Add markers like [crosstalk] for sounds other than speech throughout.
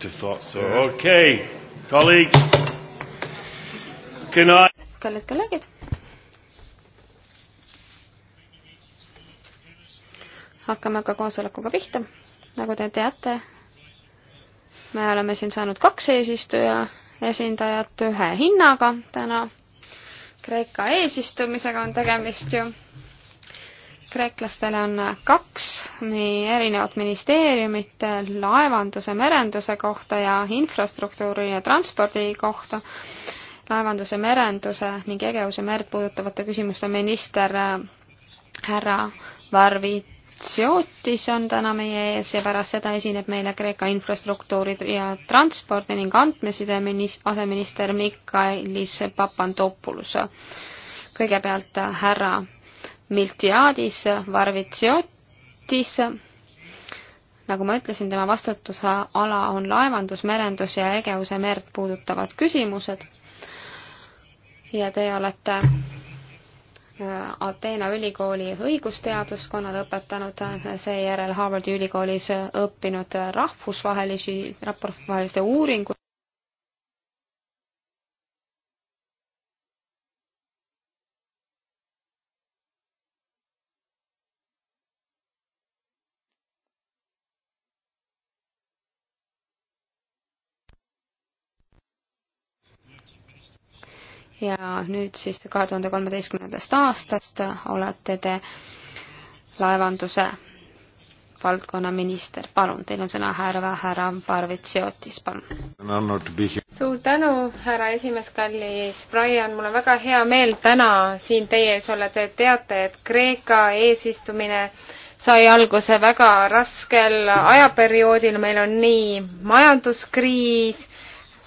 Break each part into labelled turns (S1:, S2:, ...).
S1: would have thought so. Okay, colleagues. Can I...
S2: kallid kolleegid. hakkame ka koosolekuga pihta. nagu te teate, me oleme siin saanud kaks eesistuja esindajat ühe hinnaga täna. Kreeka eesistumisega on tegemist ju kreeklastel on kaks nii erinevat ministeeriumit laevanduse, merenduse kohta ja infrastruktuuri ja transpordi kohta. laevanduse, merenduse ning Egeuse merd puudutavate küsimuste minister äh, härra Varvi Tsiotis on täna meie ees ja pärast seda esineb meile Kreeka infrastruktuuri ja transpordi ning andmeside aseminister Mikailis Papandopoulos. kõigepealt äh, härra Miltiadis Varvitsiotis. nagu ma ütlesin, tema vastutusala on laevandus, merendus ja Egeuse merd puudutavad küsimused. ja te olete äh, Ateena ülikooli õigusteaduskonna lõpetanud, seejärel Harvardi ülikoolis õppinud rahvusvahelisi, rahvusvaheliste uuringu- ja nüüd siis kahe tuhande kolmeteistkümnendast aastast olete te laevanduse valdkonna minister, palun, teil on sõna härra, härra Parvitsiotis,
S1: palun.
S3: suur tänu, härra esimees, kallis Brian, mul on väga hea meel täna siin teie ees olla, te teate, et Kreeka eesistumine sai alguse väga raskel ajaperioodil, meil on nii majanduskriis,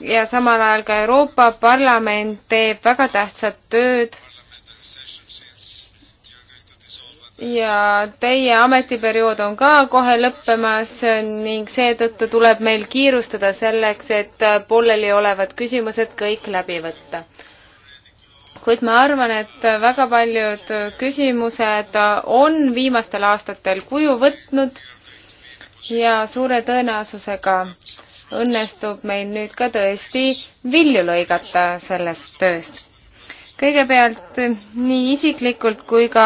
S3: ja samal ajal ka Euroopa Parlament teeb väga tähtsat tööd. ja teie ametiperiood on ka kohe lõppemas ning seetõttu tuleb meil kiirustada selleks, et pooleliolevad küsimused kõik läbi võtta. kuid ma arvan, et väga paljud küsimused on viimastel aastatel kuju võtnud ja suure tõenäosusega äh, õnnestub meil nüüd ka tõesti vilju lõigata sellest tööst. kõigepealt nii isiklikult kui ka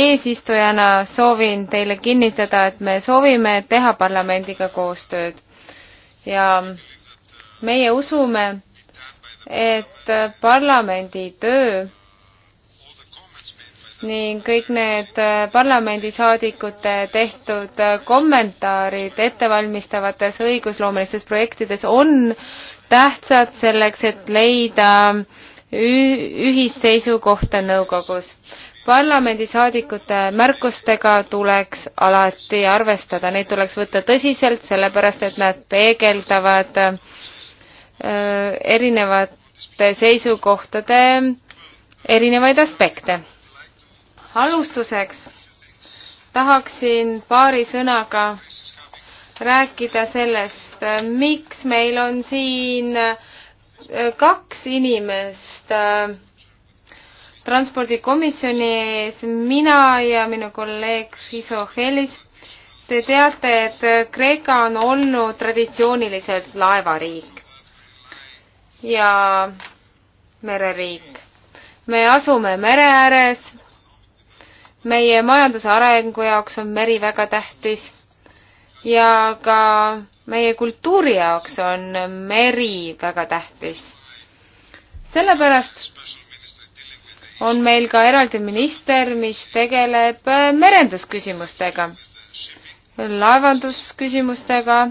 S3: eesistujana soovin teile kinnitada, et me soovime teha parlamendiga koostööd ja meie usume, et parlamendi töö ning kõik need äh, parlamendisaadikute tehtud äh, kommentaarid ettevalmistavates õigusloomelistes projektides on tähtsad selleks, et leida ühist seisukohta nõukogus. parlamendisaadikute märkustega tuleks alati arvestada, neid tuleks võtta tõsiselt, sellepärast et nad peegeldavad äh, erinevate seisukohtade erinevaid aspekte alustuseks tahaksin paari sõnaga rääkida sellest, miks meil on siin äh, kaks inimest äh, transpordikomisjoni ees, mina ja minu kolleeg Riso Helis. Te teate, et Kreeka on olnud traditsiooniliselt laevariik ja mereriik. me asume mere ääres meie majanduse arengu jaoks on meri väga tähtis ja ka meie kultuuri jaoks on meri väga tähtis. sellepärast on meil ka eraldi minister, mis tegeleb äh, merendusküsimustega, laevandusküsimustega,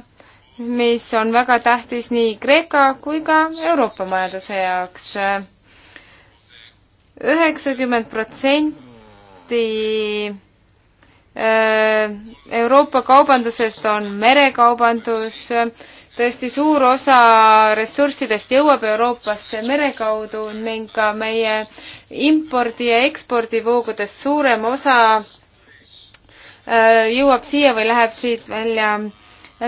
S3: mis on väga tähtis nii Kreeka kui ka Euroopa majanduse jaoks. üheksakümmend protsenti samuti äh, Euroopa kaubandusest on merekaubandus, tõesti suur osa ressurssidest jõuab Euroopasse mere kaudu ning ka meie impordi ja ekspordivoogudest suurem osa äh, jõuab siia või läheb siit välja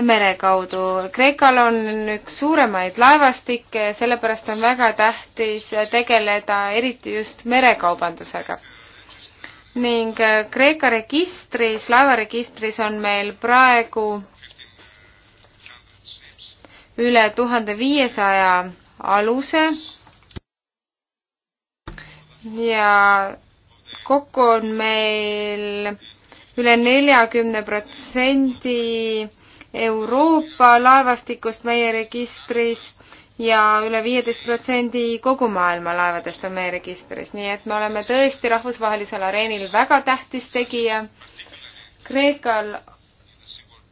S3: mere kaudu. Kreekal on üks suuremaid laevastikke ja sellepärast on väga tähtis tegeleda eriti just merekaubandusega ning äh, Kreeka registris, laevaregistris on meil praegu üle tuhande viiesaja aluse ja kokku on meil üle neljakümne protsendi Euroopa laevastikust meie registris ja üle viieteist protsendi kogu maailma laevadest on meie registris, nii et me oleme tõesti rahvusvahelisel areenil väga tähtis tegija. Kreekal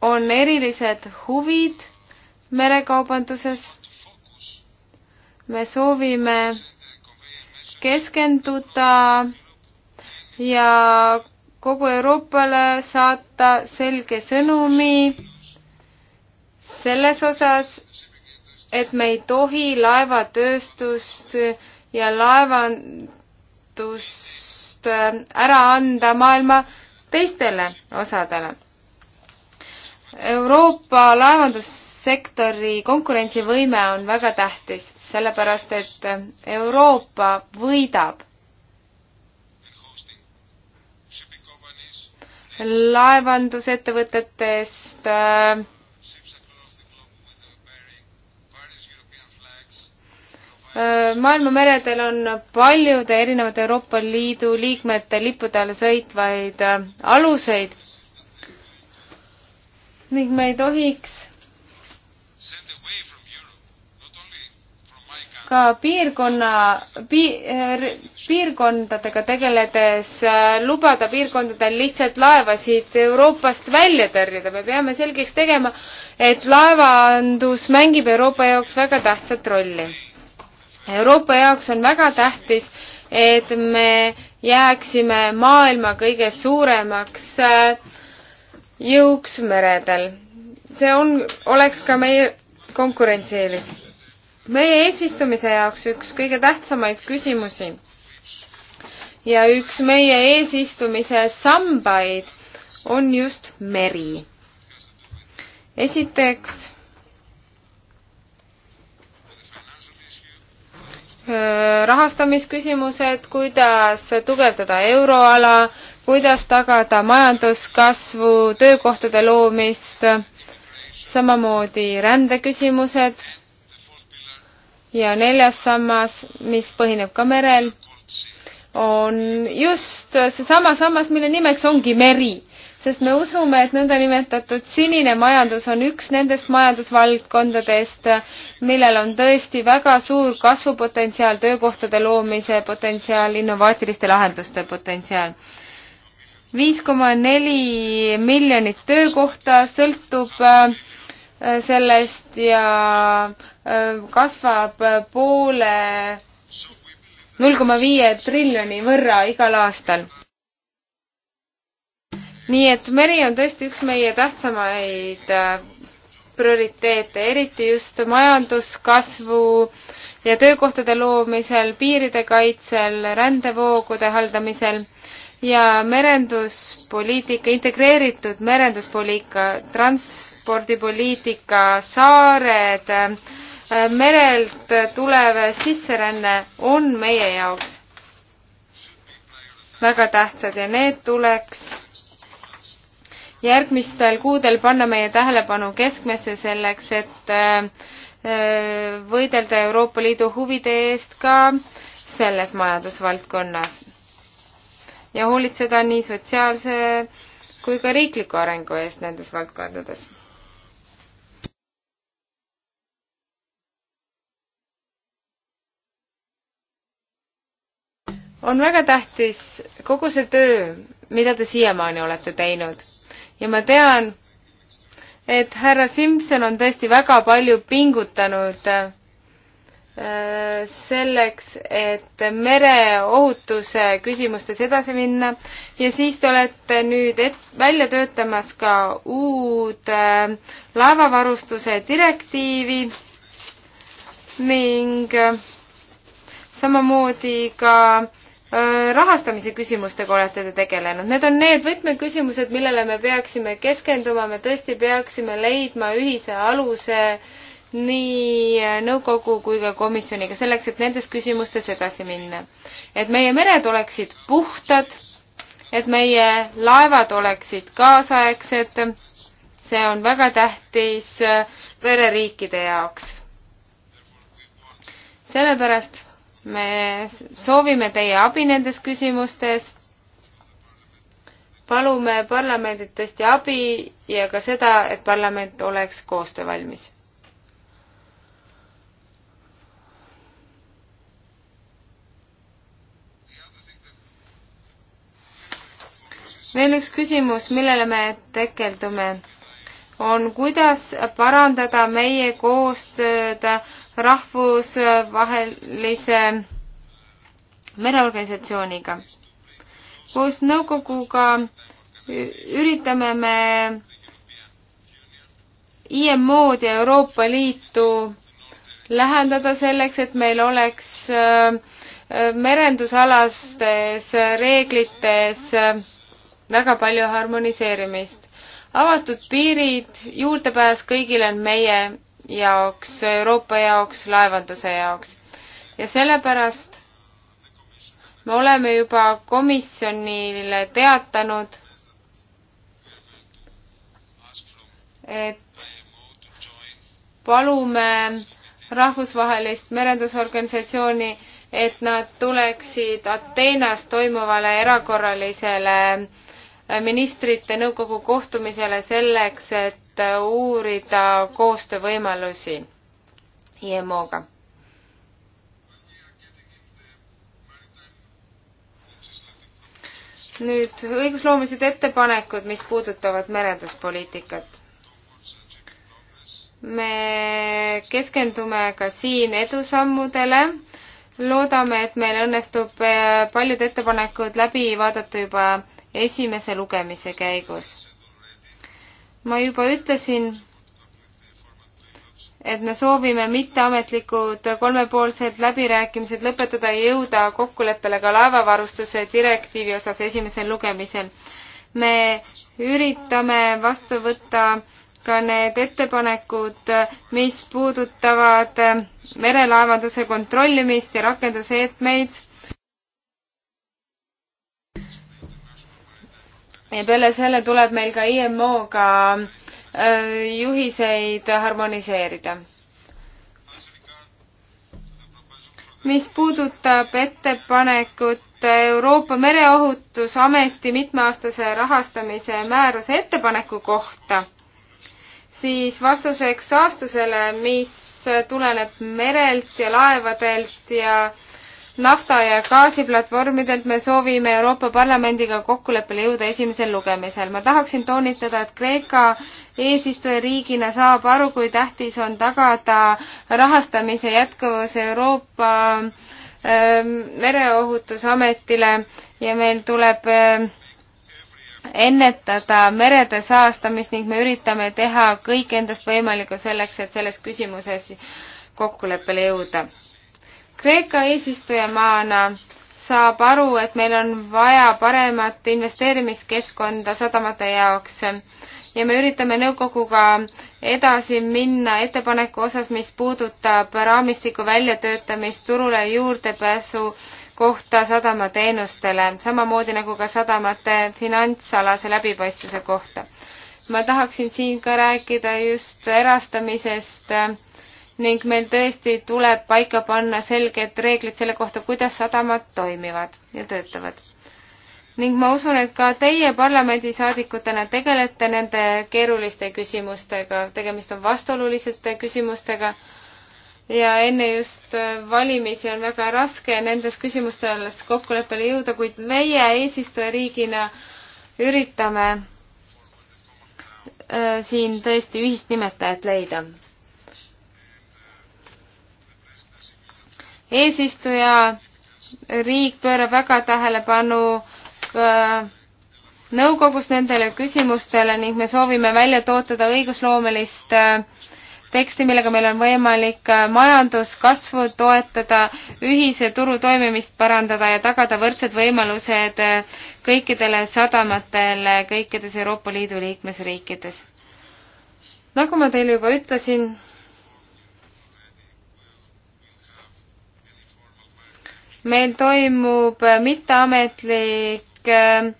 S3: on erilised huvid merekaubanduses. me soovime keskenduda ja kogu Euroopale saata selge sõnumi selles osas, et me ei tohi laevatööstust ja laevandust äh, ära anda maailma teistele osadele. Euroopa laevandussektori konkurentsivõime on väga tähtis, sellepärast et äh, Euroopa võidab laevandusettevõtetest äh, Äh, maailma meredel on paljude erinevate Euroopa Liidu liikmete lippude all sõitvaid äh, aluseid ning me ei tohiks ka piirkonna pi,, äh, piirkondadega tegeledes lubada piirkondadel lihtsalt laevasid Euroopast välja tõrjuda. me peame selgeks tegema, et laevandus mängib Euroopa jaoks väga tähtsat rolli Euroopa jaoks on väga tähtis, et me jääksime maailma kõige suuremaks äh, jõuks meredel. see on, oleks ka meie konkurentsieelis. meie eesistumise jaoks üks kõige tähtsamaid küsimusi ja üks meie eesistumise sambaid on just meri. esiteks Äh, rahastamisküsimused, kuidas tugevdada euroala, kuidas tagada majanduskasvu, töökohtade loomist, samamoodi rändeküsimused ja neljas sammas, mis põhineb ka merel, on just seesama sammas, mille nimeks ongi meri sest me usume, et nõndanimetatud sinine majandus on üks nendest majandusvaldkondadest, millel on tõesti väga suur kasvupotentsiaal, töökohtade loomise potentsiaal, innovaatiliste lahenduste potentsiaal. viis koma neli miljonit töökohta sõltub äh, sellest ja äh, kasvab poole null koma viie triljoni võrra igal aastal nii et meri on tõesti üks meie tähtsamaid äh, prioriteete, eriti just majanduskasvu ja töökohtade loomisel, piiride kaitsel, rändevoogude haldamisel ja merenduspoliitika, integreeritud merenduspoliitika, transpordipoliitika, saared, äh, merelt tulev sisseränne on meie jaoks väga tähtsad ja need tuleks järgmistel kuudel panna meie tähelepanu keskmesse selleks, et äh, äh, võidelda Euroopa Liidu huvide eest ka selles majandusvaldkonnas ja hoolitseda nii sotsiaalse kui ka riikliku arengu eest nendes valdkondades. on väga tähtis kogu see töö, mida te siiamaani olete teinud ja ma tean, et härra Simson on tõesti väga palju pingutanud äh, selleks, et mereohutuse küsimustes edasi minna ja siis te olete nüüd et, välja töötamas ka uut äh, laevavarustuse direktiivi ning äh, samamoodi ka Äh, rahastamise küsimustega olete te tegelenud, need on need võtmeküsimused, millele me peaksime keskenduma, me tõesti peaksime leidma ühise aluse nii nõukogu kui ka komisjoniga selleks, et nendes küsimustes edasi minna. et meie mered oleksid puhtad, et meie laevad oleksid kaasaegsed, see on väga tähtis vereriikide äh, jaoks. sellepärast me soovime teie abi nendes küsimustes. palume parlamendilt tõesti abi ja ka seda, et parlament oleks koostöövalmis. veel üks küsimus, millele me tekeldume on, kuidas parandada meie koostööd rahvusvahelise mereorganisatsiooniga. koos nõukoguga üritame me IMO-d ja Euroopa Liitu lähendada selleks, et meil oleks äh, merendusalastes reeglites väga palju harmoniseerimist avatud piirid, juurdepääs kõigile on meie jaoks, Euroopa jaoks, laevanduse jaoks. ja sellepärast me oleme juba komisjonile teatanud, et palume rahvusvahelist merendusorganisatsiooni, et nad tuleksid Ateenas toimuvale erakorralisele ministrite nõukogu kohtumisele selleks, et uurida koostöövõimalusi IMO-ga. nüüd õigusloomelised ettepanekud, mis puudutavad merenduspoliitikat me keskendume ka siin edusammudele. loodame, et meil õnnestub eh, paljud ettepanekud läbi vaadata juba esimese lugemise käigus. ma juba ütlesin, et me soovime mitteametlikud kolmepoolsed läbirääkimised lõpetada ja jõuda kokkuleppele ka laevavarustuse direktiivi osas esimesel lugemisel. me üritame vastu võtta ka need ettepanekud, mis puudutavad merelaevanduse kontrollimist ja rakenduseetmeid ja peale selle tuleb meil ka IMO-ga äh, juhiseid harmoniseerida. mis puudutab ettepanekut Euroopa Mereohutusameti mitmeaastase rahastamise määruse ettepaneku kohta, siis vastuseks saastusele, mis tuleneb merelt ja laevadelt ja äh, nafta- ja gaasiplatvormidelt me soovime Euroopa Parlamendiga kokkuleppele jõuda esimesel lugemisel. ma tahaksin toonitada, et Kreeka eesistujariigina saab aru, kui tähtis on tagada rahastamise jätkuvus Euroopa ähm, mereohutusametile ja meil tuleb äh, ennetada merede saastamist ning me üritame teha kõik endast võimalikku selleks, et selles küsimuses kokkuleppele jõuda Kreeka eesistujamaana saab aru, et meil on vaja paremat investeerimiskeskkonda sadamate jaoks ja me üritame nõukoguga edasi minna ettepaneku osas, mis puudutab raamistiku väljatöötamist, turule juurdepääsu kohta sadamateenustele, samamoodi nagu ka sadamate finantsalase läbipaistvuse kohta. ma tahaksin siin ka rääkida just erastamisest äh, ning meil tõesti tuleb paika panna selged reeglid selle kohta, kuidas sadamad toimivad ja töötavad. ning ma usun, et ka teie parlamendisaadikutena tegelete nende keeruliste küsimustega, tegemist on vastuolulisete küsimustega ja enne just valimisi on väga raske nendes küsimustes kokkuleppele jõuda, kuid meie eesistujariigina üritame äh, siin tõesti ühist nimetajat leida eesistuja riik pöörab väga tähelepanu äh, nõukogus nendele küsimustele ning me soovime välja tootada õigusloomelist äh, teksti, millega meil on võimalik äh, majanduskasvu toetada, ühise turu toimimist parandada ja tagada võrdsed võimalused kõikidele sadamatele kõikides Euroopa Liidu liikmesriikides. nagu ma teile juba ütlesin, meil toimub mitteametlik äh,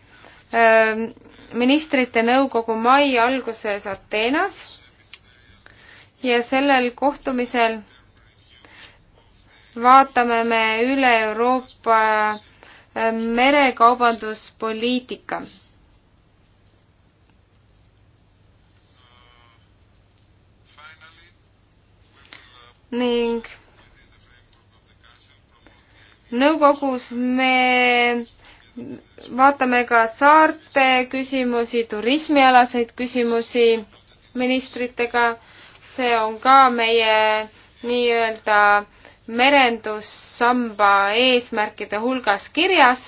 S3: äh, ministrite nõukogu mai alguses Ateenas ja sellel kohtumisel vaatame me üle Euroopa äh, merekaubanduspoliitika. ning nõukogus me vaatame ka saarte küsimusi, turismialaseid küsimusi ministritega. see on ka meie nii-öelda merendussamba eesmärkide hulgas kirjas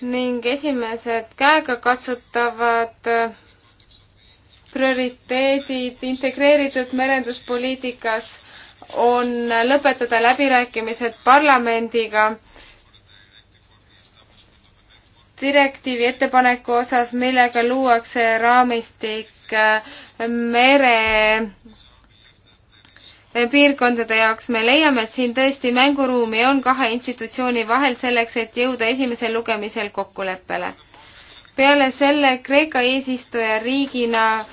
S3: ning esimesed käegakatsutavad prioriteedid integreeritud merenduspoliitikas on lõpetada läbirääkimised parlamendiga direktiivi ettepaneku osas, millega luuakse raamistik äh, mere äh, piirkondade jaoks me leiame, et siin tõesti mänguruumi on kahe institutsiooni vahel selleks, et jõuda esimesel lugemisel kokkuleppele. peale selle Kreeka eesistuja riigina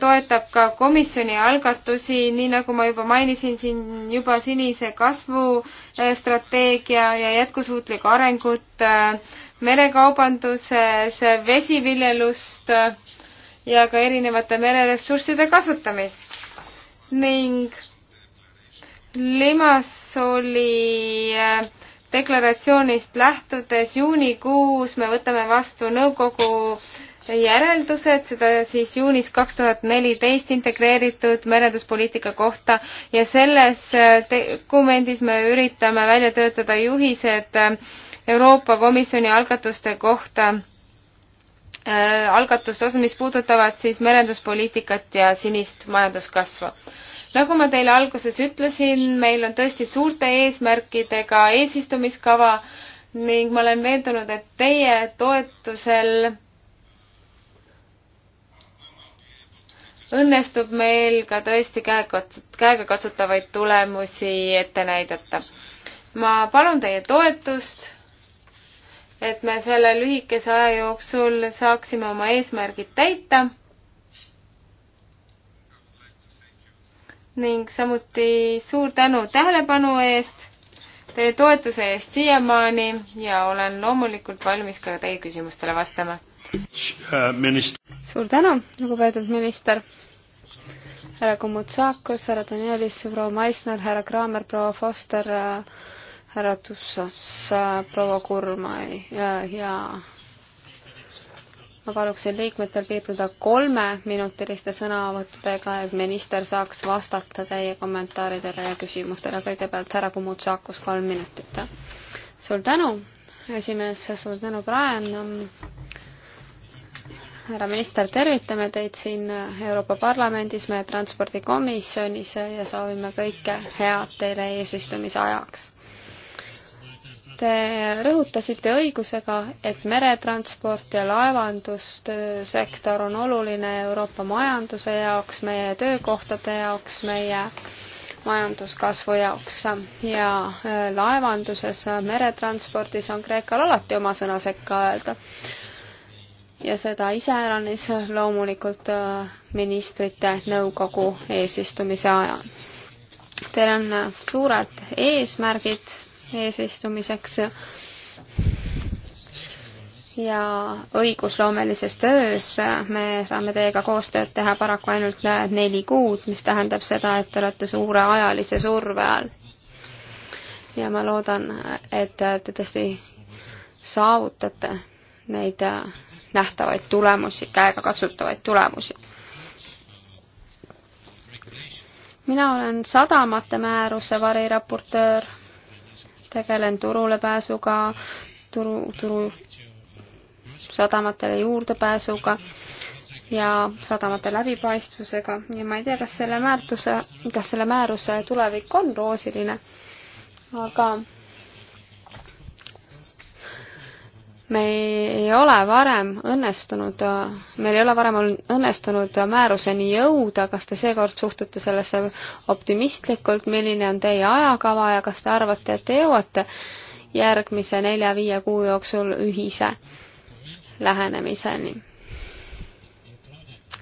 S3: toetab ka komisjoni algatusi, nii nagu ma juba mainisin, siin juba sinise kasvu äh, strateegia ja jätkusuutlikku arengut äh, merekaubanduses, äh, vesiviljelust ja ka erinevate mereressursside kasutamist. ning Limassoli deklaratsioonist lähtudes juunikuus me võtame vastu nõukogu äh, järeldused, seda siis juunis kaks tuhat neliteist integreeritud merenduspoliitika kohta ja selles äh, dokumendis me üritame välja töötada juhised äh, Euroopa Komisjoni algatuste kohta äh,, algatuste osas, mis puudutavad siis merenduspoliitikat ja sinist majanduskasvu. nagu ma teile alguses ütlesin, meil on tõesti suurte eesmärkidega eesistumiskava ning ma olen veendunud, et teie toetusel õnnestub meil ka tõesti käekatsut-, käegakatsutavaid tulemusi ette näidata. ma palun teie toetust, et me selle lühikese aja jooksul saaksime oma eesmärgid täita ning samuti suur tänu tähelepanu eest, teie toetuse eest siiamaani ja olen loomulikult valmis ka teie küsimustele vastama
S2: suur tänu, lugupeetud minister! härra Komutsakos, härra Danielis, proua Maisner, härra Kraamer, proua Foster, härra Tussas, proua Kurmai ja, ja ma paluksin liikmetel piirduda kolmeminutiliste sõnavõttudega, et minister saaks vastata teie kommentaaridele ja küsimustele. kõigepealt härra Kumutsakus, kolm minutit. suur tänu, esimees, suur tänu, Brian härra minister, tervitame teid siin Euroopa Parlamendis, meie transpordikomisjonis ja soovime kõike head teile eesistumise ajaks. Te rõhutasite õigusega, et meretransport ja laevandussektor on oluline Euroopa majanduse jaoks, meie töökohtade jaoks, meie majanduskasvu jaoks ja äh, laevanduses, meretranspordis on Kreekal alati oma sõna sekka öelda ja seda iseäranis loomulikult äh, ministrite nõukogu eesistumise ajal. Teil on äh, suured eesmärgid eesistumiseks ja õigusloomelises töös me saame teiega koostööd teha paraku ainult äh, neli kuud, mis tähendab seda, et te olete suure ajalise surve all. ja ma loodan, et te tõesti saavutate neid nähtavaid tulemusi, käegakatsutavaid tulemusi. mina olen sadamate määruse variraportöör, tegelen turulepääsuga, turu, turu sadamatele juurdepääsuga ja sadamate läbipaistvusega ja ma ei tea, kas selle määrduse, kas selle määruse tulevik on roosiline, aga me ei ole varem õnnestunud, meil ei ole varem õnnestunud määruseni jõuda, kas te seekord suhtute sellesse optimistlikult, milline on teie ajakava ja kas te arvate, et te jõuate järgmise nelja-viie kuu jooksul ühise lähenemiseni?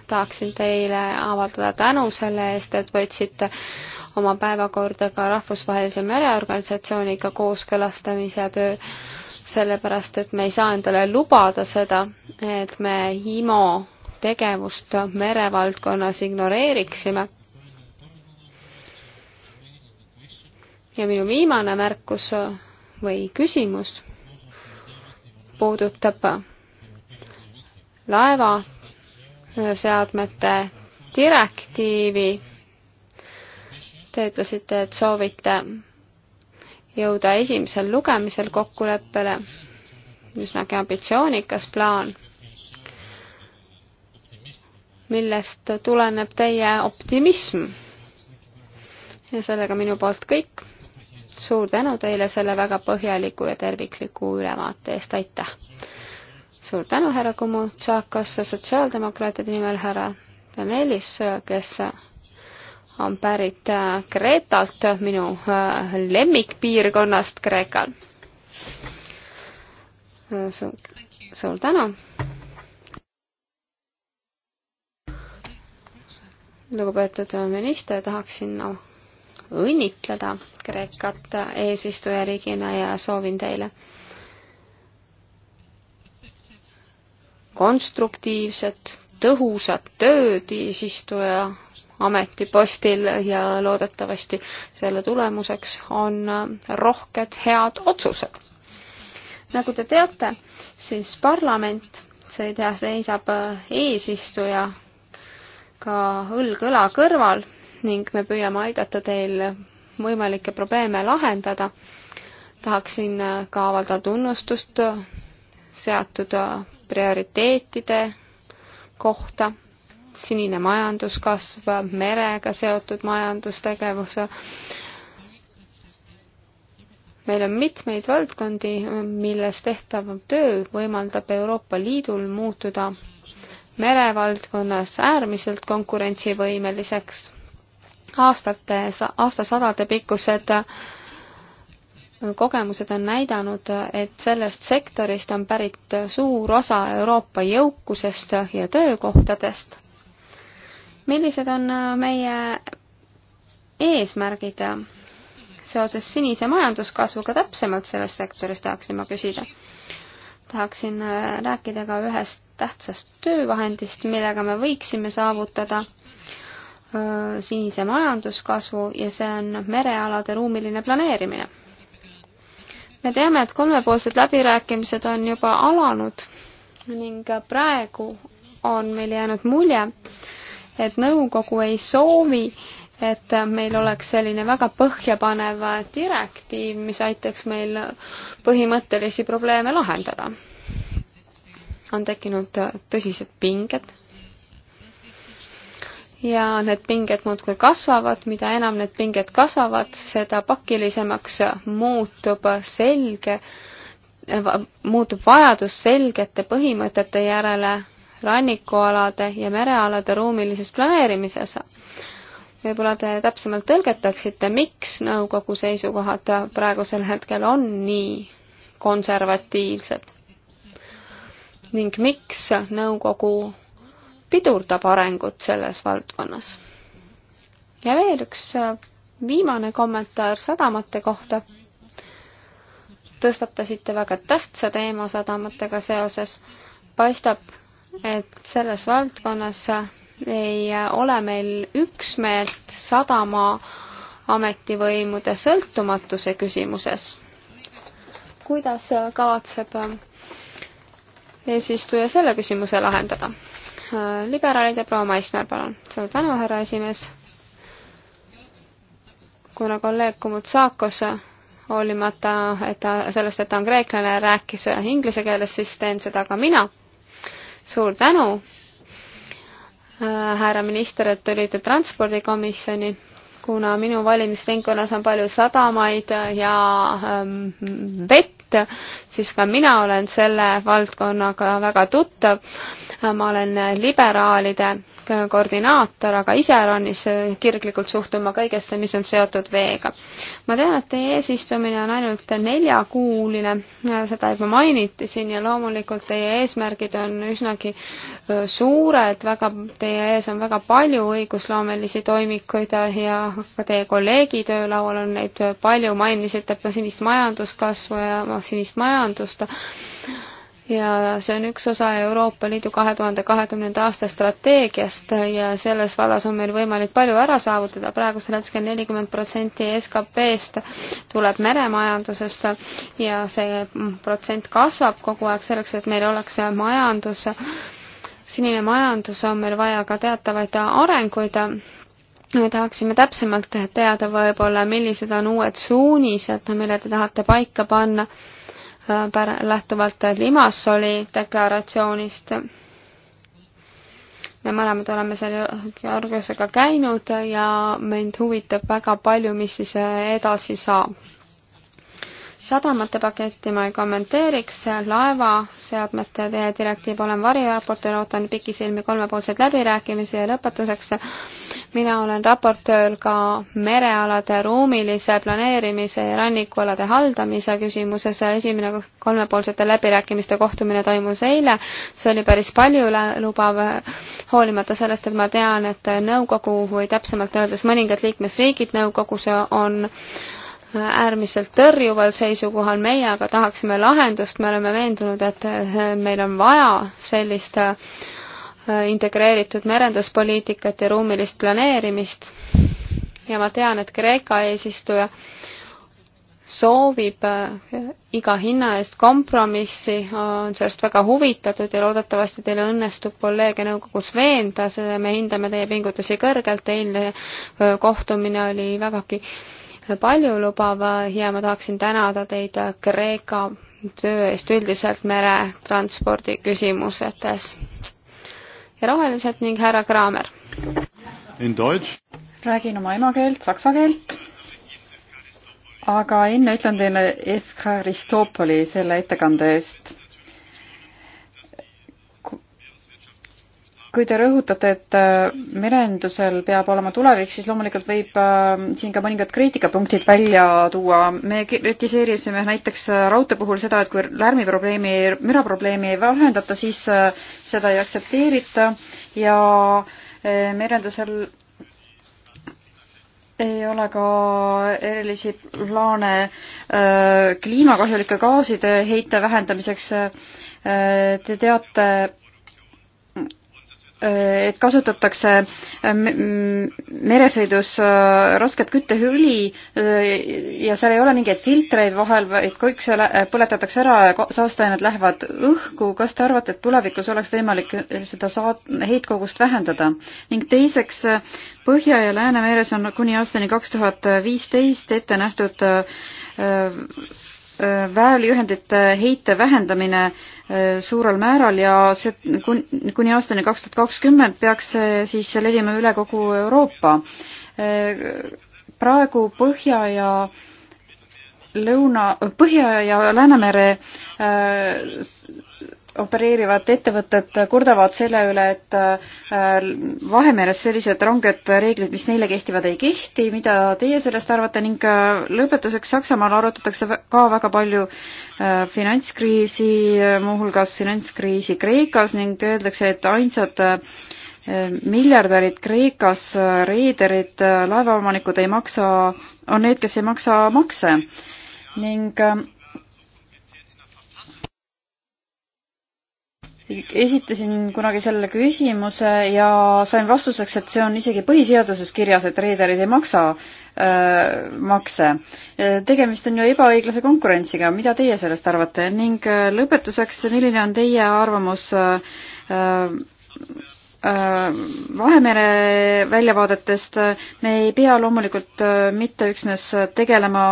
S2: tahaksin teile avaldada tänu selle eest, et võtsite oma päevakorda ka Rahvusvahelise Mereorganisatsiooniga kooskõlastamise töö sellepärast et me ei saa endale lubada seda, et me IMO tegevust merevaldkonnas ignoreeriksime. ja minu viimane märkus või küsimus puudutab laevaseadmete direktiivi. Te ütlesite, et soovite jõuda esimesel lugemisel kokkuleppele, üsnagi ambitsioonikas plaan, millest tuleneb teie optimism. ja sellega minu poolt kõik. suur tänu teile selle väga põhjaliku ja tervikliku ülevaate eest, aitäh! suur tänu, härra Kumutsakas, sotsiaaldemokraatide nimel härra Danelis, kes on pärit äh, Kreetalt, minu äh, lemmikpiirkonnast Kreekal. Äh, suur tänu. lugupeetud minister, tahaksin no, õnnitleda Kreekat eesistujariigina ja soovin teile konstruktiivset, tõhusat tööd eesistuja ametipostil ja loodetavasti selle tulemuseks on rohked head otsused. nagu te teate, siis parlament seisab eesistuja ka õlg õla kõrval ning me püüame aidata teil võimalikke probleeme lahendada. tahaksin ka avaldada tunnustust seatud prioriteetide kohta sinine majanduskasv, merega seotud majandustegevus. meil on mitmeid valdkondi, milles tehtav töö võimaldab Euroopa Liidul muutuda merevaldkonnas äärmiselt konkurentsivõimeliseks. aastate, aastasadade pikkused kogemused on näidanud, et sellest sektorist on pärit suur osa Euroopa jõukusest ja töökohtadest millised on äh, meie eesmärgid äh, seoses sinise majanduskasvuga täpsemalt selles sektoris, tahaksin ma küsida. tahaksin äh, rääkida ka ühest tähtsast töövahendist, millega me võiksime saavutada sinise majanduskasvu ja see on merealade ruumiline planeerimine. me teame, et kolmepoolsed läbirääkimised on juba alanud ning praegu on meil jäänud mulje, et nõukogu ei soovi, et meil oleks selline väga põhjapanev direktiiv, mis aitaks meil põhimõttelisi probleeme lahendada. on tekkinud tõsised pinged ja need pinged muudkui kasvavad, mida enam need pinged kasvavad, seda pakilisemaks muutub selge, muutub vajadus selgete põhimõtete järele rannikualade ja merealade ruumilises planeerimises. võib-olla te täpsemalt tõlgetaksite, miks nõukogu seisukohad praegusel hetkel on nii konservatiivsed ning miks nõukogu pidurdab arengut selles valdkonnas. ja veel üks viimane kommentaar sadamate kohta. tõstatasite väga tähtsa teema sadamatega seoses. paistab, et selles valdkonnas ei ole meil üksmeelt sadama ametivõimude sõltumatuse küsimuses. kuidas kavatseb eesistuja selle küsimuse lahendada? liberaalide proua Maisner, palun. suur tänu, härra esimees. kuna kolleeg Kumutsakos hoolimata, et ta sellest, et ta on kreeklane, rääkis inglise keeles, siis teen seda ka mina suur tänu, äh, härra minister, et tulite transpordikomisjoni, kuna minu valimisringkonnas on palju sadamaid ja ähm, vett, Liit, siis ka mina olen selle valdkonnaga väga tuttav. ma olen liberaalide koordinaator, aga iseäranis kirglikult suhtun ma kõigesse, mis on seotud veega. ma tean, et teie eesistumine on ainult neljakuuline, seda juba mainiti siin ja loomulikult teie eesmärgid on üsnagi suured, väga, teie ees on väga palju õigusloomelisi toimikuid ja ka teie kolleegi töölaual on neid palju, mainisite sinist majanduskasvu ja sinist majandust ja see on üks osa Euroopa Liidu kahe tuhande kahekümnenda aasta strateegiast ja selles vallas on meil võimalik palju ära saavutada, praegusel hetkel nelikümmend protsenti SKP-st tuleb meremajandusest ja see protsent kasvab kogu aeg selleks, et meil oleks majandus, sinine majandus, on meil vaja ka teatavaid arenguid me tahaksime täpsemalt teada võib-olla, millised on uued suunised, mille te tahate paika panna äh, pär-, lähtuvalt Limassoli deklaratsioonist. me mõlemad oleme selle Jorgosega käinud ja mind huvitab väga palju, mis siis edasi saab sadamate paketti ma ei kommenteeriks, laevaseadmete direktiiv olen variraportöör, ootan pikisilmi kolmepoolseid läbirääkimisi ja lõpetuseks mina olen raportöör ka merealade ruumilise planeerimise ja rannikualade haldamise küsimuses. esimene kolmepoolsete läbirääkimiste kohtumine toimus eile, see oli päris paljulubav, hoolimata sellest, et ma tean, et nõukogu või täpsemalt öeldes mõningad liikmesriigid nõukogus on äärmiselt tõrjuval seisukohal, meie aga tahaksime lahendust, me oleme veendunud, et eh, meil on vaja sellist eh, integreeritud merenduspoliitikat ja ruumilist planeerimist. ja ma tean, et Kreeka eesistuja soovib eh, iga hinna eest kompromissi, on sellest väga huvitatud ja loodetavasti teil õnnestub kolleege nõukogus veenda, me hindame teie pingutusi kõrgelt, eilne kohtumine oli vägagi paljulubav ja ma tahaksin tänada teid Kreeka töö eest üldiselt meretranspordi küsimusetes.
S4: ja rohelised ning härra Kraamer. räägin oma emakeelt, saksa keelt aga enne ütlen teile Evkaristopoli selle ettekande eest. kui te rõhutate, et äh, merendusel peab olema tulevik, siis loomulikult võib äh, siin ka mõningad kriitikapunktid välja tuua. me kritiseerisime näiteks äh, raudtee puhul seda, et kui lärmiprobleemi, müraprobleemi ei vahendata, siis seda ei aktsepteerita ja merendusel ei ole ka erilisi plaane kliimakahjulike gaaside heite vähendamiseks. Te teate et kasutatakse meresõidus äh, rasket kütteõli äh, ja seal ei ole mingeid filtreid vahel, vaid kõik see põletatakse ära ja saasteained lähevad õhku. kas te arvate, et tulevikus oleks võimalik seda saat-, heitkogust vähendada? ning teiseks, Põhja- ja Läänemeres on kuni aastani kaks tuhat viisteist ette nähtud äh, väävliühendite heite vähendamine äh, suurel määral ja see kuni aastani kaks tuhat kakskümmend peaks see siis levima üle kogu Euroopa. Äh, praegu Põhja ja Lõuna, Põhja ja Läänemere äh, opereerivad ettevõtted kurdavad selle üle, et äh, Vahemeres sellised ranged reeglid, mis neile kehtivad, ei kehti, mida teie sellest arvate ning äh, lõpetuseks Saksamaal arutatakse ka väga palju äh, finantskriisi, muuhulgas finantskriisi Kreekas ning öeldakse, et ainsad miljardärid Kreekas, reederid, laevaomanikud ei maksa, on need, kes ei maksa makse ning esitasin kunagi selle küsimuse ja sain vastuseks, et see on isegi põhiseaduses kirjas, et reederid ei maksa äh, makse. tegemist on ju ebaõiglase konkurentsiga, mida teie sellest arvate ning äh, lõpetuseks, milline on teie arvamus äh, Äh, Vahemere väljavaadetest äh, me ei pea loomulikult äh, mitte üksnes tegelema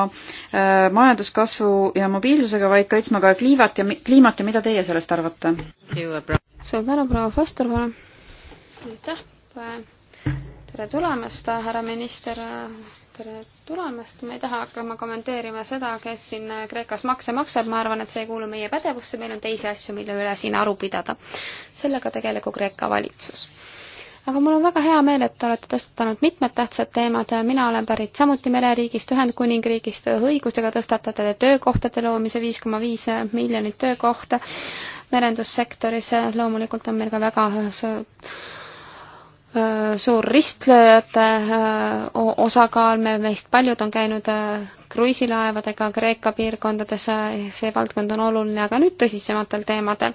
S4: majanduskasvu ja mobiilsusega, vaid kaitsma ka kliimat ja kliimat ja mida teie sellest arvate? suur tänu, proua Foster, palun.
S2: aitäh, tere tulemast, härra minister tere tulemast, ma ei taha hakkama kommenteerima seda, kes siin Kreekas makse maksab, ma arvan, et see ei kuulu meie pädevusse, meil on teisi asju, mille üle siin aru pidada. sellega tegelegu Kreeka valitsus. aga mul on väga hea meel, et te olete tõstatanud mitmed tähtsad teemad, mina olen pärit samuti mereriigist, Ühendkuningriigist, õigusega tõstatate te töökohtade loomise viis koma viis miljonit töökohta merendussektoris, loomulikult on meil ka väga Äh, suur ristlejate äh, osakaal, me meist paljud on käinud äh, kruiisilaevadega Kreeka piirkondades, see valdkond on oluline, aga nüüd tõsisematel teemadel.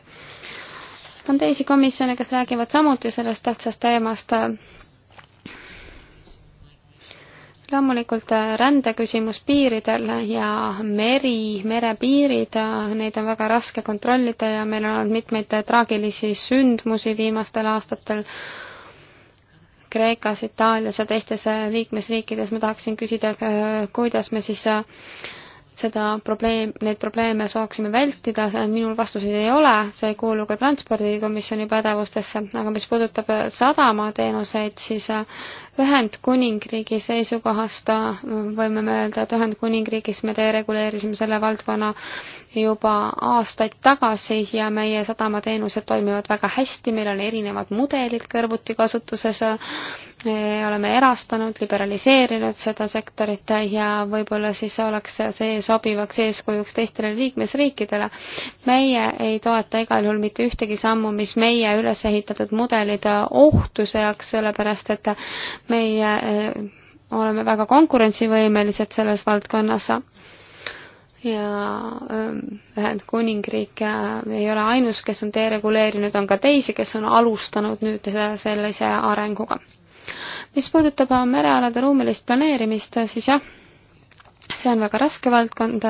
S2: on teisi komisjone, kes räägivad samuti sellest tähtsast teemast. loomulikult rändeküsimus piiridel ja meri, merepiirid, neid on väga raske kontrollida ja meil on olnud mitmeid traagilisi sündmusi viimastel aastatel Kreekas, Itaalias ja teistes äh, liikmesriikides, ma tahaksin küsida, äh, kuidas me siis äh, seda probleem, neid probleeme saaksime vältida, minul vastuseid ei ole, see ei kuulu ka Transpordikomisjoni pädevustesse, aga mis puudutab sadamateenuseid, siis Ühendkuningriigi seisukohast võime me öelda, et Ühendkuningriigis me dereguleerisime selle valdkonna juba aastaid tagasi ja meie sadamateenused toimivad väga hästi, meil on erinevad mudelid kõrvuti kasutuses, oleme erastanud, liberaliseerinud seda sektorit ja võib-olla siis oleks see sobivaks eeskujuks teistele liikmesriikidele. meie ei toeta igal juhul mitte ühtegi sammu, mis meie üles ehitatud mudelid ohtu seaks, sellepärast et meie eh, oleme väga konkurentsivõimelised selles valdkonnas ja ähm, Ühendkuningriik äh, ei ole ainus, kes on dereguleerinud, on ka teisi, kes on alustanud nüüd äh, sellise arenguga. mis puudutab äh, merealade ruumilist planeerimist, siis jah see on väga raske valdkond,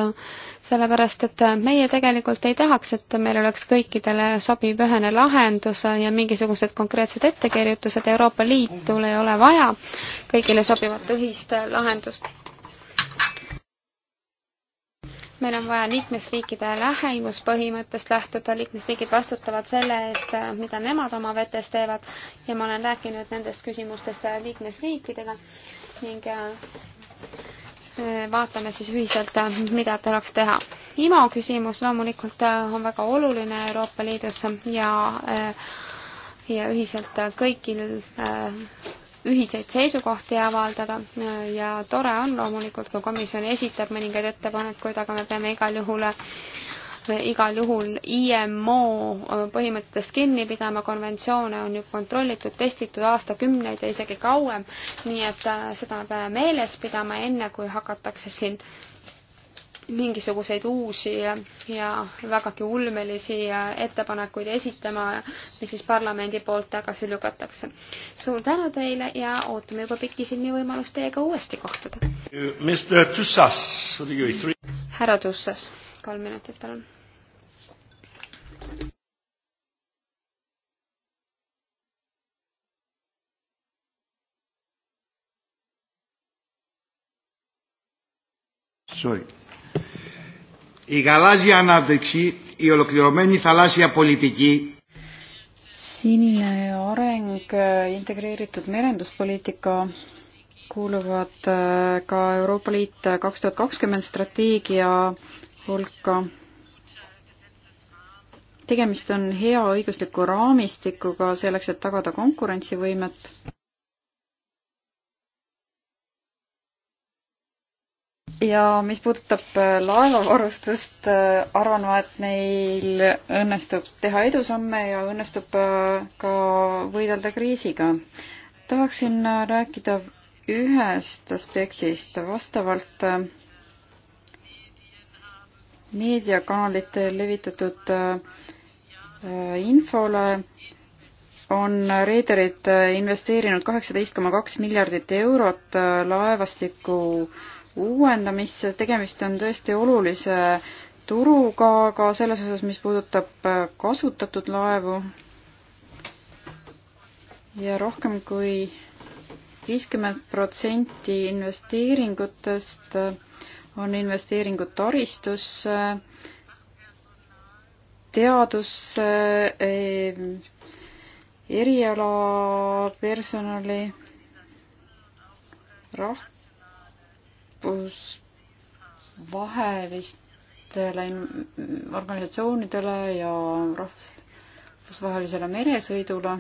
S2: sellepärast et meie tegelikult ei tahaks, et meil oleks kõikidele sobiv ühene lahendus ja mingisugused konkreetsed ettekirjutused Euroopa Liitul ei ole vaja kõigile sobivat ühist lahendust. meil on vaja liikmesriikide lähimuspõhimõttest lähtuda, liikmesriigid vastutavad selle eest, mida nemad oma vetes teevad ja ma olen rääkinud nendest küsimustest liikmesriikidega ning Äh, vaatame siis ühiselt, äh, mida tuleks teha. IMO küsimus loomulikult äh, on väga oluline Euroopa Liidus ja ja ühiselt kõikil ühiseid seisukohti avaldada ja tore on loomulikult, kui komisjon esitab mõningaid ettepanekuid, aga me peame igal juhul igal juhul IMO äh, põhimõtetest kinni pidama, konventsioone on ju kontrollitud, testitud aastakümneid ja isegi kauem, nii et äh, seda me peame meeles pidama, enne kui hakatakse siin mingisuguseid uusi ja, ja vägagi ulmelisi äh, ettepanekuid esitama, mis siis parlamendi poolt tagasi lükatakse. suur tänu teile ja ootame juba pikisilmi võimalust teiega uuesti kohtuda. härra Tussas kolm minutit, palun.
S1: Sorry. Η γαλάζια ανάπτυξη, η ολοκληρωμένη θαλάσσια πολιτική.
S4: Sinine areng, integreeritud merenduspoliitika kuuluvad äh, ka Euroopa Liit äh, kaks tuhat kakskümmend strateegia hulka. tegemist on hea õigusliku raamistikuga selleks, et tagada konkurentsivõimet. ja mis puudutab äh, laevavarustust, äh, arvan ma, et meil õnnestub teha edusamme ja õnnestub äh, ka võidelda kriisiga. tahaksin rääkida ühest aspektist vastavalt äh, meediakanalite levitatud äh, infole on reederid äh, investeerinud kaheksateist koma kaks miljardit eurot äh, laevastiku uuendamisse, tegemist on tõesti olulise turuga ka selles osas, mis puudutab kasutatud laevu. ja rohkem kui viiskümmend protsenti investeeringutest on investeeringud taristusse, teadusse, eh, erialapersonali, rahvusvahelistele organisatsioonidele ja rahvusvahelisele meresõidule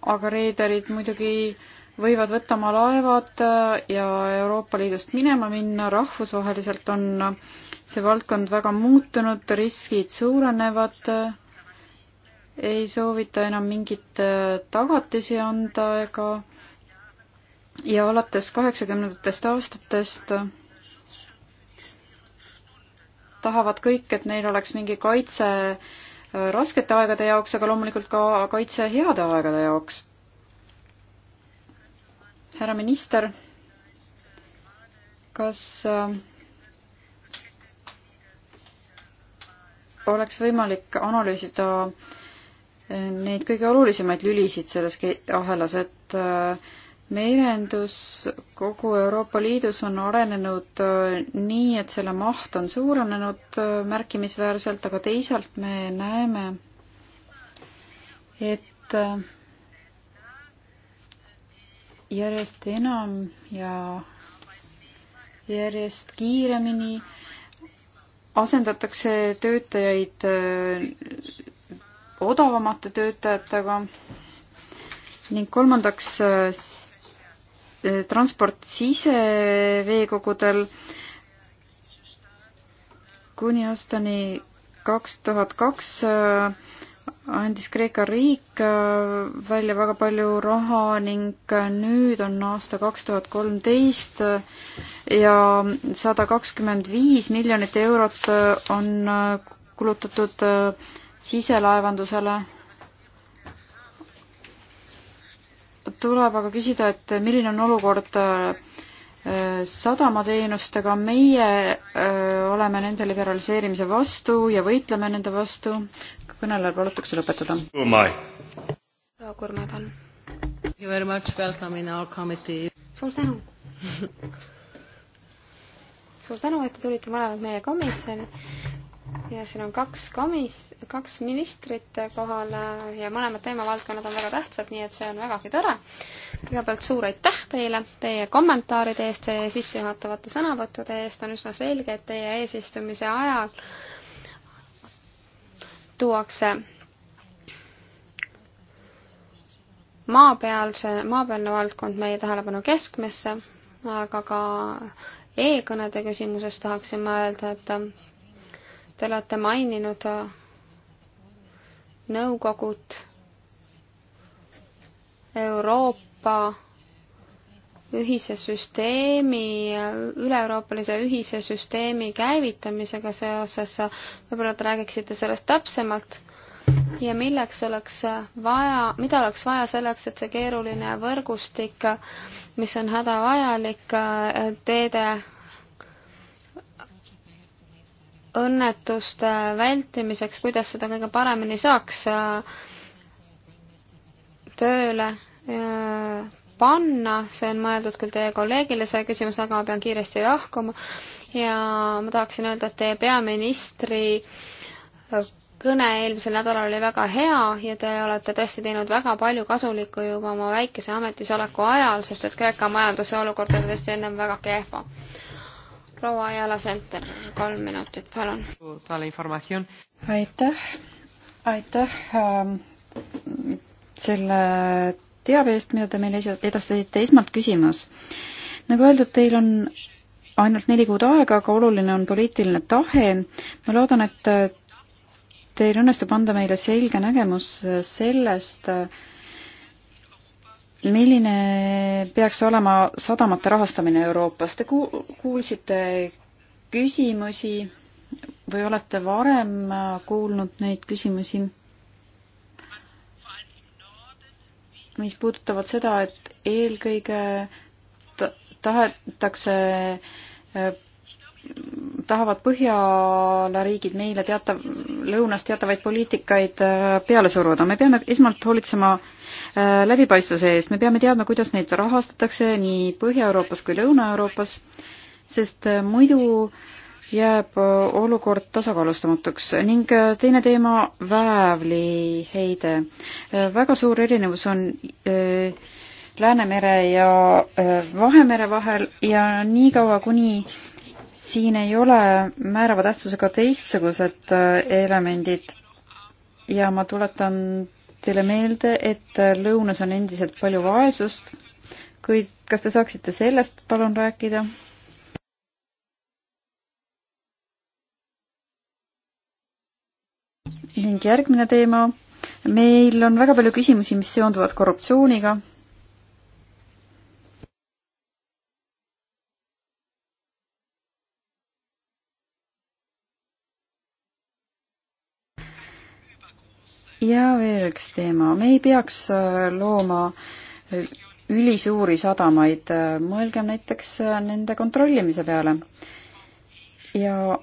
S4: aga reederid muidugi võivad võtta oma laevad äh, ja Euroopa Liidust minema minna, rahvusvaheliselt on äh, see valdkond väga muutunud, riskid suurenevad, äh, ei soovita enam mingit tagatisi anda ega ja alates kaheksakümnendatest aastatest tahavad kõik, et neil oleks mingi kaitse raskete aegade jaoks, aga loomulikult ka kaitse heade aegade jaoks härra minister, kas äh, oleks võimalik analüüsida äh, neid kõige olulisemaid lülisid selles ahelas, et äh, merendus kogu Euroopa Liidus on arenenud nii, et selle maht on suurenenud märkimisväärselt, aga teisalt me näeme, et järjest enam ja järjest kiiremini asendatakse töötajaid äh, odavamate töötajatega ning kolmandaks äh, transport siseveekogudel kuni aastani kaks tuhat kaks äh, andis Kreeka riik äh, välja väga palju raha ning äh, nüüd on aasta kaks tuhat kolmteist äh, ja sada kakskümmend viis miljonit eurot on kulutatud siselaevandusele. tuleb aga küsida, et milline on olukord Äh, sadamateenustega, meie öö, äh, oleme nende liberaliseerimise vastu ja võitleme nende vastu. kõnelejal palutakse lõpetada. proua Kurme, palun. suur tänu
S2: suur tänu, et te tulite mõlemad meie komisjoni ja siin on kaks komis-, kaks ministrit kohal ja mõlemad teemavaldkonnad on väga tähtsad, nii et see on vägagi tore kõigepealt suur aitäh teile teie kommentaaride eest, teie sissejuhatavate sõnavõttude eest, on üsna selge, et teie eesistumise ajal tuuakse maapealse, maapealne valdkond meie tähelepanu keskmesse, aga ka e-kõnede küsimuses tahaksin ma öelda, et te olete maininud nõukogud Euroopa Euroopa ühise süsteemi, üle-euroopalise ühise süsteemi käivitamisega seoses, võib-olla te räägiksite sellest täpsemalt ja milleks oleks vaja, mida oleks vaja selleks, et see keeruline võrgustik, mis on hädavajalik teede õnnetuste vältimiseks, kuidas seda kõige paremini saaks tööle Äh, panna, see on mõeldud küll teie kolleegile, see küsimus, aga ma pean kiiresti lahkuma ja ma tahaksin öelda, et teie peaministri äh, kõne eelmisel nädalal oli väga hea ja te olete tõesti teinud väga palju kasulikku juba oma väikese ametisoleku ajal, sest et Kreeka majanduse olukord oli tõesti ennem väga kehva. proua Ajala Center, kolm minutit, palun.
S4: aitäh, aitäh ähm, selle teabe eest, mida te meile edastasite. esmalt küsimus. nagu öeldud, teil on ainult neli kuud aega, aga oluline on poliitiline tahe. ma loodan, et teil õnnestub anda meile selge nägemus sellest, milline peaks olema sadamate rahastamine Euroopas. Te kuulsite küsimusi või olete varem kuulnud neid küsimusi? mis puudutavad seda, et eelkõige tahetakse äh, tahavad Põhjala riigid meile teatav, lõunast teatavaid poliitikaid äh, peale suruda. me peame esmalt hoolitsema äh, läbipaistvuse eest, me peame teadma, kuidas neid rahastatakse nii Põhja-Euroopas kui Lõuna-Euroopas, sest muidu äh, jääb äh, olukord tasakaalustamatuks ning äh, teine teema, väävliheide. Äh, väga suur erinevus on öö, Läänemere ja Vahemere vahel ja niikaua, kuni siin ei ole määrava tähtsusega teistsugused elemendid ja ma tuletan teile meelde, et lõunas on endiselt palju vaesust, kuid kas te saaksite sellest palun rääkida? ning järgmine teema. meil on väga palju küsimusi, mis seonduvad korruptsiooniga. ja veel üks teema, me ei peaks äh, looma äh, ülisuuri sadamaid, äh, mõelgem näiteks nende kontrollimise peale. ja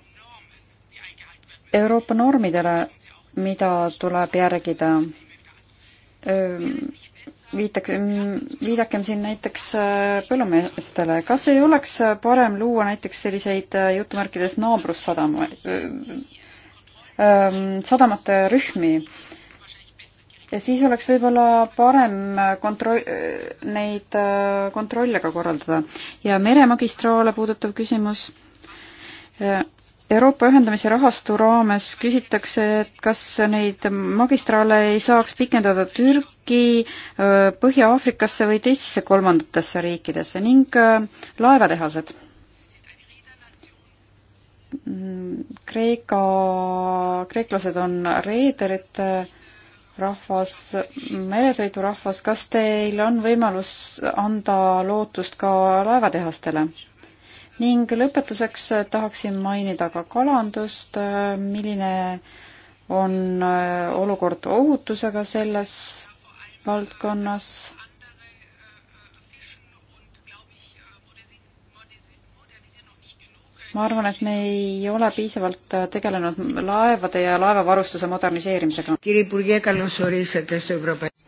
S4: Euroopa normidele mida tuleb järgida. viitake, viidakem siin näiteks äh, põllumeestele, kas ei oleks parem luua näiteks selliseid äh, jutumärkides naabrussadama, sadamate rühmi, ja siis oleks võib-olla parem äh, kontroll, neid kontrolle ka korraldada. ja meremagistraale puudutav küsimus Euroopa ühendamise rahastu raames küsitakse, et kas neid magistraale ei saaks pikendada Türki, Põhja-Aafrikasse või teistesse kolmandatesse riikidesse ning laevatehased. Kreeka, kreeklased on reederite rahvas, meresõidurahvas, kas teil on võimalus anda lootust ka laevatehastele? ning lõpetuseks äh, tahaksin mainida ka kalandust, äh, milline on äh, olukord ohutusega selles valdkonnas ma arvan, et me ei ole piisavalt tegelenud laevade ja laevavarustuse moderniseerimisega.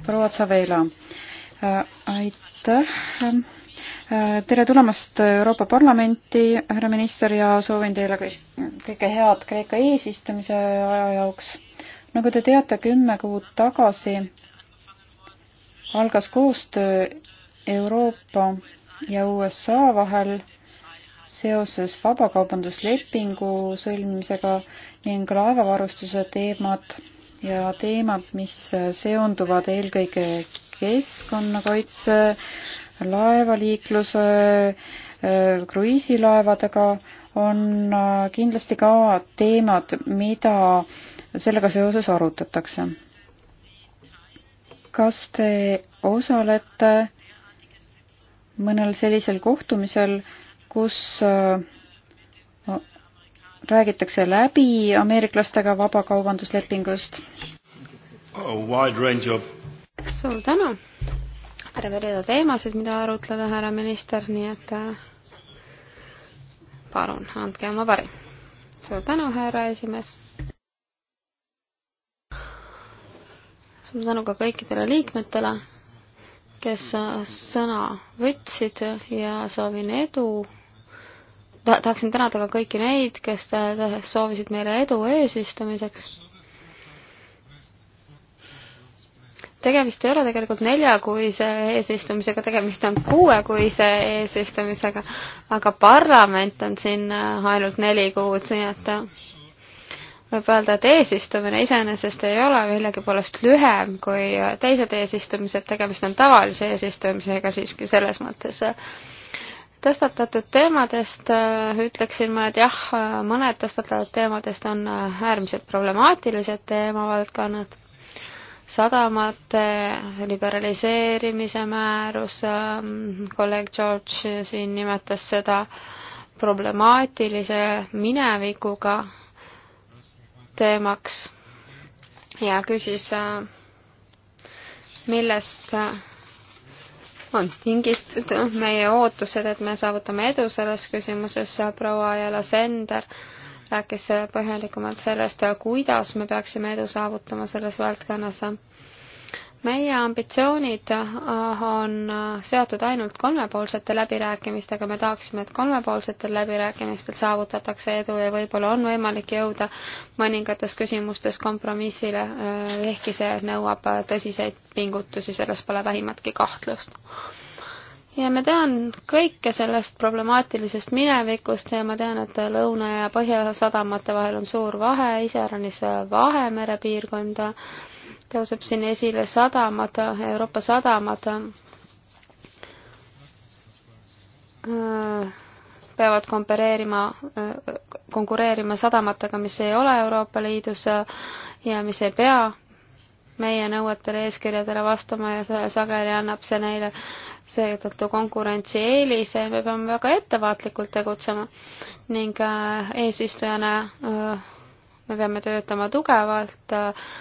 S4: proua Tsaveila, aitäh tere tulemast Euroopa Parlamenti, härra minister, ja soovin teile kõike head Kreeka eesistumise aja jaoks. nagu te teate, kümme kuud tagasi algas koostöö Euroopa ja USA vahel seoses vabakaubanduslepingu sõlmimisega ning laevavarustuse teemad ja teemad, mis seonduvad eelkõige keskkonnakaitse laevaliikluse äh, kruiisilaevadega on äh, kindlasti ka teemad, mida sellega seoses arutatakse. kas te osalete mõnel sellisel kohtumisel, kus äh, räägitakse läbi ameeriklastega vabakaubanduslepingust?
S2: suur tänu terve rida teemasid, mida arutleda, härra minister, nii et äh, palun, andke oma parim. suur tänu, härra esimees. suur tänu ka kõikidele liikmetele, kes äh, sõna võtsid ja soovin edu ta tahaksin tänada ka kõiki neid, kes äh, soovisid meile edu eesistumiseks. tegemist ei ole tegelikult neljakuise eesistumisega, tegemist on kuuekuise eesistumisega, aga parlament on siin äh, ainult neli kuud, nii et äh, võib öelda, et eesistumine iseenesest ei ole millegipoolest lühem kui äh, teised eesistumised, tegemist on tavalise eesistumisega siiski selles mõttes. tõstatatud teemadest ütleksin ma, et jah, mõned tõstatatud teemadest on äärmiselt problemaatilised teemavaldkonnad sadamate liberaliseerimise määrus, ähm, kolleeg George siin nimetas seda problemaatilise minevikuga teemaks ja küsis, äh, millest äh, on tingitud meie ootused, et me saavutame edu selles küsimuses, äh, proua Ajala Sender rääkis põhjalikumalt sellest, kuidas me peaksime edu saavutama selles valdkonnas. meie ambitsioonid äh, on äh, seotud ainult kolmepoolsete läbirääkimistega, me tahaksime, et kolmepoolsetel läbirääkimistel saavutatakse edu ja võib-olla on võimalik jõuda mõningates küsimustes kompromissile, äh, ehkki see nõuab tõsiseid pingutusi, selles pole vähimatki kahtlust ja ma tean kõike sellest problemaatilisest minevikust ja ma tean, et Lõuna- ja Põhjasadamate vahel on suur vahe, iseäranis Vahemere piirkonda tõuseb siin esile sadamad, Euroopa sadamad peavad kompareerima, konkureerima sadamatega, mis ei ole Euroopa Liidus ja mis ei pea meie nõuetele, eeskirjadele vastama ja sageli annab see neile äh, seetõttu konkurentsieelise, me peame väga ettevaatlikult tegutsema ning äh, eesistujana äh, me peame töötama tugevalt äh,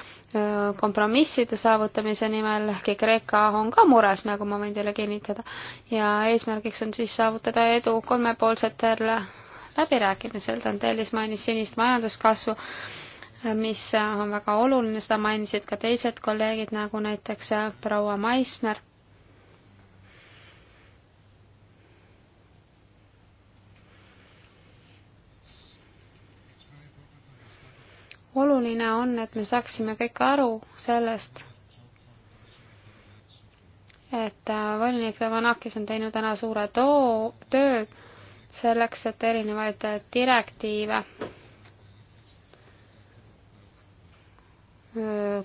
S2: kompromisside saavutamise nimel, ehkki Kreeka on ka mures, nagu ma võin teile kinnitada, ja eesmärgiks on siis saavutada edu kolmepoolsetel läbirääkimisel, Dantelis mainis sinist majanduskasvu, mis on väga oluline, seda mainisid ka teised kolleegid, nagu näiteks proua Maisner oluline on, et me saaksime kõik aru sellest, et äh, volinik Damanakis on teinud täna suure too, töö selleks, et erinevaid direktiive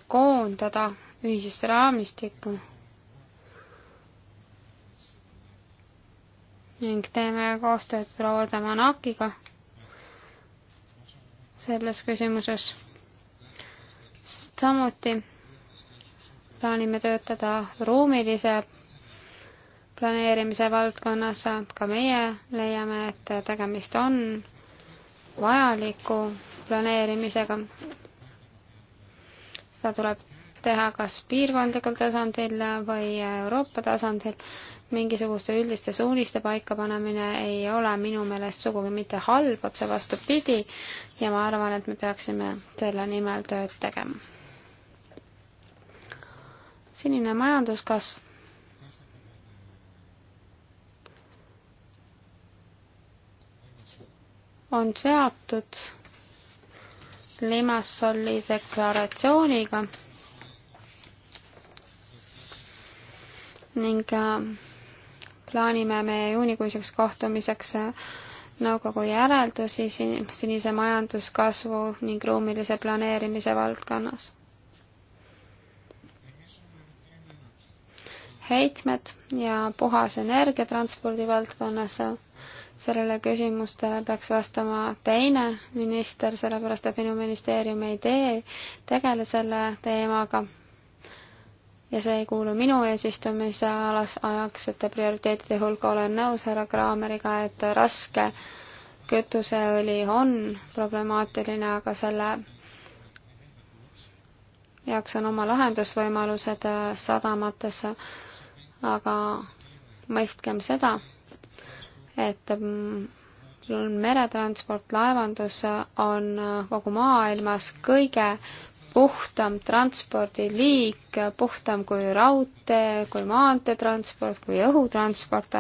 S2: koondada ühisesse raamistikku ning teeme koostööd proua Damanakiga selles küsimuses. samuti plaanime töötada ruumilise planeerimise valdkonnas, ka meie leiame, et tegemist on vajaliku planeerimisega. seda tuleb teha kas piirkondlikul tasandil või Euroopa tasandil mingisuguste üldiste suuniste paikapanemine ei ole minu meelest sugugi mitte halb, otse vastupidi, ja ma arvan, et me peaksime selle nimel tööd tegema. senine majanduskasv on seotud Limassoli deklaratsiooniga ning äh, plaanime me juunikuiseks kohtumiseks nõukogu järeldusi sinise majanduskasvu ning ruumilise planeerimise valdkonnas. heitmed ja puhas energia transpordi valdkonnas sellele küsimustele peaks vastama teine minister, sellepärast et minu ministeerium ei tee, tegele selle teemaga ja see ei kuulu minu eesistumise alas ajaksete prioriteetide hulka, olen nõus härra Kraameriga, et raske kütuseõli on problemaatiline, aga selle jaoks on oma lahendusvõimalused äh, sadamates, aga mõistkem seda, et mm, meretransport, laevandus on äh, kogu maailmas kõige puhtam transpordiliik, puhtam kui raudtee, kui maanteetransport, kui õhutransport.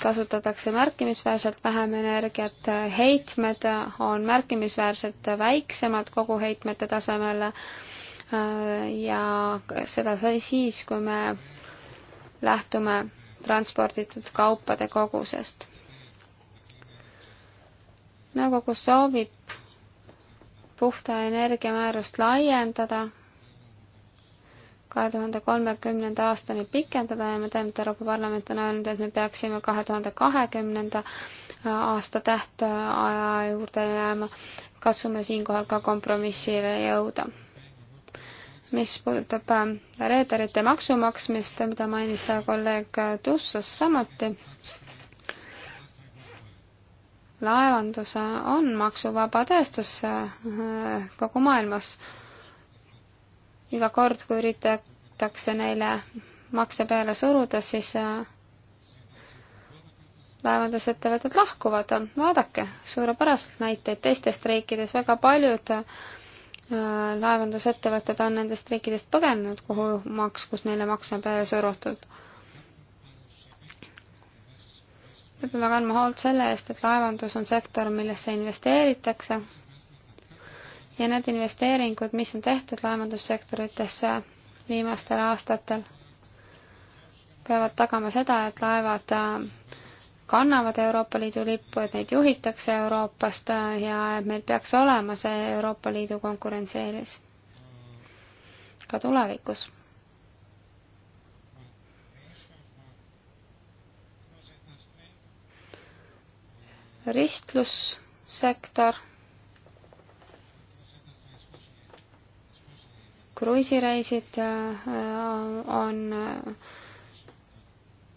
S2: kasutatakse märkimisväärselt vähem energiat, heitmed on märkimisväärselt väiksemad koguheitmete tasemel ja seda sai siis, kui me lähtume transporditud kaupade kogusest. nõukogu soovib puhta energia määrust laiendada, kahe tuhande kolmekümnenda aastani pikendada ja ma tean, et Euroopa Parlament on öelnud, et me peaksime kahe tuhande kahekümnenda äh, aasta tähtaja juurde jääma. katsume siinkohal ka kompromissile jõuda. mis puudutab äh, reederite maksumaksmist, mida mainis äh, kolleeg Tussas samuti, laevandus on maksuvaba tööstus äh, kogu maailmas. iga kord, kui üritatakse neile makse peale suruda, siis äh, laevandusettevõtted lahkuvad. vaadake, suurepäraselt näiteid teistest riikides, väga paljud äh, laevandusettevõtted on nendest riikidest põgenenud, kuhu maks, kus neile makse peale surutud me peame kandma hoolt selle eest, et laevandus on sektor, millesse investeeritakse ja need investeeringud, mis on tehtud laevandussektoritesse viimastel aastatel, peavad tagama seda, et laevad äh, kannavad Euroopa Liidu lippu, et neid juhitakse Euroopast äh, ja et meil peaks olema see Euroopa Liidu konkurentsieelis ka tulevikus ristlussektor, kruiisireisid äh, on äh,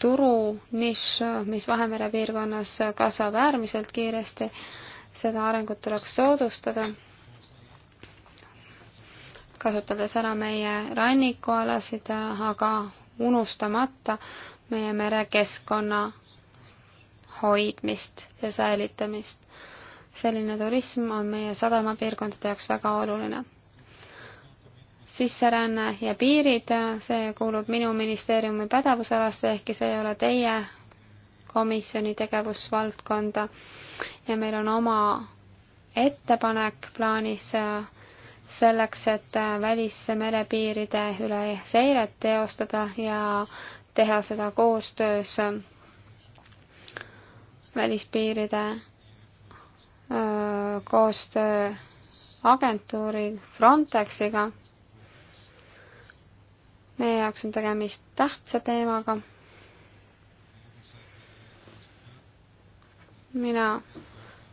S2: turunišš, mis Vahemere piirkonnas kasvab äärmiselt kiiresti, seda arengut tuleks soodustada, kasutades ära meie rannikualasid, aga unustamata meie merekeskkonna hoidmist ja säilitamist. selline turism on meie sadamapiirkondade jaoks väga oluline. sisseränne ja piirid, see kuulub minu ministeeriumi pädevusalasse, ehkki see ei ole teie komisjoni tegevusvaldkonda ja meil on oma ettepanek plaanis selleks, et välismerepiiride üle seiret teostada ja teha seda koostöös välispiiride koostöö agentuuri Frontexiga. meie jaoks on tegemist tähtsa teemaga. mina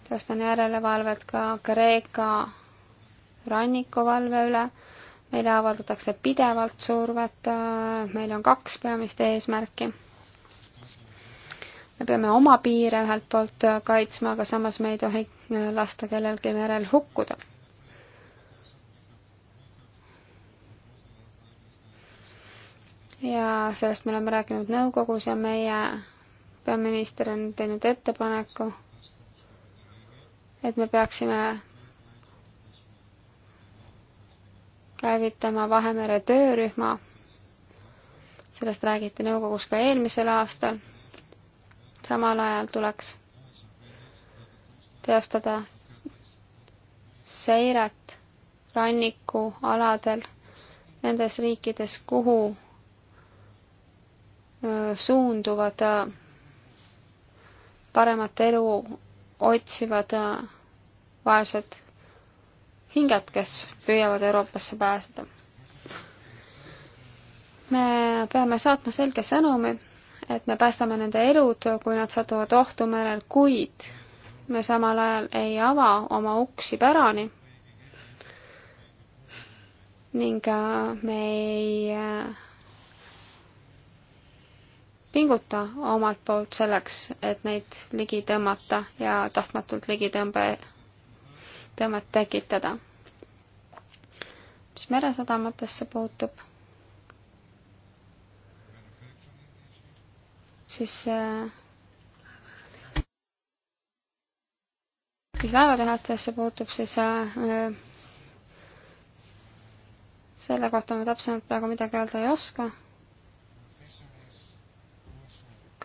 S2: teostan järelevalvet ka Kreeka rannikuvalve üle. meile avaldatakse pidevalt survet, meil on kaks peamist eesmärki me peame oma piire ühelt poolt kaitsma, aga samas me ei tohi äh, lasta kellelgi merel hukkuda. ja sellest me oleme rääkinud nõukogus ja meie peaminister on teinud ettepaneku, et me peaksime käivitama Vahemere töörühma. sellest räägiti nõukogus ka eelmisel aastal samal ajal tuleks teostada seiret rannikualadel nendes riikides, kuhu suunduvad paremat elu otsivad vaesed hinged, kes püüavad Euroopasse pääseda. me peame saatma selge sõnumi et me päästame nende elud, kui nad satuvad ohtu merel, kuid me samal ajal ei ava oma uksi pärani ning äh, me ei äh, pinguta omalt poolt selleks, et neid ligi tõmmata ja tahtmatult ligitõmbe, tõmmet tekitada. mis meresadamatesse puutub siis äh, mis laevatehastesse puutub, siis äh, selle kohta ma täpsemalt praegu midagi öelda ei oska.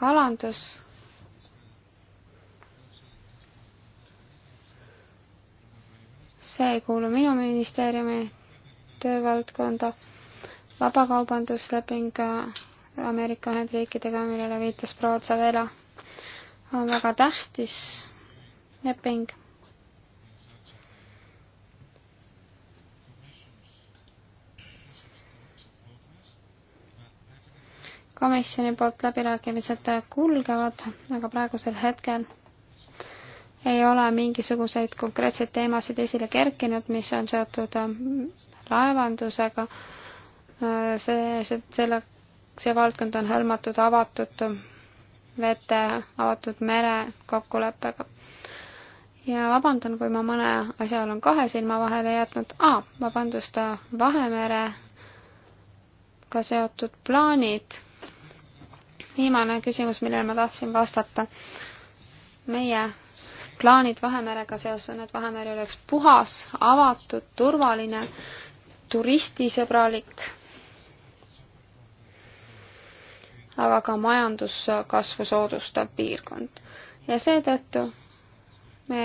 S2: kalandus see ei kuulu minu ministeeriumi töövaldkonda. vabakaubandusleping äh, Ameerika Ühendriikidega, millele viitas proua Savela, on väga tähtis leping. komisjoni poolt läbirääkimised kulgevad, aga praegusel hetkel ei ole mingisuguseid konkreetseid teemasid esile kerkinud, mis on seotud äh, laevandusega äh, see, see, selle see valdkond on hõlmatud avatud vete, avatud mere kokkuleppega. ja vabandan, kui ma mõne asja olen kahe silma vahele jätnud ah,, vabandust, Vahemerega seotud plaanid. viimane küsimus, millele ma tahtsin vastata. meie plaanid Vahemerega seoses on, et Vahemeri oleks puhas, avatud, turvaline, turistisõbralik aga ka majanduskasvu soodustav piirkond. ja seetõttu me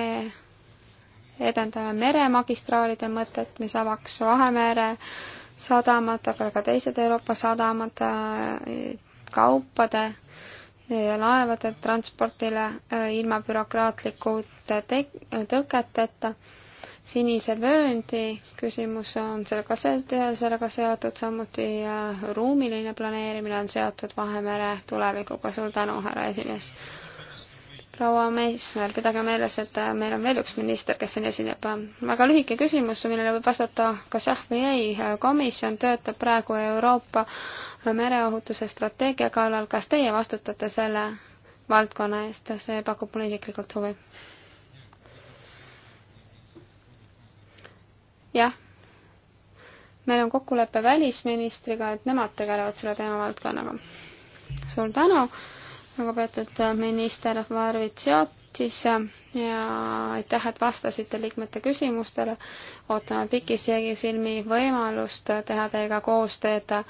S2: edendame meremagistraalide mõtet, mis avaks Vahemere sadamad, aga ka teised Euroopa sadamad äh, kaupade ja laevade transpordile äh, ilma bürokraatliku tõketeta sinise vööndi küsimus on sellega seotud, sellega seotud samuti ja ruumiline planeerimine on seotud Vahemere tulevikuga. suur tänu, härra esimees. proua Meissner, pidage meeles, et äh, meil on veel üks minister, kes siin esineb. väga lühike küsimus, millele võib vastata kas jah või ei. komisjon töötab praegu Euroopa mereohutuse strateegia kallal. kas teie vastutate selle valdkonna eest? see pakub mulle isiklikult huvi jah, meil on kokkulepe välisministriga, et nemad tegelevad selle teemavaldkonnaga. suur tänu, lugupeetud minister Varvitsiotis ja aitäh, et vastasite liikmete küsimustele. ootame pikisilmi võimalust teha teiega koostööd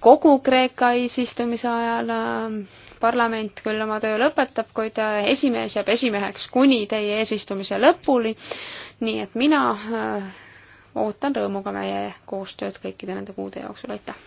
S2: kogu Kreeka eesistumise ajal parlament küll oma töö lõpetab, kuid esimees jääb esimeheks kuni teie eesistumise lõpuni. nii et mina ootan rõõmuga meie koostööd kõikide nende kuude jooksul, aitäh!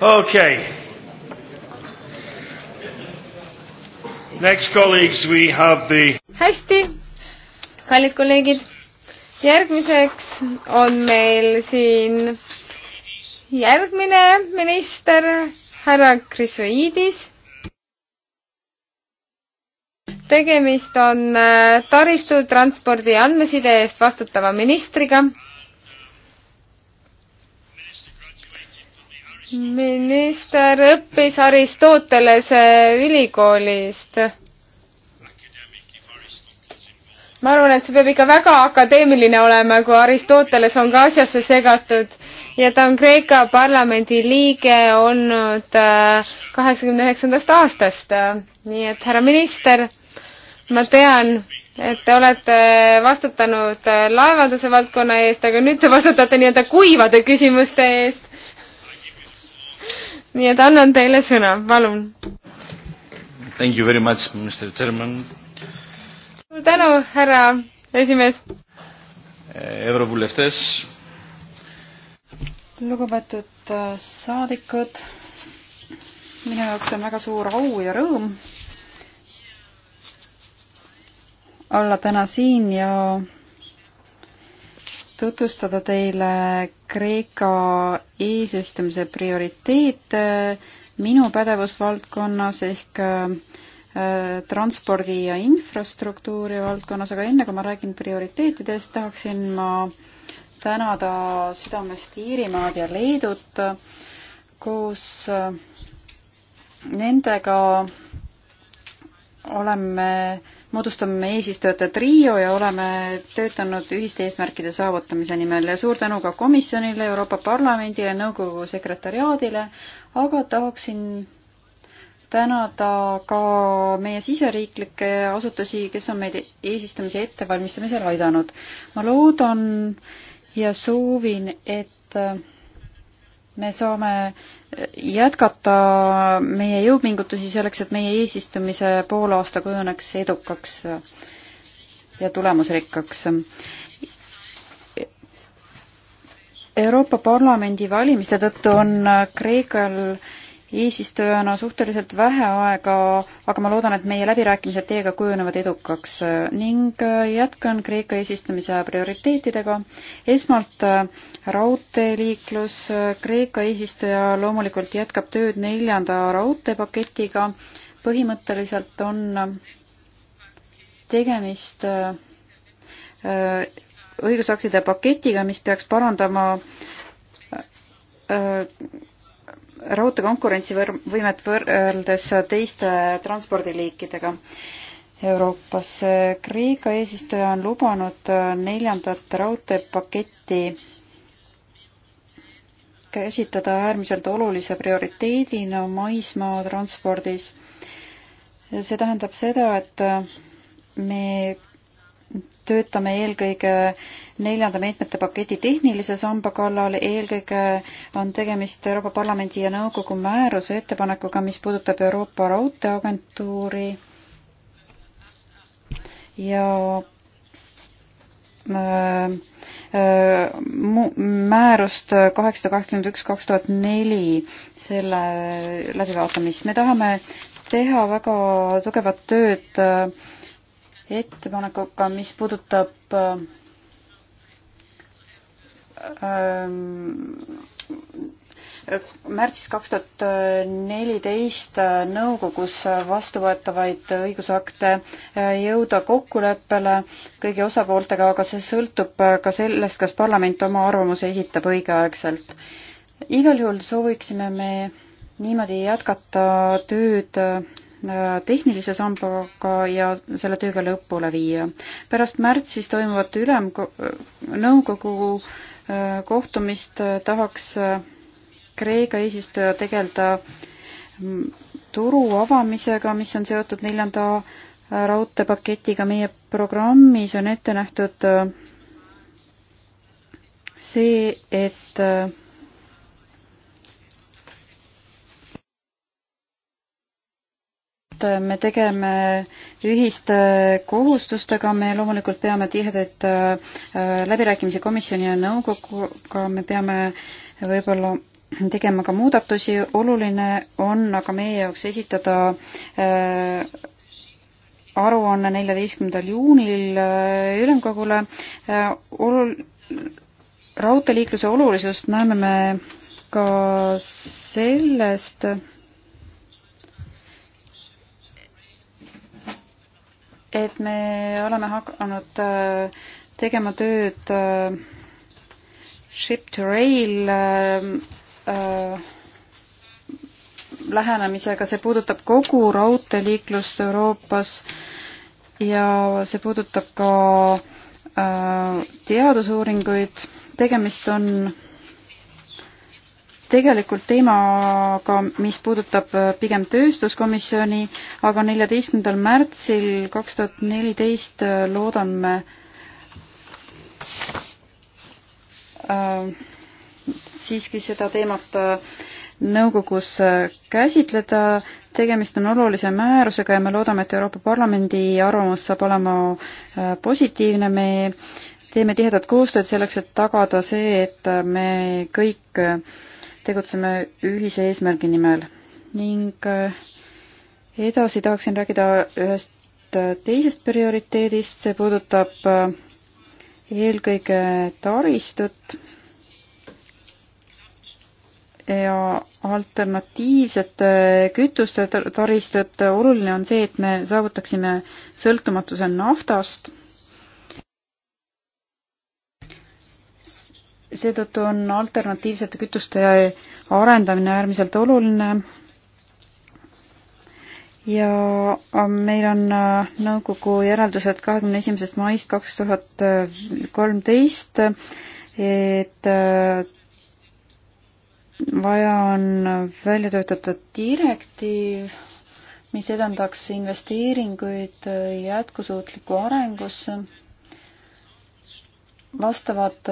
S1: Okay. Next colleagues, we have the...
S3: hästi, kallid kolleegid, järgmiseks on meil siin järgmine minister, härra Krisoidis. tegemist on äh, taristu, transpordi ja andmeside eest vastutava ministriga minister õppis Aristotelese ülikoolist. ma arvan, et see peab ikka väga akadeemiline olema, kui Aristoteles on ka asjasse segatud ja ta on Kreeka parlamendi liige olnud äh, kaheksakümne üheksandast aastast. nii et härra minister, ma tean, et te olete vastutanud äh, laevanduse valdkonna eest, aga nüüd te vastutate nii-öelda kuivade küsimuste eest nii et annan teile sõna, palun.
S1: Thank you very much, Mr Chairman.
S3: suur tänu, härra esimees.
S1: Eh, Eurovuleftes.
S4: lugupeetud äh, saadikud, minu jaoks on väga suur au ja rõõm olla täna siin ja tutvustada teile Kreeka eesistumise prioriteete minu pädevusvaldkonnas ehk äh, transpordi ja infrastruktuuri valdkonnas, aga enne kui ma räägin prioriteetidest, tahaksin ma tänada südamest Iirimaad ja Leedut, kus äh, nendega oleme äh, moodustame me eesistujate trio ja oleme töötanud ühiste eesmärkide saavutamise nimel ja suur tänu ka komisjonile, Euroopa Parlamendile, nõukogu sekretariaadile, aga tahaksin tänada ka meie siseriiklikke asutusi, kes on meid eesistumise ettevalmistamisel aidanud. ma loodan ja soovin, et me saame jätkata meie jõupingutusi selleks, et meie eesistumise poolaasta kujuneks edukaks ja tulemusrikkaks. Euroopa Parlamendi valimiste tõttu on Kreekal eesistujana suhteliselt vähe aega, aga ma loodan, et meie läbirääkimised teiega kujunevad edukaks ning äh, jätkan Kreeka eesistumise prioriteetidega. esmalt äh, raudteeliiklus. Kreeka eesistuja loomulikult jätkab tööd neljanda raudteepaketiga. põhimõtteliselt on äh, tegemist õigusaktide paketiga, mis peaks parandama raudtee konkurentsivõimet võrreldes teiste transpordiliikidega Euroopas. Eh, Kreeka eesistuja on lubanud eh, neljandat raudteepaketti käsitleda äärmiselt olulise prioriteedina maismaa transpordis. see tähendab seda, et eh, me töötame eelkõige neljanda meetmete paketi tehnilise samba kallal, eelkõige on tegemist Euroopa Parlamendi ja Nõukogu määruse ettepanekuga, mis puudutab Euroopa Raudteeagentuuri ja äh, äh, määrust kaheksasada kaheksakümmend üks kaks tuhat neli selle läbivaatamist. me tahame teha väga tugevat tööd äh, ettepanekuga, mis puudutab ähm, märtsis kaks tuhat neliteist nõukogus vastu võetavaid õigusakte jõuda kokkuleppele kõigi osapooltega, aga see sõltub ka sellest, kas parlament oma arvamuse esitab õigeaegselt. igal juhul sooviksime me niimoodi jätkata tööd Äh, tehnilise sambaga ja selle tööga lõpule viia. pärast märtsis toimuvat ülemnõukogu äh, kohtumist äh, tahaks Kreeka eesistuja tegeleda mm, turu avamisega, mis on seotud neljanda raudteepaketiga. meie programmis on ette nähtud see, et et me tegeleme ühiste kohustustega, me loomulikult peame tihedaid äh, läbirääkimisi komisjoni ja nõukoguga, me peame võib-olla tegema ka muudatusi, oluline on aga meie jaoks esitada äh, aruanne neljateistkümnendal juunil äh, ülemkogule. olul-, raudteeliikluse olulisust näeme me ka sellest, et me oleme hakanud äh, tegema tööd äh, ship to rail äh, lähenemisega, see puudutab kogu raudteeliiklust Euroopas ja see puudutab ka teadusuuringuid, tegemist on tegelikult teemaga, mis puudutab äh, pigem tööstuskomisjoni, aga neljateistkümnendal märtsil kaks tuhat neliteist äh, loodan me äh, siiski seda teemat äh, nõukogus käsitleda. tegemist on olulise määrusega ja me loodame, et Euroopa Parlamendi arvamus saab olema positiivne. me teeme tihedat koostööd selleks, et tagada see, et me kõik äh, tegutseme ühise eesmärgi nimel ning äh, edasi tahaksin rääkida ühest äh, teisest prioriteedist, see puudutab äh, eelkõige taristut ja alternatiivsete kütuste taristut, oluline on see, et me saavutaksime sõltumatuse naftast seetõttu on alternatiivsete kütuste arendamine äärmiselt oluline ja meil on äh, nõukogu järeldused kahekümne esimesest maist kaks tuhat kolmteist, et äh, vaja on välja töötada direktiiv, mis edendaks investeeringuid äh, jätkusuutlikku arengusse, vastavad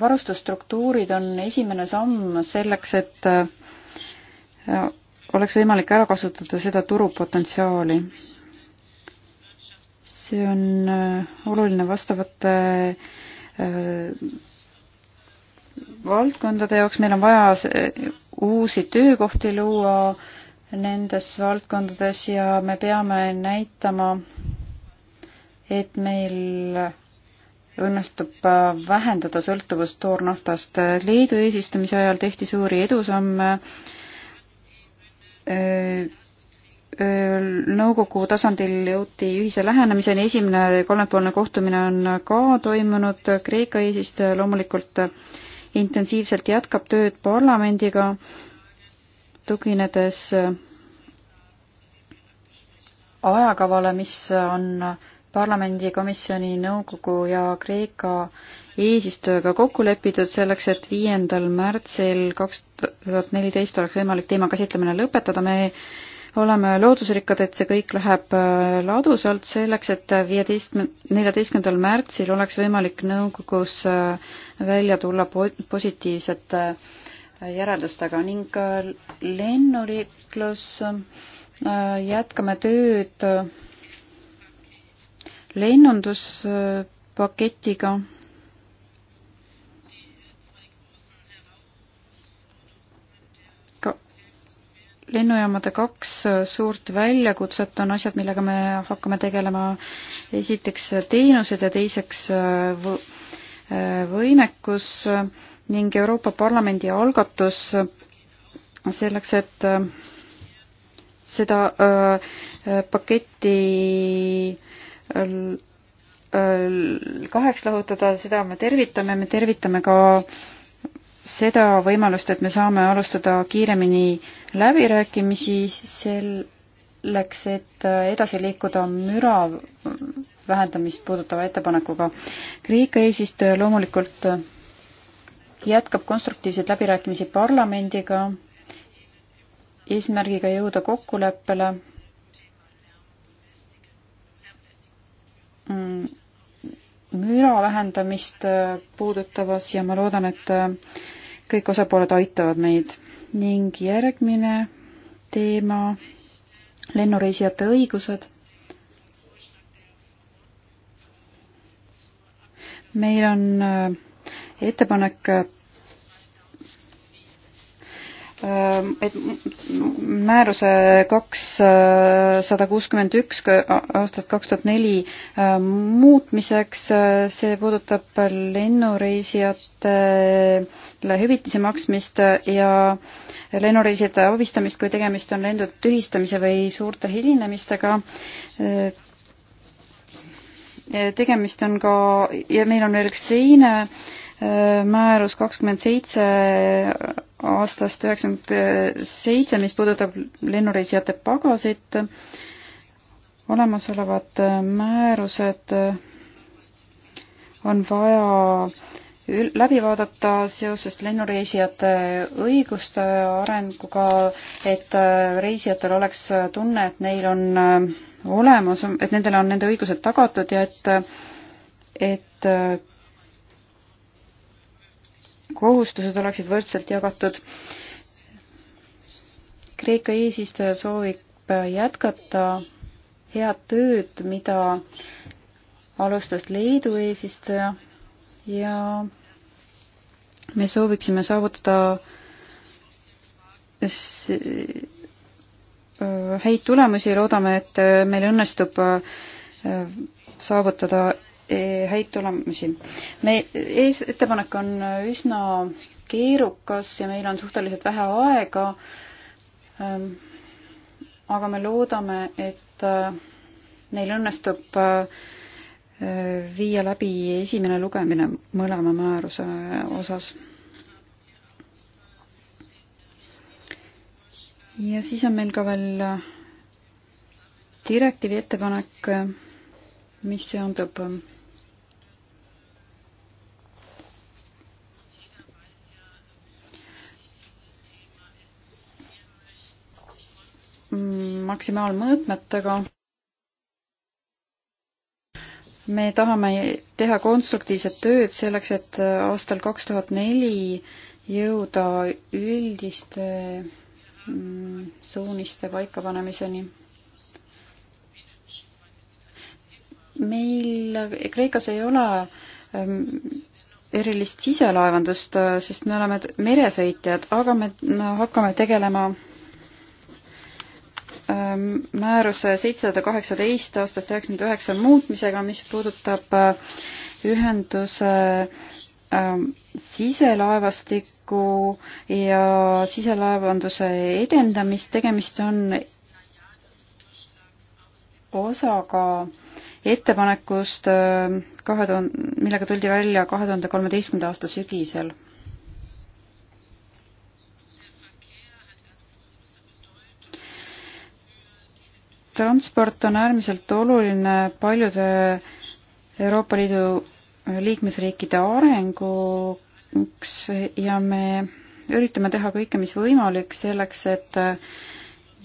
S4: varustusstruktuurid on esimene samm selleks, et äh, oleks võimalik ära kasutada seda turupotentsiaali. see on äh, oluline vastavate äh, valdkondade jaoks, meil on vaja uusi töökohti luua nendes valdkondades ja me peame näitama, et meil õnnestub äh, vähendada sõltuvust toornaftast. Leedu eesistumise ajal tehti suuri edusamme äh, äh, nõukogu tasandil jõuti ühise lähenemiseni, esimene kolmepoolne kohtumine on ka toimunud, Kreeka eesistuja loomulikult intensiivselt jätkab tööd parlamendiga, tuginedes ajakavale, mis on parlamendi, komisjoni, nõukogu ja Kreeka eesistujaga kokku lepitud selleks, et viiendal märtsil kaks tuhat neliteist oleks võimalik teema käsitlemine lõpetada. me oleme lootusrikkad, et see kõik läheb äh, ladusalt selleks, et viieteist, neljateistkümnendal märtsil oleks võimalik nõukogus äh, välja tulla positiivsete äh, järeldustega ning lennuliiklus jätkame tööd lennunduspaketiga. lennujaamade kaks suurt väljakutset on asjad, millega me hakkame tegelema. esiteks teenused ja teiseks äh, äh, võimekus ning Euroopa Parlamendi algatus selleks, et äh, seda paketti kaheks lahutada, seda me tervitame, me tervitame ka seda võimalust, et me saame alustada kiiremini läbirääkimisi selleks, et edasi liikuda müra vähendamist puudutava ettepanekuga. Kreeka eesistuja loomulikult jätkab konstruktiivseid läbirääkimisi parlamendiga, eesmärgiga jõuda kokkuleppele Mm, müra vähendamist äh, puudutavas ja ma loodan, et äh, kõik osapooled aitavad meid. ning järgmine teema, lennureisijate õigused. meil on äh, ettepanek Ehm, et määruse kakssada äh, kuuskümmend üks aastast kaks tuhat neli äh, muutmiseks, äh, see puudutab lennureisijatele hüvitise maksmist ja lennureisijate abistamist, kui tegemist on lendude tühistamise või suurte hilinemistega tegemist on ka ja meil on veel üks teine määrus kakskümmend seitse aastast üheksakümmend seitse, mis puudutab lennureisijate pagasit. olemasolevad määrused on vaja läbi vaadata seoses lennureisijate õiguste arenguga, et reisijatel oleks tunne, et neil on olemas, et nendele on nende õigused tagatud ja et, et kohustused oleksid võrdselt jagatud. Kreeka eesistuja soovib jätkata head tööd, mida alustas Leedu eesistuja ja me sooviksime saavutada äh, häid tulemusi, loodame, et meil õnnestub äh, saavutada E, häid tulemusi. me, ees, ettepanek on üsna keerukas ja meil on suhteliselt vähe aega. Ähm, aga me loodame, et äh, meil õnnestub äh, viia läbi esimene lugemine mõlema määruse osas. ja siis on meil ka veel äh, direktiivi ettepanek, mis seondub ähm, maksimaalmõõtmetega. me tahame teha konstruktiivset tööd selleks, et aastal kaks tuhat neli jõuda üldiste mm, suuniste paikapanemiseni. meil Kreekas ei ole mm, erilist siselaevandust, sest me oleme meresõitjad, aga me hakkame tegelema määruse seitsesada kaheksateist aastast üheksakümmend üheksa muutmisega, mis puudutab äh, ühenduse ähm, siselaevastikku ja siselaevanduse edendamist, tegemist on osaga ettepanekust äh, kahe tuhande, millega tuldi välja kahe tuhande kolmeteistkümnenda aasta sügisel transport on äärmiselt oluline paljude Euroopa Liidu liikmesriikide arenguks ja me üritame teha kõike, mis võimalik selleks, et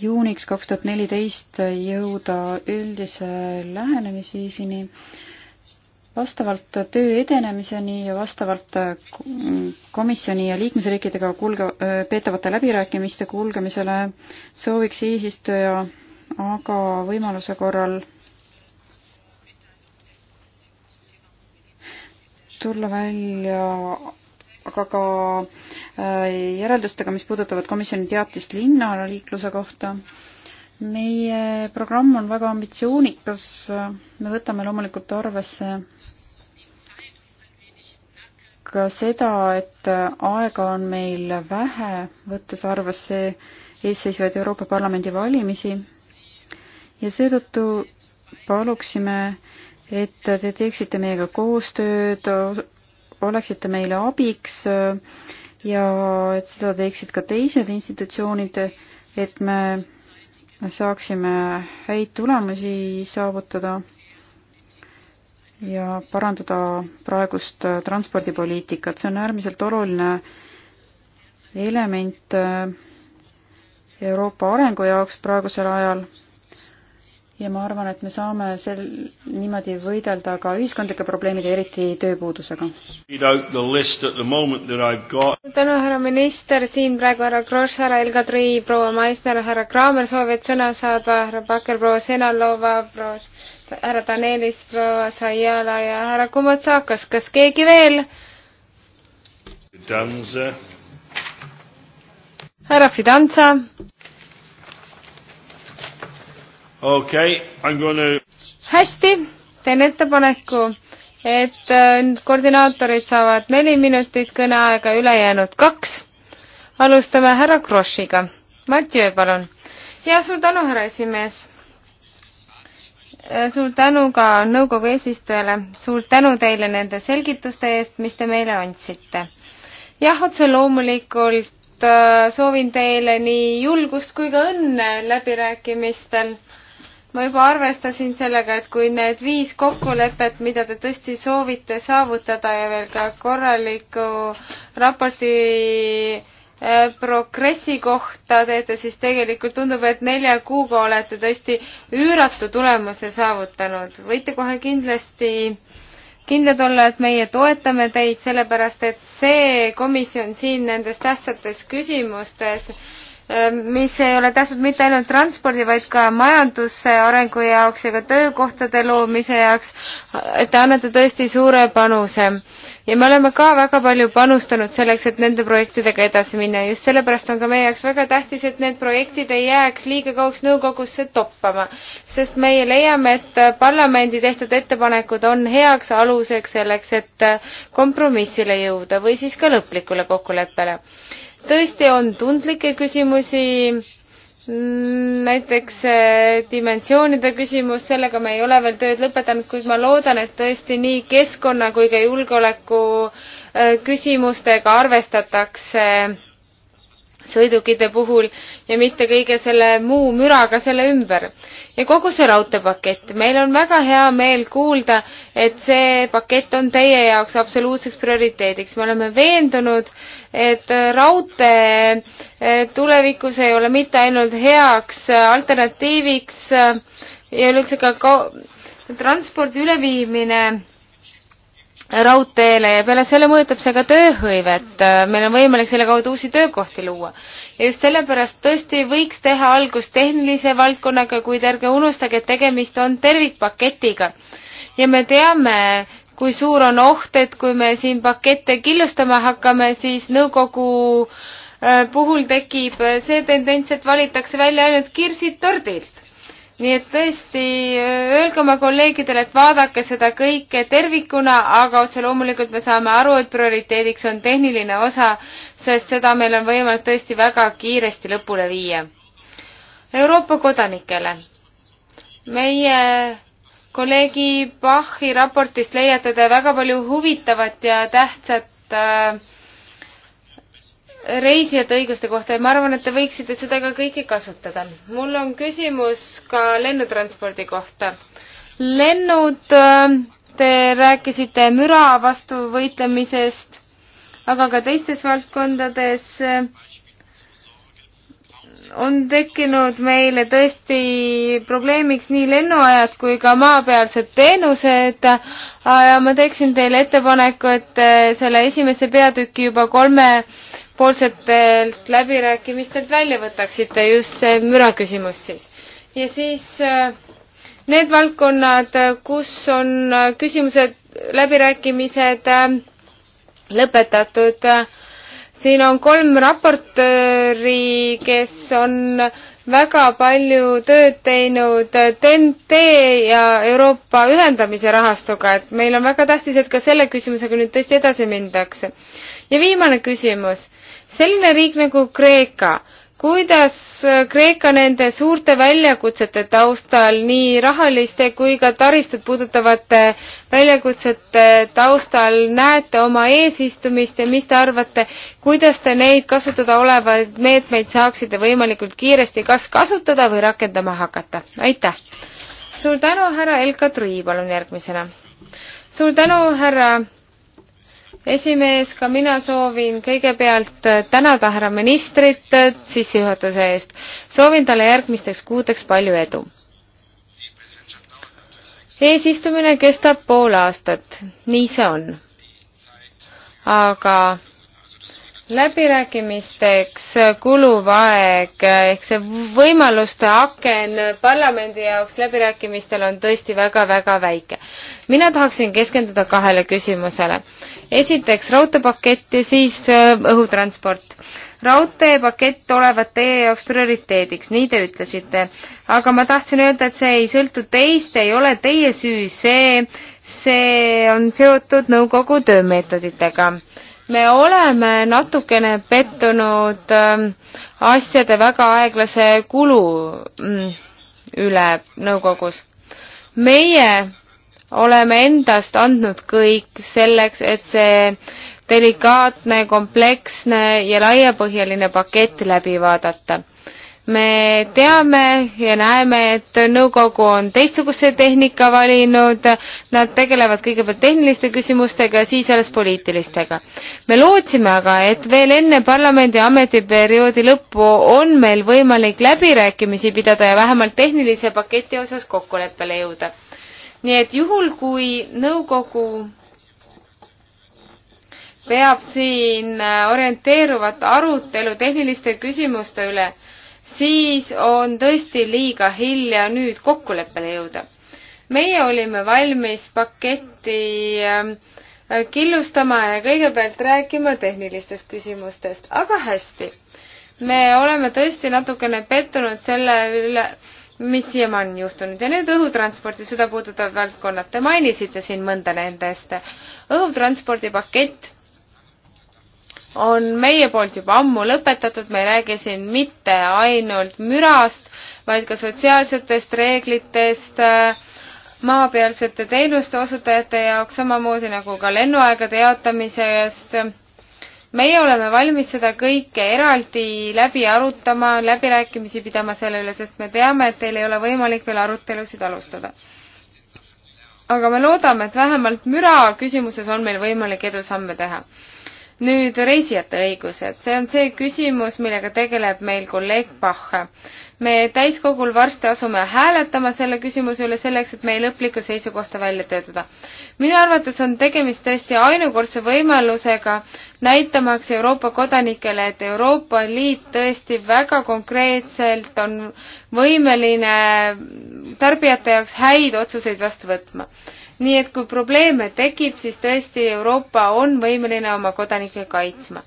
S4: juuniks kaks tuhat neliteist jõuda üldise lähenemisviisini vastavalt töö edenemiseni ja vastavalt komisjoni ja liikmesriikidega kulge, peetavate läbirääkimiste kulgemisele sooviks eesistuja aga võimaluse korral tulla välja aga ka äh, järeldustega, mis puudutavad komisjoni teatist linnaliikluse kohta. meie programm on väga ambitsioonikas, me võtame loomulikult arvesse ka seda, et aega on meil vähe, võttes arvesse eesseisvaid Euroopa Parlamendi valimisi ja seetõttu paluksime, et te teeksite meiega koostööd, oleksite meile abiks ja et seda teeksid ka teised institutsioonid, et me saaksime häid tulemusi saavutada ja parandada praegust transpordipoliitikat, see on äärmiselt oluline element Euroopa arengu jaoks praegusel ajal ja ma arvan, et me saame sel, niimoodi võidelda ka ühiskondlike probleemide, eriti tööpuudusega. tänu, härra minister, siin praegu härra Grosch,
S3: härra Elga Trui, proua Maisner, härra Kraamer soovivad sõna saada, härra Pakker, proua Senalova, proua härra Danelis, proua Saiala ja härra Kumatsakas, kas keegi veel? härra Fidanza
S1: okei okay,, I m gonna.
S3: hästi, teen ettepaneku, et äh, koordinaatorid saavad neli minutit kõneaega, ülejäänud kaks. alustame härra Krossiga. Mattiöö, palun. ja suur tänu, härra esimees. Äh, suur tänu ka nõukogu eesistujale, suur tänu teile nende selgituste eest, mis te meile andsite. jah, otse loomulikult äh, soovin teile nii julgust kui ka õnne läbirääkimistel ma juba arvestasin sellega, et kui need viis kokkulepet, mida te tõesti soovite saavutada ja veel ka korraliku raporti eh, progressi kohta teete, siis tegelikult tundub, et nelja kuuga olete tõesti üüratu tulemuse saavutanud. võite kohe kindlasti kindlad olla, et meie toetame teid, sellepärast et see komisjon siin nendes tähtsates küsimustes äh, Ehm, mis ei ole tähtsad mitte ainult transpordi, vaid ka majanduse arengu jaoks ja ka töökohtade loomise jaoks, et te annate tõesti suure panuse. ja me oleme ka väga palju panustanud selleks, et nende projektidega edasi minna ja just sellepärast on ka meie jaoks väga tähtis, et need projektid ei jääks liiga kauaks nõukogusse toppama, sest meie leiame, et parlamendi tehtud ettepanekud on heaks aluseks selleks, et kompromissile jõuda või siis ka lõplikule kokkuleppele tõesti on tundlikke küsimusi, näiteks äh, dimensioonide küsimus, sellega me ei ole veel tööd lõpetanud, kuid ma loodan, et tõesti nii keskkonna kui ka julgeoleku äh, küsimustega arvestatakse sõidukite puhul ja mitte kõige selle muu müraga selle ümber. ja kogu see raudteepakett, meil on väga hea meel kuulda, et see pakett on teie jaoks absoluutseks prioriteediks. me oleme veendunud, et raudtee eh, tulevikus ei ole mitte ainult heaks eh, alternatiiviks, ei eh, ole üldse ka transpordi üleviimine raudteele ja peale selle mõjutab see ka tööhõivet, meil on võimalik selle kaudu uusi töökohti luua. ja just sellepärast tõesti võiks teha algust tehnilise valdkonnaga, kuid ärge unustage, et tegemist on tervikpaketiga. ja me teame, kui suur on oht, et kui me siin pakette killustama hakkame, siis nõukogu äh, puhul tekib see tendents, et valitakse välja ainult kirsid tordilt nii et tõesti, öelge oma kolleegidele, et vaadake seda kõike tervikuna, aga otse loomulikult me saame aru, et prioriteediks on tehniline osa, sest seda meil on võimalik tõesti väga kiiresti lõpule viia. Euroopa kodanikele. meie kolleegi Bachi raportist leiate te väga palju huvitavat ja tähtsat äh, reisijate õiguste kohta ja ma arvan, et te võiksite seda ka kõike kasutada. mul on küsimus ka lennutranspordi kohta. lennud, äh, te rääkisite müra vastu võitlemisest, aga ka teistes valdkondades äh, on tekkinud meile tõesti probleemiks nii lennuajad kui ka maapealsed teenused äh, ja ma teeksin teile ettepaneku, et selle esimese peatüki juba kolme poolsetelt läbirääkimistelt välja võtaksite, just see müra küsimus siis. ja siis äh, need valdkonnad, äh, kus on äh, küsimused, läbirääkimised lõpetatud, siin on kolm raportööri, kes on väga palju tööd teinud TNT ja Euroopa ühendamise rahastuga, et meil on väga tähtis, et ka selle küsimusega nüüd tõesti edasi mindakse. ja viimane küsimus selline riik nagu Kreeka, kuidas äh, Kreeka nende suurte väljakutsete taustal, nii rahaliste kui ka taristut puudutavate väljakutsete taustal näete oma eesistumist ja mis te arvate, kuidas te neid kasutada olevaid meetmeid saaksite võimalikult kiiresti kas kasutada või rakendama hakata? aitäh! suur tänu, härra Elka Trui, palun järgmisena. suur tänu, härra esimees, ka mina soovin kõigepealt tänada härra ministrit sissejuhatuse eest. soovin talle järgmisteks kuudeks palju edu. eesistumine kestab pool aastat, nii see on. aga läbirääkimisteks kuluv aeg ehk see võimaluste aken parlamendi jaoks läbirääkimistel on tõesti väga-väga väike. mina tahaksin keskenduda kahele küsimusele esiteks raudteepakett ja siis äh, õhutransport. raudteepakett olevat teie jaoks prioriteediks, nii te ütlesite. aga ma tahtsin öelda, et see ei sõltu teist, ei ole teie süü, see, see on seotud nõukogu töömeetoditega me oleme natukene pettunud ähm, asjade väga aeglase kulu mm, üle nõukogus. meie oleme endast andnud kõik selleks, et see delikaatne, kompleksne ja laiapõhjaline pakett läbi vaadata. me teame ja näeme, et nõukogu on teistsuguse tehnika valinud, nad tegelevad kõigepealt tehniliste küsimustega ja siis alles poliitilistega. me lootsime aga, et veel enne parlamendi ametiperioodi lõppu on meil võimalik läbirääkimisi pidada ja vähemalt tehnilise paketi osas kokkuleppele jõuda nii et juhul, kui nõukogu peab siin äh, orienteeruvat arutelu tehniliste küsimuste üle, siis on tõesti liiga hilja nüüd kokkuleppele jõuda. meie olime valmis paketti ähm, äh, killustama ja kõigepealt rääkima tehnilistest küsimustest, aga hästi. me oleme tõesti natukene pettunud selle üle, mis siiamaani on juhtunud ja nüüd õhutransporti, seda puudutavad valdkonnad, te mainisite siin mõnda nendest. õhutranspordi pakett on meie poolt juba ammu lõpetatud, me ei räägi siin mitte ainult mürast, vaid ka sotsiaalsetest reeglitest, maapealsete teenuste osutajate jaoks, samamoodi nagu ka lennuaegade jaotamisest meie oleme valmis seda kõike eraldi läbi arutama, läbirääkimisi pidama selle üle, sest me teame, et teil ei ole võimalik veel arutelusid alustada. aga me loodame, et vähemalt müra küsimuses on meil võimalik edusamme teha nüüd reisijate õigused, see on see küsimus, millega tegeleb meil kolleeg Pahh me täiskogul varsti asume hääletama selle küsimuse üle selleks, et meie lõplikku seisukohta välja töötada. minu arvates on tegemist tõesti ainukordse võimalusega näitamaks Euroopa kodanikele, et Euroopa Liit tõesti väga konkreetselt on võimeline tarbijate jaoks häid otsuseid vastu võtma nii et kui probleeme tekib, siis tõesti Euroopa on võimeline oma kodanikke kaitsma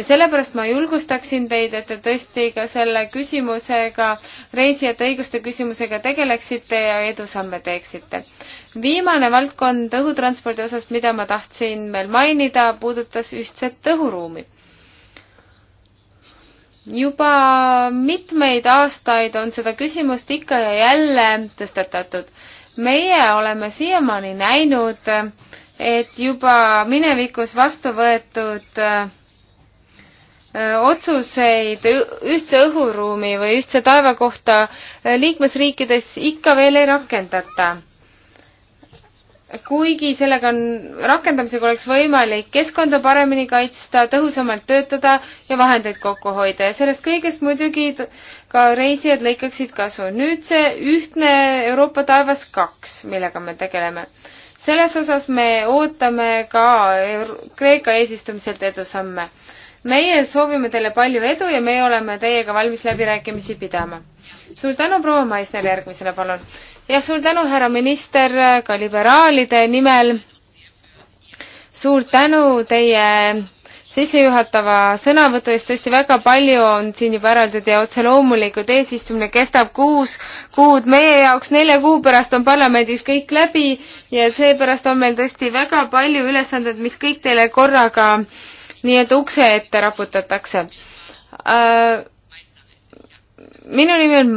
S3: ja sellepärast ma julgustaksin teid, et te tõesti ka selle küsimusega, reisijate õiguste küsimusega tegeleksite ja edusamme teeksite. viimane valdkond õhutranspordi osas, mida ma tahtsin veel mainida, puudutas ühtset õhuruumi juba mitmeid aastaid on seda küsimust ikka ja jälle tõstatatud. meie oleme siiamaani näinud, et juba minevikus vastu võetud äh, otsuseid ühtse õhuruumi või ühtse taeva kohta liikmesriikides ikka veel ei rakendata. kuigi sellega on, rakendamisega oleks võimalik keskkonda paremini kaitsta, tõhusamalt töötada ja vahendeid kokku hoida ja sellest kõigest muidugi ka reisijad lõikaksid kasu. nüüd see ühtne Euroopa taevas kaks, millega me tegeleme selles osas me ootame ka Kreeka eesistumiselt edusamme meie soovime teile palju edu ja me oleme teiega valmis läbirääkimisi pidama. suur tänu, proua Maisner, järgmisena palun. ja suur tänu, härra minister, ka liberaalide nimel. suur tänu teie sissejuhatava sõnavõtu eest tõesti väga palju on siin juba eraldatud ja otse loomulikult eesistumine kestab kuus kuud, meie jaoks nelja kuu pärast on parlamendis kõik läbi ja seepärast on meil tõesti väga palju ülesandeid, mis kõik teile korraga äh, nii-öelda ukse ette raputatakse äh,. minu nimi on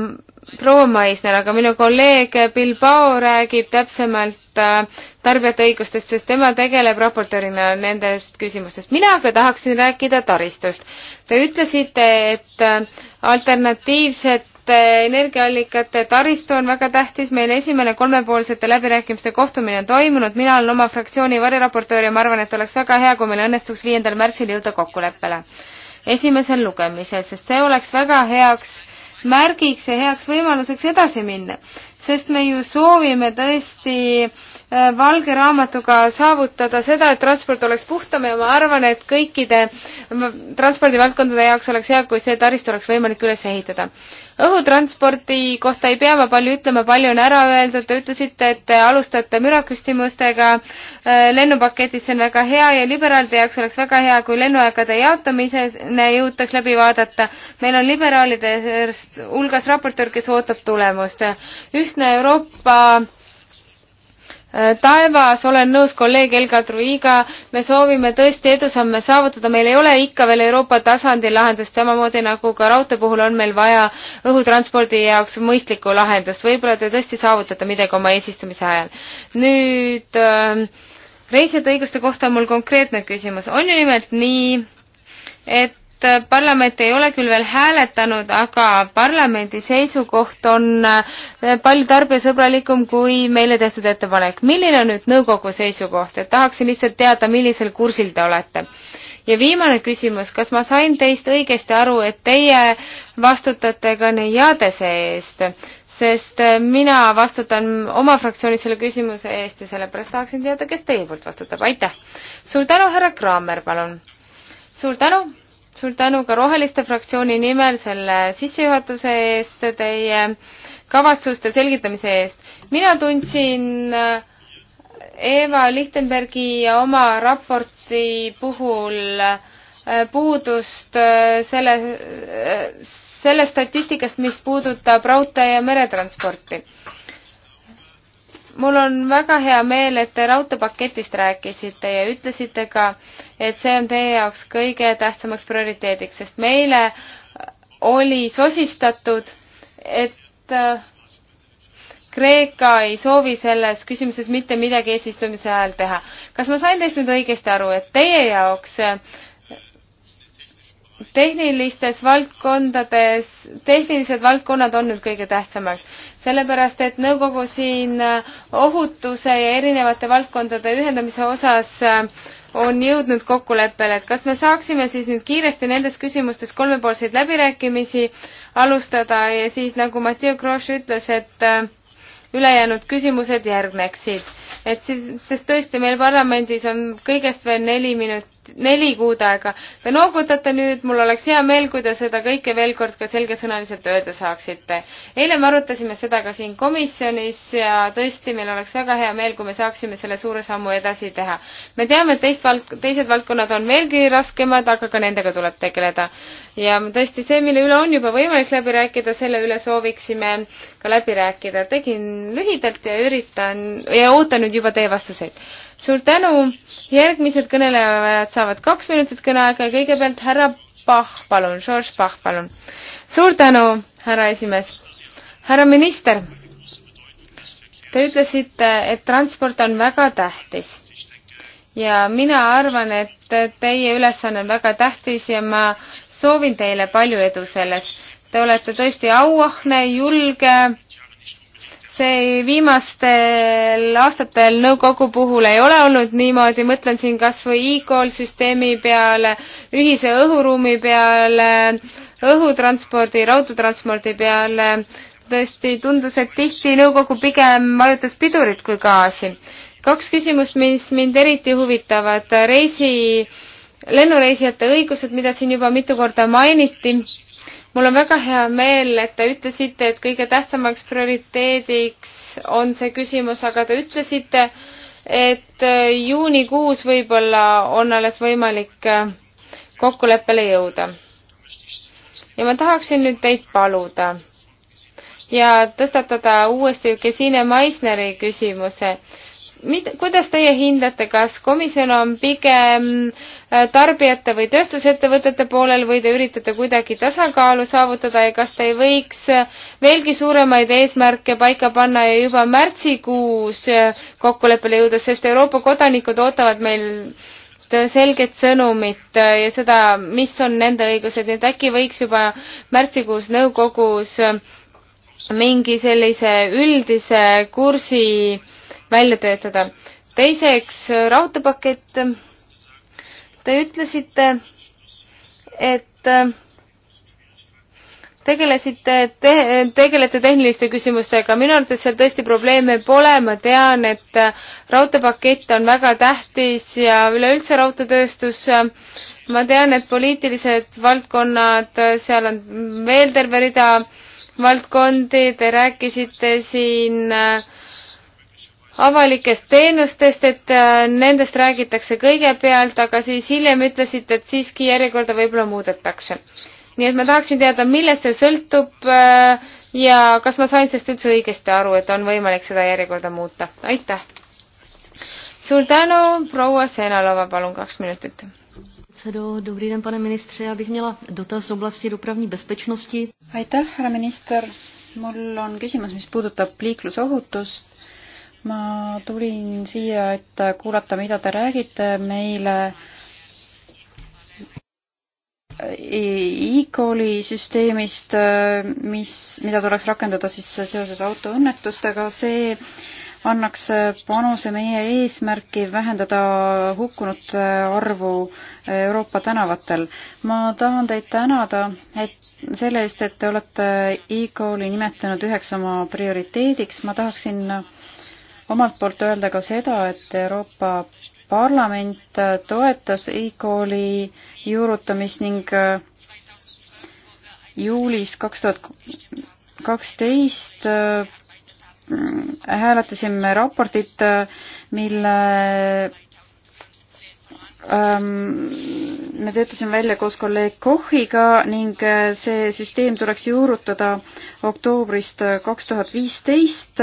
S3: proua Maisner, aga minu kolleeg Bilbao räägib täpsemalt äh, tarbijate õigustest, sest tema tegeleb raportöörina nendest küsimustest. mina aga tahaksin rääkida taristust. Te ütlesite, et äh, alternatiivset uute energiaallikate taristu on väga tähtis, meil esimene kolmepoolsete läbirääkimiste kohtumine on toimunud, mina olen oma fraktsiooni variraportöör ja ma arvan, et oleks väga hea, kui meil õnnestuks viiendal märtsil jõuda kokkuleppele esimesel lugemisel, sest see oleks väga heaks märgiks ja heaks võimaluseks edasi minna, sest me ju soovime tõesti äh, Äh, valge raamatuga saavutada seda, et transport oleks puhtam ja ma arvan, et kõikide transpordivaldkondade jaoks oleks hea, kui see taristu oleks võimalik üles ehitada. õhutranspordi kohta ei pea ma palju ütlema, palju on ära öeldud, te ütlesite, et te alustate müraküsimustega, äh, lennupaketis see on väga hea ja liberaalide jaoks oleks väga hea, kui lennuaegade jaotamiseni jõutaks läbi vaadata. meil on liberaalide hulgas raportöör, kes ootab tulemust. ühtne Euroopa Äh, taevas, olen nõus kolleeg Elga Truiga, me soovime tõesti edusamme saavutada, meil ei ole ikka veel Euroopa tasandil lahendust, samamoodi nagu ka raudtee puhul on meil vaja õhutranspordi jaoks mõistlikku lahendust, võib-olla te tõesti saavutate midagi oma eesistumise ajal. nüüd äh, reisijate õiguste kohta on mul konkreetne küsimus, on ju nimelt nii, et et äh, parlament ei ole küll veel hääletanud, aga parlamendi seisukoht on äh, palju tarbijasõbralikum kui meile tehtud ettepanek. milline on nüüd nõukogu seisukoht, et tahaksin lihtsalt teada, millisel kursil te olete? ja viimane küsimus, kas ma sain teist õigesti aru, et teie vastutate ka Neiadese eest? sest äh, mina vastutan oma fraktsiooni selle küsimuse eest ja sellepärast tahaksin teada, kes teie poolt vastutab, aitäh! suur tänu, härra Kraamer, palun! suur tänu! suur tänu ka Roheliste fraktsiooni nimel selle sissejuhatuse eest, teie kavatsuste selgitamise eest. mina tundsin äh, Eva Lichtenbergi ja oma raporti puhul äh, puudust äh, selle, sellest statistikast, mis puudutab raudtee- ja meretransporti. mul on väga hea meel, et te raudteepaketist rääkisite ja ütlesite ka, et see on teie jaoks kõige tähtsamaks prioriteediks, sest meile oli sosistatud, et äh, Kreeka ei soovi selles küsimuses mitte midagi eesistumise ajal teha. kas ma sain teist nüüd õigesti aru, et teie jaoks äh, tehnilistes valdkondades, tehnilised valdkonnad on nüüd kõige tähtsamad, sellepärast et nõukogu siin äh, ohutuse ja erinevate valdkondade ühendamise osas äh, on jõudnud kokkuleppele, et kas me saaksime siis nüüd kiiresti nendes küsimustes kolmepoolseid läbirääkimisi alustada ja siis nagu Mathieu Grosch ütles, et äh, ülejäänud küsimused järgneksid. et siis, sest tõesti, meil parlamendis on kõigest veel neli minut-, neli kuud aega. Te noogutate nüüd, mul oleks hea meel, kui te seda kõike veel kord ka selgesõnaliselt öelda saaksite. eile me arutasime seda ka siin komisjonis ja tõesti, meil oleks väga hea meel, kui me saaksime selle suure sammu edasi teha. me teame, et teist vald-, teised valdkonnad on veelgi raskemad, aga ka nendega tuleb tegeleda. ja tõesti, see, mille üle on juba võimalik läbi rääkida, selle üle sooviksime ka läbi rääkida. tegin lühidalt ja üritan ja ootan nüüd juba teie vastuseid suur tänu, järgmised kõnelejad saavad kaks minutit kõneaega ja kõigepealt härra Pahh, palun, George Pahh, palun. suur tänu, härra esimees. härra minister, te ütlesite, et transport on väga tähtis ja mina arvan, et teie ülesanne on väga tähtis ja ma soovin teile palju edu selles. Te olete tõesti auahne, julge see viimastel aastatel nõukogu puhul ei ole olnud niimoodi, mõtlen siin kas või e-call süsteemi peale, ühise õhuruumi peale, õhutranspordi, raudteetranspordi peale, tõesti tundus, et tihti nõukogu pigem vajutas pidurit kui gaasi. kaks küsimust, mis mind eriti huvitavad, reisi, lennureisijate õigused, mida siin juba mitu korda mainiti mul on väga hea meel, et te ütlesite, et kõige tähtsamaks prioriteediks on see küsimus, aga te ütlesite, et äh, juunikuus võib-olla on alles võimalik äh, kokkuleppele jõuda. ja ma tahaksin nüüd teid paluda ja tõstatada uuesti Gesine Meissneri küsimuse. Mid-, kuidas teie hindate, kas komisjon on pigem äh, tarbijate või tööstusettevõtete poolel või te üritate kuidagi tasakaalu saavutada ja kas te ei võiks äh, veelgi suuremaid eesmärke paika panna ja juba märtsikuus äh, kokkuleppele jõuda, sest Euroopa kodanikud ootavad meil selget sõnumit ja seda, mis on nende õigused, nii et äkki võiks juba märtsikuus nõukogus mingi sellise üldise kursi välja töötada. teiseks, raudteepakett. Te ütlesite, et tegelesite te,, tegelete tehniliste küsimustega, minu arvates seal tõesti probleeme pole, ma tean, et raudteepakett on väga tähtis ja üleüldse raudteetööstus, ma tean, et poliitilised valdkonnad, seal on veel terve rida äh, valdkondi, te rääkisite siin äh, avalikest teenustest, et äh, nendest räägitakse kõigepealt, aga siis hiljem ütlesite, et siiski järjekorda võib-olla muudetakse. nii et ma tahaksin teada, millest see sõltub äh, ja kas ma sain sellest üldse õigesti aru, et on võimalik seda järjekorda muuta? aitäh! suur tänu, proua Senalova, palun kaks minutit
S4: Sedo, dobrý den, pane ministře. Já bych měla dotaz z oblasti dopravní bezpečnosti. Aitäh, härra minister. Mul on küsimus, mis puudutab liiklusohutust. Ma tulin siia, et kuulata, mida te räägite meile e-kooli süsteemist, mis, mida tuleks rakendada siis seoses autoõnnetustega. See annaks panuse meie eesmärki vähendada hukkunute arvu Euroopa tänavatel. ma tahan teid tänada, et selle eest, et te olete e-kooli nimetanud üheks oma prioriteediks, ma tahaksin omalt poolt öelda ka seda, et Euroopa Parlament toetas e-kooli juurutamist ning juulis kaks tuhat kaksteist hääletasime raportit, mille ähm, me töötasime välja koos kolleeg Kochiga ning see süsteem tuleks juurutada oktoobrist kaks tuhat viisteist,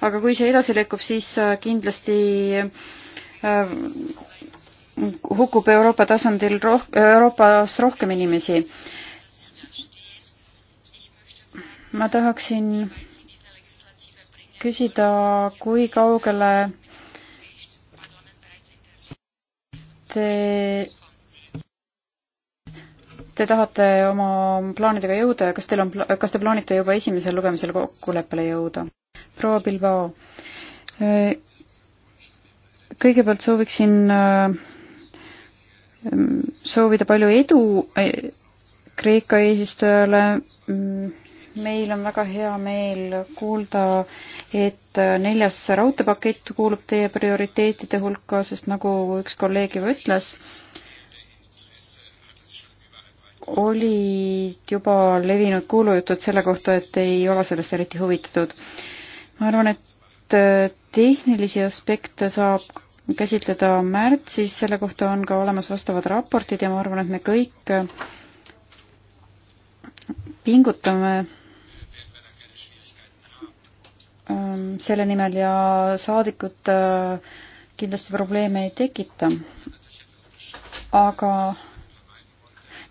S4: aga kui see edasi lükkub, siis kindlasti äh, hukkub Euroopa tasandil roh-, Euroopas rohkem inimesi. ma tahaksin küsida, kui kaugele te, te tahate oma plaanidega jõuda ja kas teil on, kas te plaanite juba esimesel lugemisel kokkuleppele jõuda? proua Bilbao, kõigepealt sooviksin äh, soovida palju edu äh, Kreeka eesistujale mm, meil on väga hea meel kuulda, et neljas raudteepakett kuulub teie prioriteetide hulka, sest nagu üks kolleeg juba ütles, olid juba levinud kuulujutud selle kohta, et ei ole sellest eriti huvitatud. ma arvan, et tehnilisi aspekte saab käsitleda märtsis, selle kohta on ka olemas vastavad raportid ja ma arvan, et me kõik pingutame Ähm, selle nimel ja saadikud äh, kindlasti probleeme ei tekita. aga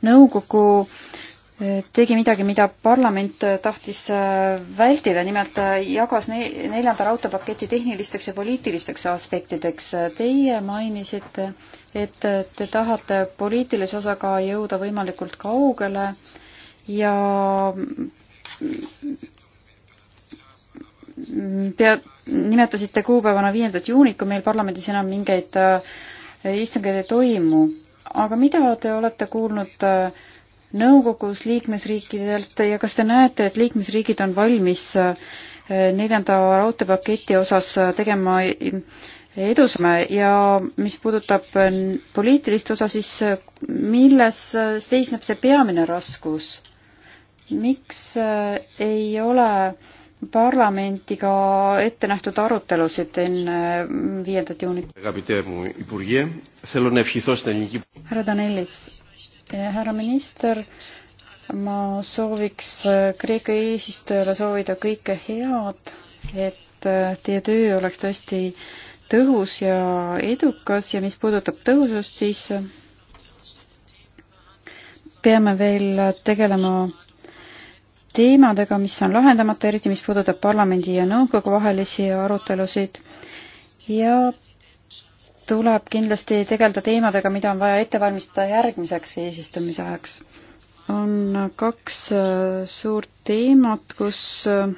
S4: nõukogu äh, tegi midagi, mida parlament äh, tahtis vältida, nimelt jagas ne-, neljanda raudteepaketi tehnilisteks ja poliitilisteks aspektideks. Teie mainisite, et te tahate poliitilise osaga jõuda võimalikult kaugele ja pea, nimetasite kuupäevana viiendat juunit, kui meil parlamendis enam mingeid äh, istungeid ei toimu. aga mida te olete kuulnud äh, nõukogus liikmesriikidelt ja kas te näete, et liikmesriigid on valmis äh, neljanda raudteepaketi osas tegema edusamme ja mis puudutab poliitilist osa, siis milles seisneb see peamine raskus? miks ei ole äh, parlamendiga ette nähtud arutelusid enne viiendat juunit. härra Danellis, härra minister, ma sooviks Kreeka eesistujale soovida kõike head, et äh, teie töö oleks tõesti tõhus ja edukas ja mis puudutab tõhusust, siis äh, peame veel tegelema teemadega, mis on lahendamata, eriti mis puudutab parlamendi ja nõukogu vahelisi arutelusid ja tuleb kindlasti tegeleda teemadega, mida on vaja ette valmistada järgmiseks eesistumise ajaks. on kaks äh, suurt teemat, kus äh,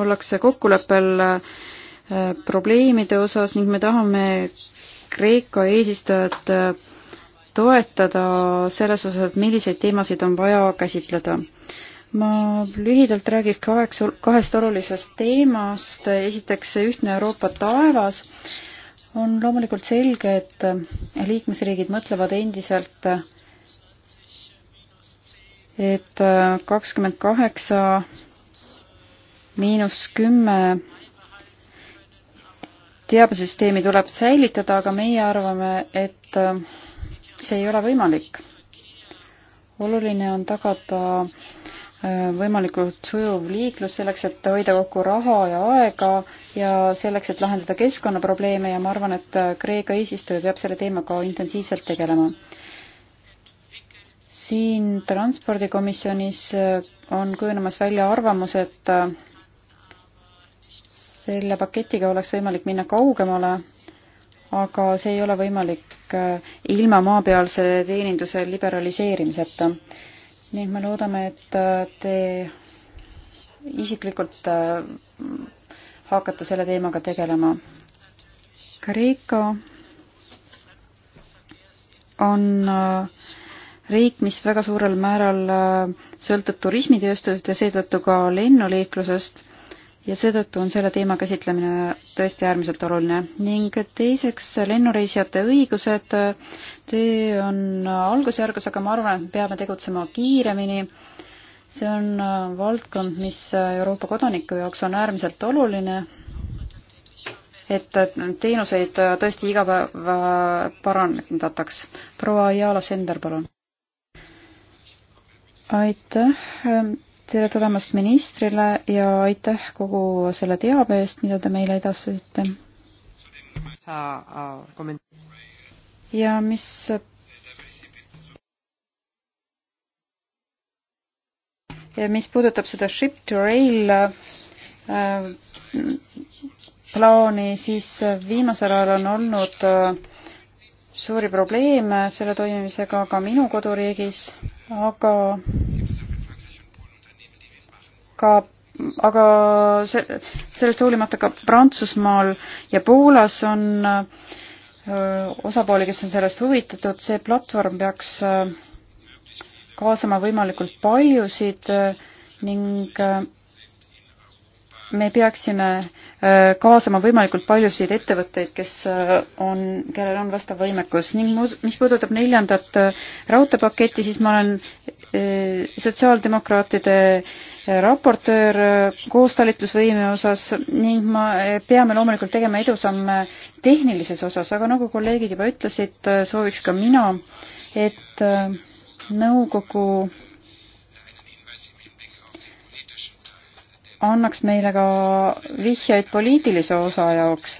S4: ollakse kokkuleppel äh, probleemide osas ning me tahame Kreeka eesistujat toetada selles osas, et milliseid teemasid on vaja käsitleda ma lühidalt räägiks kaheks, kahest olulisest teemast. esiteks ühtne Euroopa taevas. on loomulikult selge, et liikmesriigid mõtlevad endiselt, et kakskümmend kaheksa miinus kümme teabesüsteemi tuleb säilitada, aga meie arvame, et see ei ole võimalik. oluline on tagada võimalikult sujuv liiklus selleks, et hoida kokku raha ja aega ja selleks, et lahendada keskkonnaprobleeme ja ma arvan, et Kreeka eesistuja peab selle teemaga intensiivselt tegelema. siin transpordikomisjonis on kujunemas välja arvamus, et selle paketiga oleks võimalik minna kaugemale, aga see ei ole võimalik äh, ilma maapealse teeninduse liberaliseerimiseta ning me loodame, et äh, te isiklikult äh, hakkate selle teemaga tegelema. Kreeka on äh, riik, mis väga suurel määral sõltub turismitööstusest ja seetõttu ka lennuliiklusest ja seetõttu on selle teema käsitlemine tõesti äärmiselt oluline. ning teiseks, lennureisijate õigused. töö on algusjärgus, aga ma arvan, et me peame tegutsema kiiremini. see on valdkond, mis Euroopa kodaniku jaoks on äärmiselt oluline, et teenuseid tõesti iga päev parandataks. proua Jaala Sender, palun. aitäh tere tulemast ministrile ja aitäh kogu selle teabe eest, mida te meile edastasite. ja mis ja mis puudutab seda ship to rail äh, plaani, siis viimasel ajal on olnud äh, suuri probleeme selle toimimisega ka minu koduriigis, aga ka aga se-, sellest hoolimata ka Prantsusmaal ja Poolas on äh, osapooli, kes on sellest huvitatud, see platvorm peaks äh, kaasama võimalikult paljusid äh, ning me peaksime kaasama võimalikult paljusid ettevõtteid, kes äh, on, kellel on vastav võimekus ning mis puudutab neljandat äh, raudteepaketti, siis ma olen äh, sotsiaaldemokraatide raportöör koostalitlusvõime osas ning ma, peame loomulikult tegema edusamme tehnilises osas, aga nagu kolleegid juba ütlesid, sooviks ka mina, et nõukogu annaks meile ka vihjeid poliitilise osa jaoks.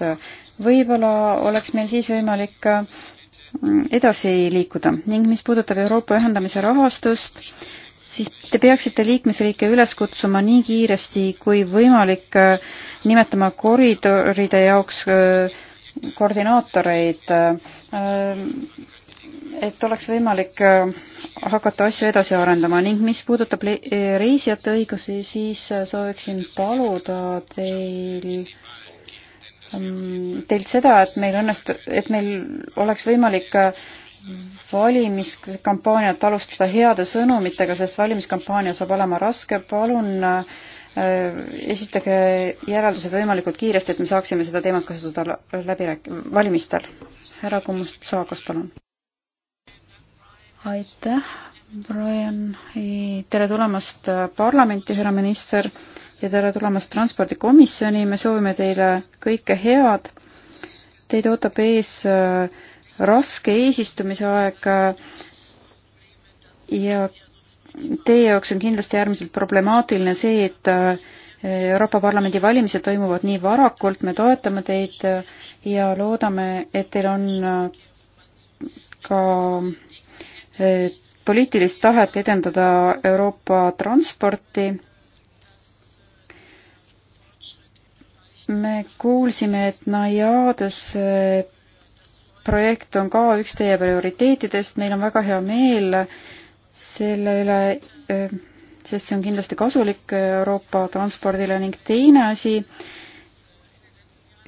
S4: võib-olla oleks meil siis võimalik mm, edasi liikuda ning mis puudutab Euroopa ühendamise rahastust, siis te peaksite liikmesriike üles kutsuma nii kiiresti kui võimalik äh, nimetama koridoride jaoks äh, koordinaatoreid äh, et oleks võimalik äh, hakata asju edasi arendama ning mis puudutab reisijate õigusi, siis äh, sooviksin paluda teil ähm, teilt seda, et meil õnnestu-, et meil oleks võimalik äh, valimiskampaaniat alustada heade sõnumitega, sest valimiskampaania saab olema raske, palun esitage järeldused võimalikult kiiresti, et me saaksime seda teemat kasutada läbirääk-, valimistel. härra Kummust-Saakos, palun aitäh, Brian, tere tulemast parlamenti, härra minister, ja tere tulemast Transpordikomisjoni, me soovime teile kõike head. Teid ootab ees äh, raske eesistumise aeg ja teie jaoks on kindlasti äärmiselt problemaatiline see, et äh, Euroopa Parlamendi valimised toimuvad nii varakult, me toetame teid äh, ja loodame, et teil on ka Eh, poliitilist tahet edendada Euroopa transporti. me kuulsime, et Naiades eh, projekt on ka üks teie prioriteetidest, meil on väga hea meel selle üle, eh, sest see on kindlasti kasulik Euroopa transpordile ning teine asi,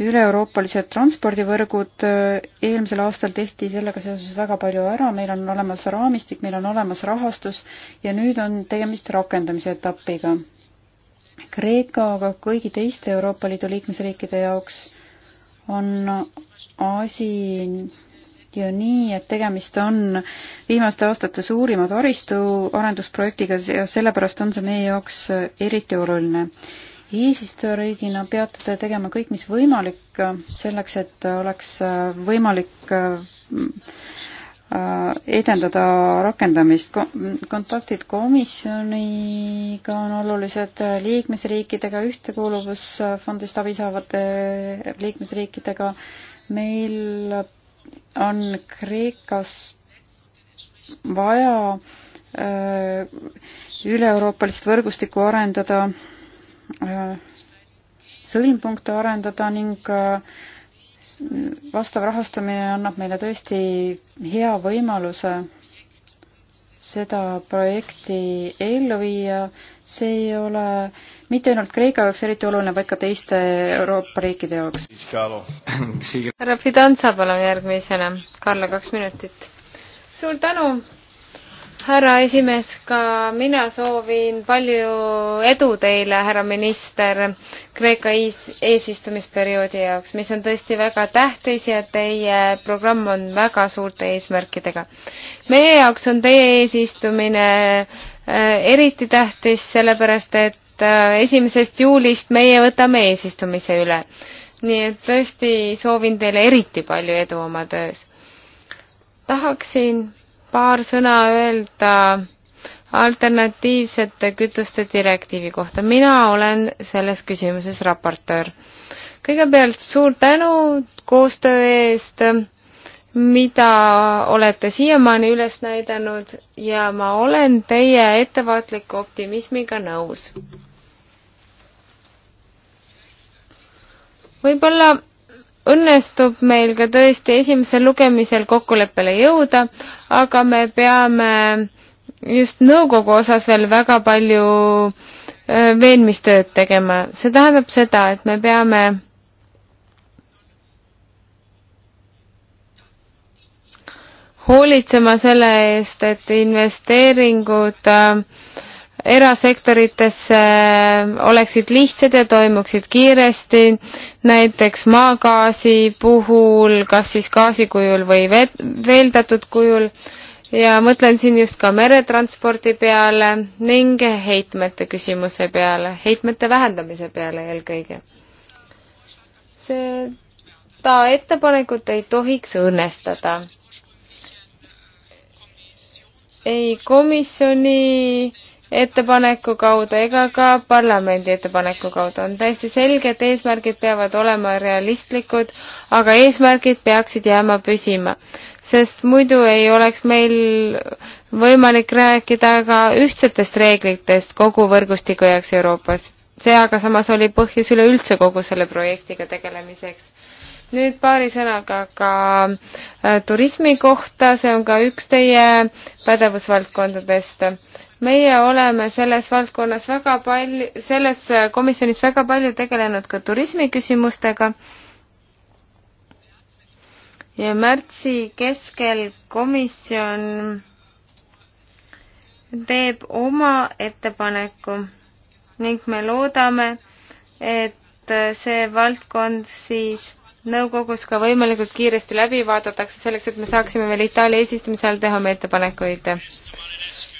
S4: üle-euroopalised transpordivõrgud, äh, eelmisel aastal tehti sellega seoses väga palju ära, meil on olemas raamistik, meil on olemas rahastus ja nüüd on tegemist rakendamise etapiga. Kreeka, aga kõigi teiste Euroopa Liidu liikmesriikide jaoks on asi ju nii, et tegemist on viimaste aastate suurima taristu arendusprojektiga ja sellepärast on see meie jaoks eriti oluline eesistujariigina peate te tegema kõik, mis võimalik äh, selleks, et äh, oleks äh, võimalik edendada rakendamist. kontaktid komisjoniga on olulised, liikmesriikidega, ühtekuuluvusfondist abi saavate liikmesriikidega. meil on Kreekas vaja üle-euroopalist võrgustikku arendada Äh, sõlmpunkte arendada ning äh, vastav rahastamine annab meile tõesti hea võimaluse seda projekti ellu viia. see ei ole mitte ainult Kreeka jaoks eriti oluline, vaid ka teiste Euroopa riikide jaoks. härra Fidanza, palun järgmisena. Karla, kaks minutit.
S3: suur tänu härra esimees, ka mina soovin palju edu teile, härra minister, Kreeka eesistumisperioodi jaoks, mis on tõesti väga tähtis ja teie programm on väga suurte eesmärkidega. meie jaoks on teie eesistumine äh, eriti tähtis, sellepärast et äh, esimesest juulist meie võtame eesistumise üle. nii et tõesti soovin teile eriti palju edu oma töös. tahaksin paar sõna öelda alternatiivsete kütuste direktiivi kohta. mina olen selles küsimuses raportöör. kõigepealt suur tänu koostöö eest, mida olete siiamaani üles näidanud ja ma olen teie ettevaatliku optimismiga nõus. võib-olla õnnestub meil ka tõesti esimesel lugemisel kokkuleppele jõuda, aga me peame just nõukogu osas veel väga palju veenmistööd tegema. see tähendab seda, et me peame hoolitsema selle eest, et investeeringud äh, erasektoritesse oleksid lihtsad ja toimuksid kiiresti, näiteks maagaasi puhul, kas siis gaasi kujul või veeldatud kujul ja mõtlen siin just ka meretranspordi peale ning heitmete küsimuse peale, heitmete vähendamise peale eelkõige. seda ettepanekut ei tohiks õõnestada. ei komisjoni ettepaneku kaudu ega ka parlamendi ettepaneku kaudu. on täiesti selge, et eesmärgid peavad olema realistlikud, aga eesmärgid peaksid jääma püsima, sest muidu ei oleks meil võimalik rääkida ka ühtsetest reeglitest kogu võrgustiku jaoks Euroopas. see aga samas oli põhjus üleüldse kogu selle projektiga tegelemiseks nüüd paari sõnaga ka äh, turismi kohta, see on ka üks teie pädevusvaldkondadest meie oleme selles valdkonnas väga palju, selles komisjonis väga palju tegelenud ka turismiküsimustega. ja märtsi keskel komisjon teeb oma ettepaneku ning me loodame, et see valdkond siis nõukogus ka võimalikult kiiresti läbi vaadatakse, selleks et me saaksime veel Itaalia eesistumise ajal teha oma ettepanekuid.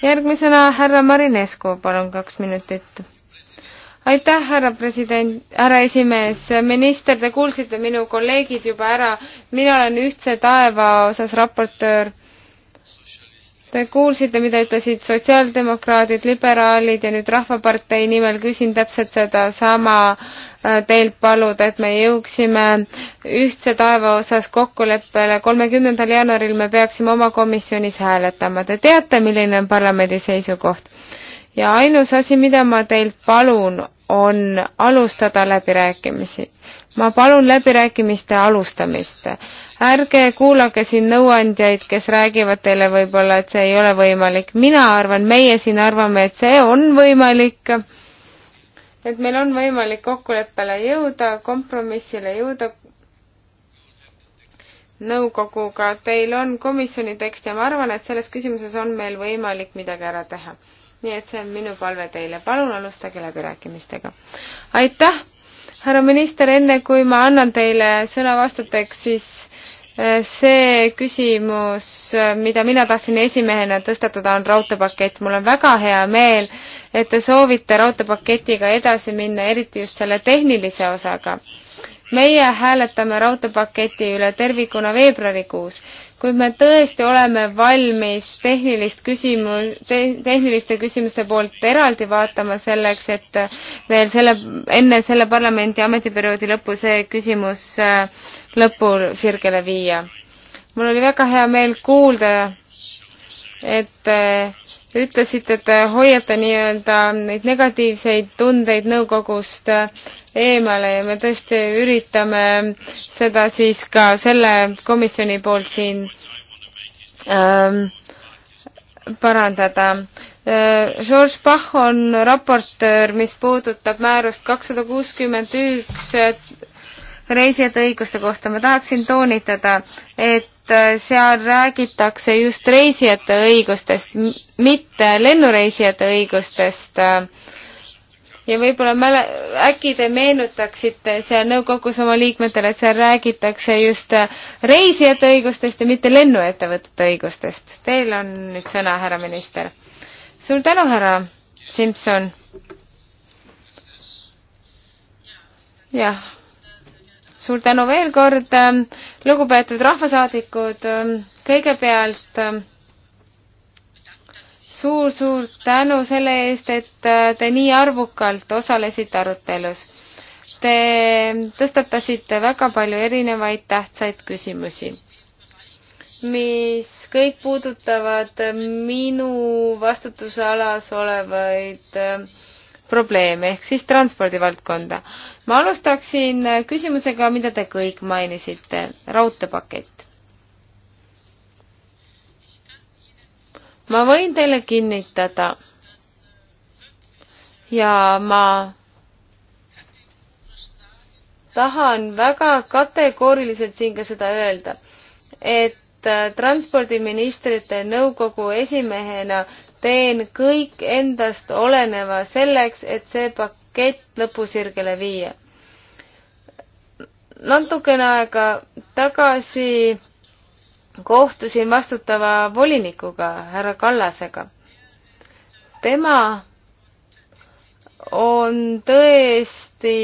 S3: järgmisena härra Marinescu, palun kaks minutit. aitäh, härra president, härra esimees, minister, te kuulsite minu kolleegid juba ära, mina olen Ühtse taeva osas raportöör. Te kuulsite, mida ütlesid sotsiaaldemokraadid, liberaalid ja nüüd Rahvapartei nimel küsin täpselt sedasama äh, Äh, teilt paluda, et me jõuaksime ühtse taeva osas kokkuleppele. kolmekümnendal jaanuaril me peaksime oma komisjonis hääletama. Te teate, milline on parlamendi seisukoht. ja ainus asi, mida ma teilt palun, on alustada läbirääkimisi. ma palun läbirääkimiste alustamist ärge kuulake siin nõuandjaid, kes räägivad teile võib-olla, et see ei ole võimalik. mina arvan, meie siin arvame, et see on võimalik et meil on võimalik kokkuleppele jõuda, kompromissile jõuda nõukoguga. Teil on komisjoni tekst ja ma arvan, et selles küsimuses on meil võimalik midagi ära teha. nii et see on minu palve teile, palun alustage läbirääkimistega. aitäh! härra minister, enne kui ma annan teile sõna vastuteks, siis eh, see küsimus, eh, mida mina tahtsin esimehena tõstatada, on raudteepakett. mul on väga hea meel, et te soovite raudteepaketiga edasi minna, eriti just selle tehnilise osaga meie hääletame raudteepaketi üle tervikuna veebruarikuus kui me tõesti oleme valmis tehnilist küsimus te,, tehniliste küsimuste poolt eraldi vaatama selleks, et veel selle, enne selle parlamendi ametiperioodi lõppu see küsimus äh, lõpusirgele viia. mul oli väga hea meel kuulda et te äh, ütlesite, et te hoiate nii-öelda neid negatiivseid tundeid nõukogust äh, eemale ja me tõesti üritame seda siis ka selle komisjoni poolt siin ähm, parandada. Äh, George Bach on raportöör, mis puudutab määrust kakssada kuuskümmend üks reisijate õiguste kohta. ma tahaksin toonitada, et Äh, seal räägitakse just reisijate õigustest, mitte lennureisijate õigustest. Äh. ja võib-olla mäle-, äkki te meenutaksite seal nõukogus oma liikmetele, et seal räägitakse just äh, reisijate õigustest ja mitte lennuettevõtete õigustest. Teil on nüüd sõna, härra minister. suur tänu, härra Simson. jah suur tänu veel kord, lugupeetud rahvasaadikud, kõigepealt suur-suur tänu selle eest, et te nii arvukalt osalesite arutelus. Te tõstatasite väga palju erinevaid tähtsaid küsimusi, mis kõik puudutavad minu vastutusalas olevaid äh, probleeme ehk siis transpordivaldkonda. ma alustaksin küsimusega, mida te kõik mainisite, raudteepakett. ma võin teile kinnitada ja ma tahan väga kategooriliselt siin ka seda öelda, et äh, transpordiministrite nõukogu esimehena teen kõik endast oleneva selleks, et see pakett lõpusirgele viia. natukene aega tagasi kohtusin vastutava volinikuga, härra Kallasega. tema on tõesti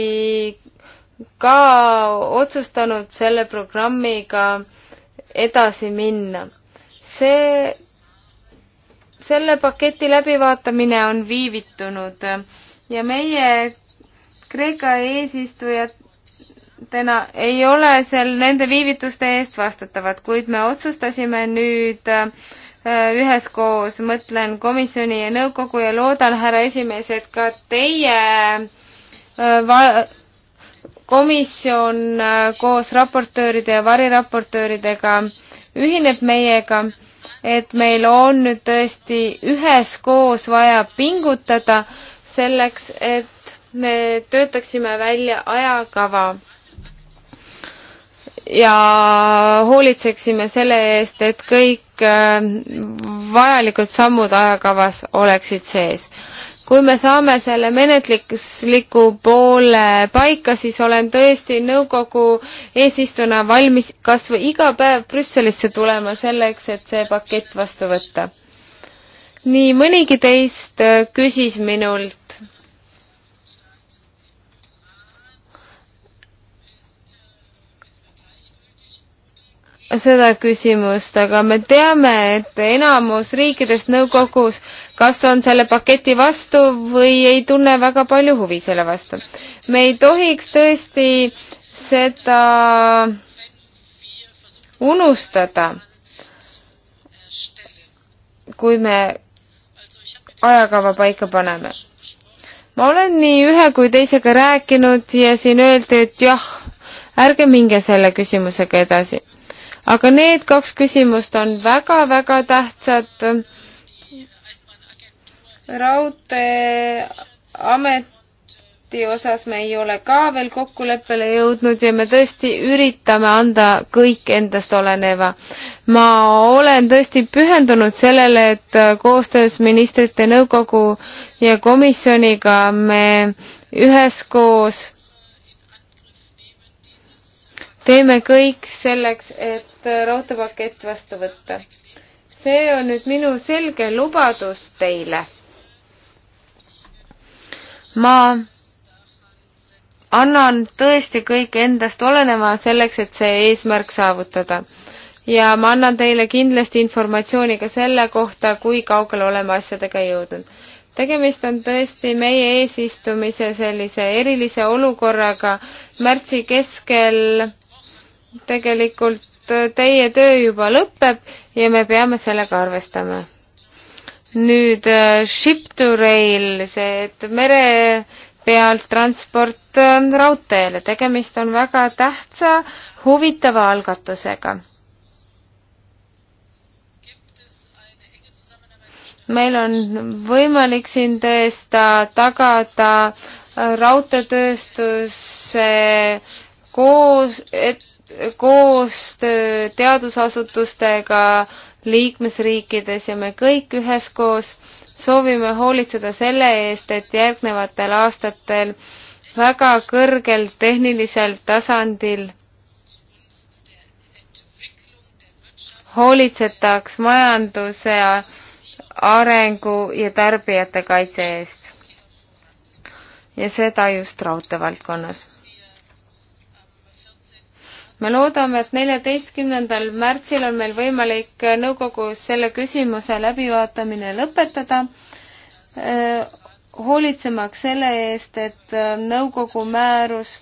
S3: ka otsustanud selle programmiga edasi minna. see selle paketi läbivaatamine on viivitunud ja meie Kreeka eesistujatena ei ole seal nende viivituste eest vastutavad, kuid me otsustasime nüüd äh, üheskoos, mõtlen komisjoni ja nõukogu ja loodan, härra esimees, et ka teie äh, va-, komisjon äh, koos raportööride ja variraportööridega ühineb meiega et meil on nüüd tõesti üheskoos vaja pingutada selleks, et me töötaksime välja ajakava ja hoolitseksime selle eest, et kõik äh, vajalikud sammud ajakavas oleksid sees kui me saame selle menetlusliku poole paika, siis olen tõesti nõukogu eesistujana valmis kas või iga päev Brüsselisse tulema selleks, et see pakett vastu võtta. nii mõnigi teist küsis minult, seda küsimust, aga me teame, et enamus riikidest nõukogus kas on selle paketi vastu või ei tunne väga palju huvi selle vastu. me ei tohiks tõesti seda unustada, kui me ajakava paika paneme. ma olen nii ühe kui teisega rääkinud ja siin öeldi, et jah, ärge minge selle küsimusega edasi aga need kaks küsimust on väga-väga tähtsad. raudteeameti osas me ei ole ka veel kokkuleppele jõudnud ja me tõesti üritame anda kõik endast oleneva. ma olen tõesti pühendunud sellele, et koostöös ministrite nõukogu ja komisjoniga me üheskoos teeme kõik selleks, et Äh, raudteepakett vastu võtta. see on nüüd minu selge lubadus teile. ma annan tõesti kõik endast oleneva selleks, et see eesmärk saavutada. ja ma annan teile kindlasti informatsiooni ka selle kohta, kui kaugele oleme asjadega jõudnud. tegemist on tõesti meie eesistumise sellise erilise olukorraga märtsi keskel tegelikult teie töö juba lõpeb ja me peame sellega arvestama. nüüd äh, ship to rail, see, et mere pealt transport raudteele, tegemist on väga tähtsa huvitava algatusega. meil on võimalik siin tõesta, tagada äh, raudteetööstuse koos, et koostöö teadusasutustega liikmesriikides ja me kõik üheskoos soovime hoolitseda selle eest, et järgnevatel aastatel väga kõrgel tehnilisel tasandil hoolitsetaks majanduse arengu ja tarbijate kaitse eest. ja seda just raudteevaldkonnas me loodame, et neljateistkümnendal märtsil on meil võimalik nõukogus selle küsimuse läbivaatamine lõpetada, äh, hoolitsemaks selle eest, et äh, nõukogu määrus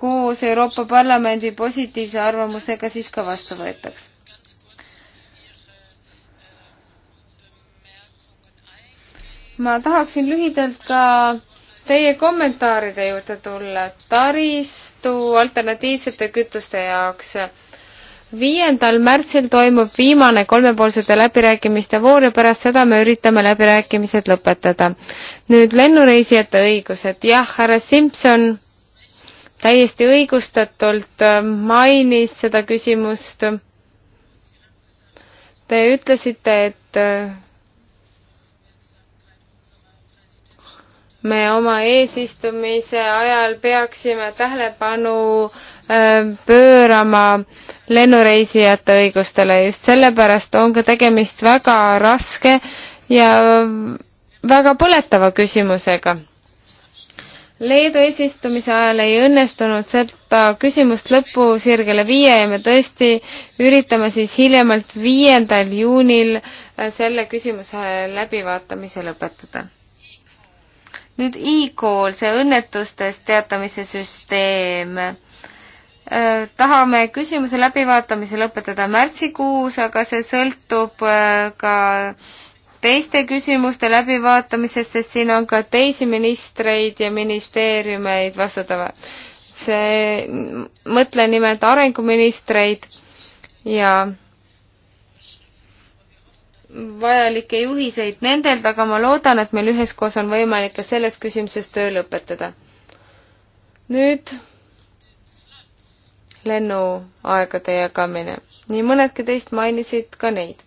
S3: koos Euroopa Parlamendi positiivse arvamusega siis ka vastu võetaks. ma tahaksin lühidalt ka teie kommentaaride juurde tulla. taristu alternatiivsete kütuste jaoks. viiendal märtsil toimub viimane kolmepoolsete läbirääkimiste voor ja pärast seda me üritame läbirääkimised lõpetada. nüüd lennureisijate õigused. jah, härra Simson täiesti õigustatult äh, mainis seda küsimust. Te ütlesite, et äh, me oma eesistumise ajal peaksime tähelepanu ähm, pöörama lennureisijate õigustele, just sellepärast on ka tegemist väga raske ja väga põletava küsimusega. Leedu eesistumise ajal ei õnnestunud seda küsimust lõpusirgele viia ja me tõesti üritame siis hiljemalt viiendal juunil äh, selle küsimuse läbivaatamise lõpetada nüüd e-call, see õnnetustest teatamise süsteem äh, tahame küsimuse läbivaatamise lõpetada märtsikuus, aga see sõltub äh, ka teiste küsimuste läbivaatamisest, sest siin on ka teisi ministreid ja ministeeriumeid vastutava. see, mõtlen nimelt arenguministreid ja vajalikke juhiseid nendelt, aga ma loodan, et meil üheskoos on võimalik ka selles küsimuses töö lõpetada. nüüd lennuaegade jagamine. nii mõnedki teist mainisid ka neid.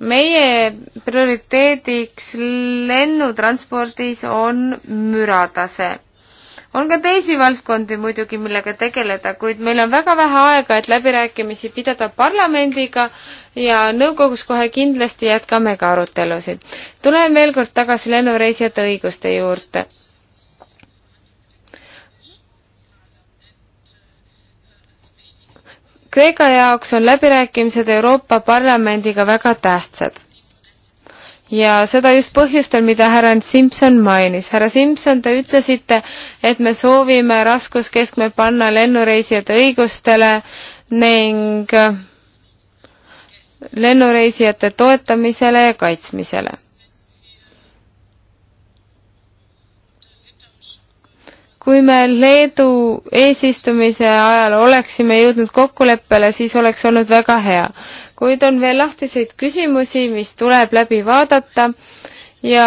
S3: meie prioriteediks lennutranspordis on müratase on ka teisi valdkondi muidugi, millega tegeleda, kuid meil on väga vähe aega, et läbirääkimisi pidada parlamendiga ja nõukogus kohe kindlasti jätkame ka arutelusid. tulen veel kord tagasi lennureisijate õiguste juurde. Kreeka jaoks on läbirääkimised Euroopa Parlamendiga väga tähtsad ja seda just põhjustel, mida härra Simson mainis. härra Simson, te ütlesite, et me soovime raskuskeskme panna lennureisijate õigustele ning äh, lennureisijate toetamisele ja kaitsmisele. kui me Leedu eesistumise ajal oleksime jõudnud kokkuleppele, siis oleks olnud väga hea kuid on veel lahtiseid küsimusi, mis tuleb läbi vaadata ja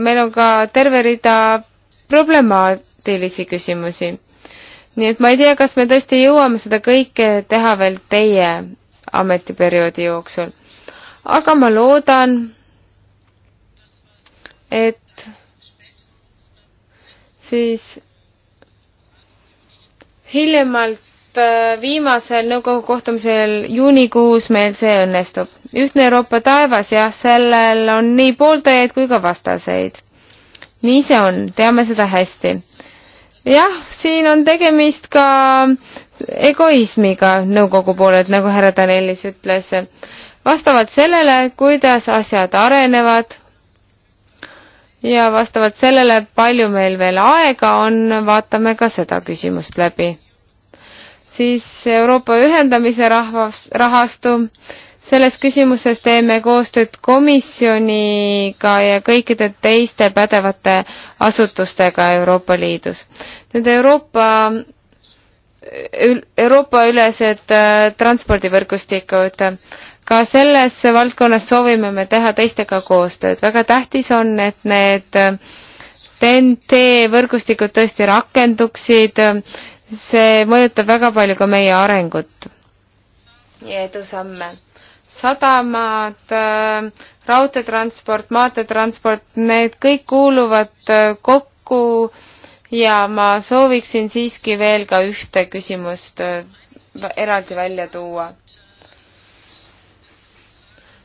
S3: meil on ka terve rida problemaatilisi küsimusi. nii et ma ei tea, kas me tõesti jõuame seda kõike teha veel teie ametiperioodi jooksul. aga ma loodan, et siis hiljemalt Äh, viimasel nõukogu kohtumisel juunikuus meil see õnnestub. ühtne Euroopa taevas, jah, sellel on nii pooldajaid kui ka vastaseid. nii see on, teame seda hästi. jah, siin on tegemist ka egoismiga nõukogu poolelt, nagu härra Danelis ütles. vastavalt sellele, kuidas asjad arenevad ja vastavalt sellele, palju meil veel aega on, vaatame ka seda küsimust läbi siis Euroopa ühendamise rahvas, rahastu, selles küsimuses teeme koostööd komisjoniga ja kõikide teiste pädevate asutustega Euroopa Liidus. nüüd Euroopa Euroopa-ülesed äh, transpordivõrgustikud. ka selles valdkonnas soovime me teha teistega koostööd. väga tähtis on, et need TNT äh, võrgustikud tõesti rakenduksid, see mõjutab väga palju ka meie arengut ja edusamme. sadamad, äh, raudteetransport, maanteetransport, need kõik kuuluvad äh, kokku ja ma sooviksin siiski veel ka ühte küsimust äh, eraldi välja tuua.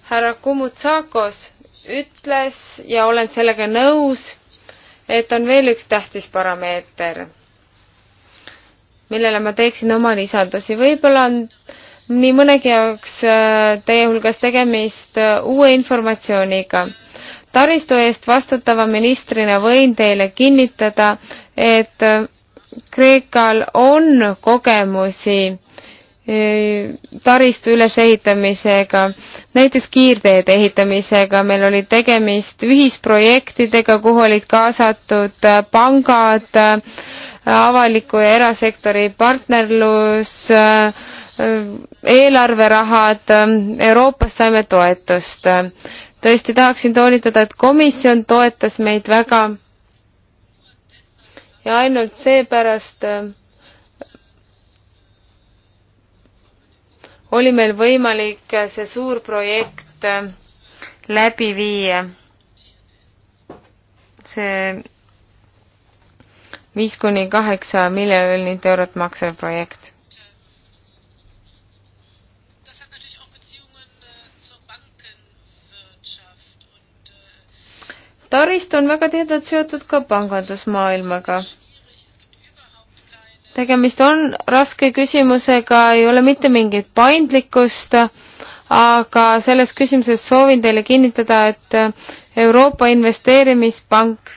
S3: härra Kumutsakos ütles ja olen sellega nõus, et on veel üks tähtis parameeter millele ma teeksin oma lisandusi. võib-olla on nii mõnegi jaoks äh, teie hulgas tegemist äh, uue informatsiooniga. taristu eest vastutava ministrina võin teile kinnitada, et äh, Kreekal on kogemusi taristu ülesehitamisega, näiteks kiirteede ehitamisega, meil oli tegemist ühisprojektidega, kuhu olid kaasatud pangad, avaliku ja erasektori partnerlus, eelarverahad, Euroopast saime toetust. tõesti tahaksin toonitada, et komisjon toetas meid väga ja ainult seepärast äh, oli meil võimalik see suur projekt äh, läbi viia. see viis kuni kaheksa miljonit eurot maksev projekt. taristu on väga tihedalt seotud ka pangandusmaailmaga tegemist on raske küsimusega, ei ole mitte mingit paindlikkust, aga selles küsimuses soovin teile kinnitada, et Euroopa Investeerimispank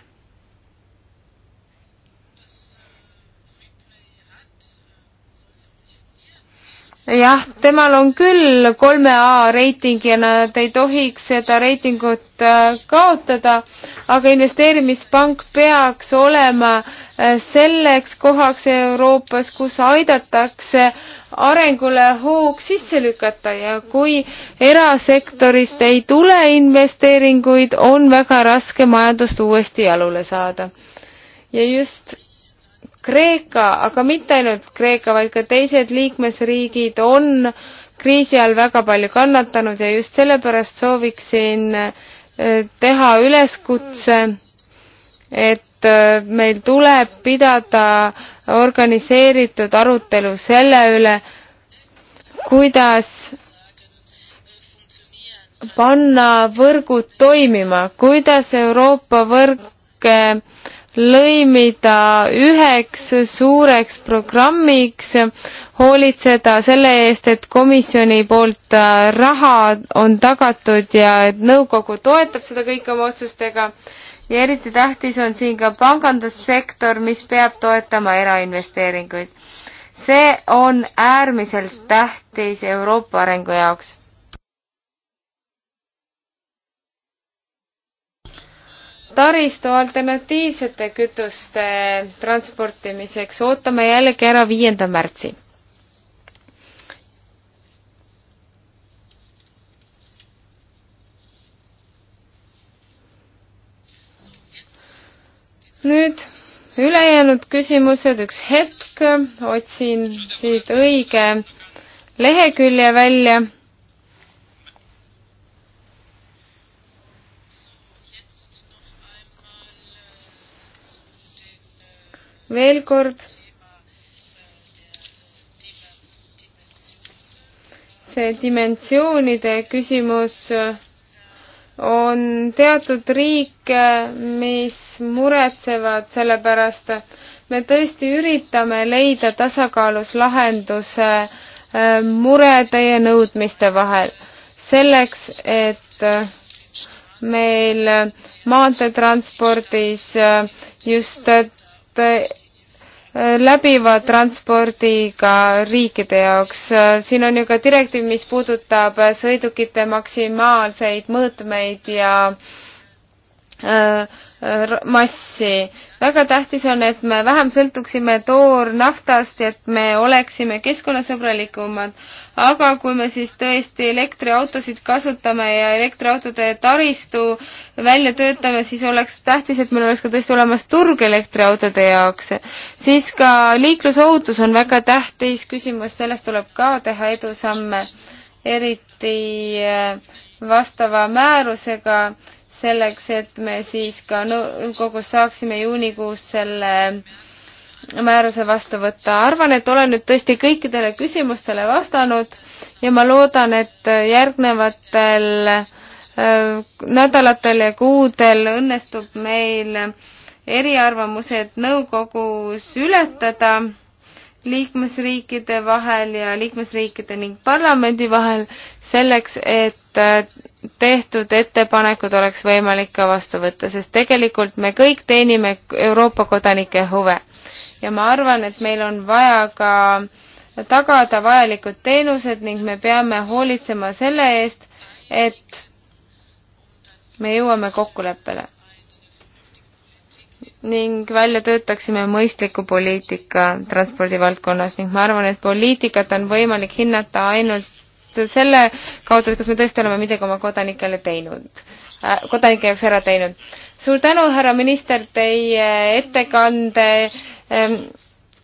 S3: jah, temal on küll kolme A reiting ja nad ei tohiks seda reitingut äh, kaotada, aga investeerimispank peaks olema äh, selleks kohaks Euroopas, kus aidatakse arengule hoog sisse lükata ja kui erasektorist ei tule investeeringuid, on väga raske majandust uuesti jalule saada. ja just Kreeka, aga mitte ainult Kreeka, vaid ka teised liikmesriigid on kriisi all väga palju kannatanud ja just sellepärast sooviksin eh, teha üleskutse, et eh, meil tuleb pidada organiseeritud arutelu selle üle, kuidas panna võrgud toimima, kuidas Euroopa võrke äh, lõimida üheks suureks programmiks, hoolitseda selle eest, et komisjoni poolt äh, raha on tagatud ja et nõukogu toetab seda kõike oma otsustega. ja eriti tähtis on siin ka pangandussektor, mis peab toetama erainvesteeringuid. see on äärmiselt tähtis Euroopa arengu jaoks taristu alternatiivsete kütuste transportimiseks ootame jällegi ära viienda märtsi. nüüd ülejäänud küsimused, üks hetk, otsin siit õige lehekülje välja veel kord, see dimensioonide küsimus on teatud riike, mis muretsevad selle pärast. me tõesti üritame leida tasakaalus lahenduse äh, murede ja nõudmiste vahel selleks, et äh, meil äh, maanteetranspordis just Äh, läbiva transpordiga riikide jaoks. siin on ju ka direktiiv, mis puudutab sõidukite maksimaalseid mõõtmeid ja äh, Äh, äh, massi. väga tähtis on, et me vähem sõltuksime toornaftast, et me oleksime keskkonnasõbralikumad, aga kui me siis tõesti elektriautosid kasutame ja elektriautode taristu välja töötame, siis oleks tähtis, et meil oleks ka tõesti olemas turg elektriautode jaoks. siis ka liiklusohutus on väga tähtis küsimus, selles tuleb ka teha edusamme, eriti äh, vastava määrusega selleks, et me siis ka nõukogus saaksime juunikuus selle määruse vastu võtta. arvan, et olen nüüd tõesti kõikidele küsimustele vastanud ja ma loodan, et järgnevatel äh, nädalatel ja kuudel õnnestub meil eriarvamused nõukogus ületada liikmesriikide vahel ja liikmesriikide ning parlamendi vahel selleks, et äh, tehtud ettepanekud oleks võimalik ka vastu võtta, sest tegelikult me kõik teenime Euroopa kodanike huve. ja ma arvan, et meil on vaja ka tagada vajalikud teenused ning me peame hoolitsema selle eest, et me jõuame kokkuleppele ning välja töötaksime mõistliku poliitika transpordivaldkonnas ning ma arvan, et poliitikat on võimalik hinnata ainult selle kaudu, et kas me tõesti oleme midagi oma kodanikele teinud, äh, kodanike jaoks ära teinud. suur tänu, härra minister, teie ettekande ähm,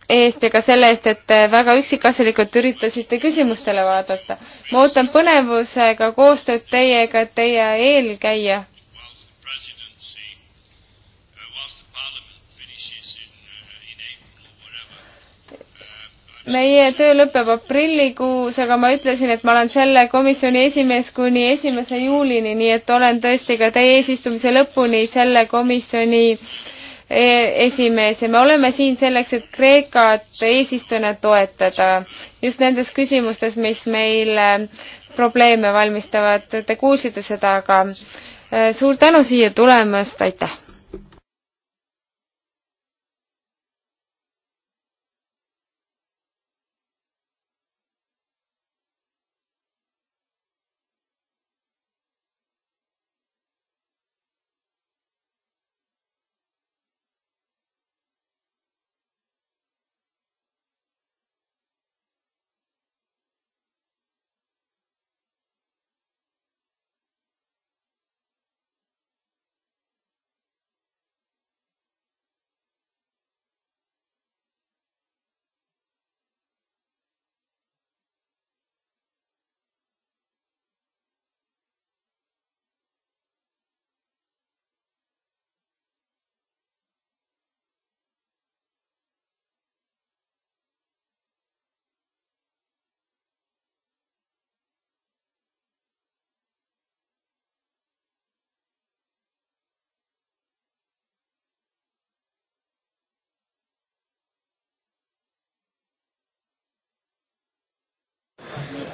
S3: eest ja ka selle eest, et te väga üksikasjalikult üritasite küsimustele vaadata. ma ootan põnevusega koostööd teiega, teie eelkäija meie töö lõpeb aprillikuus, aga ma ütlesin, et ma olen selle komisjoni esimees kuni esimese juulini, nii et olen tõesti ka teie eesistumise lõpuni selle komisjoni e-, esimees ja me oleme siin selleks, et Kreekat eesistujana toetada just nendes küsimustes, mis meile probleeme valmistavad. Te kuulsite seda, aga e, suur tänu siia tulemast, aitäh!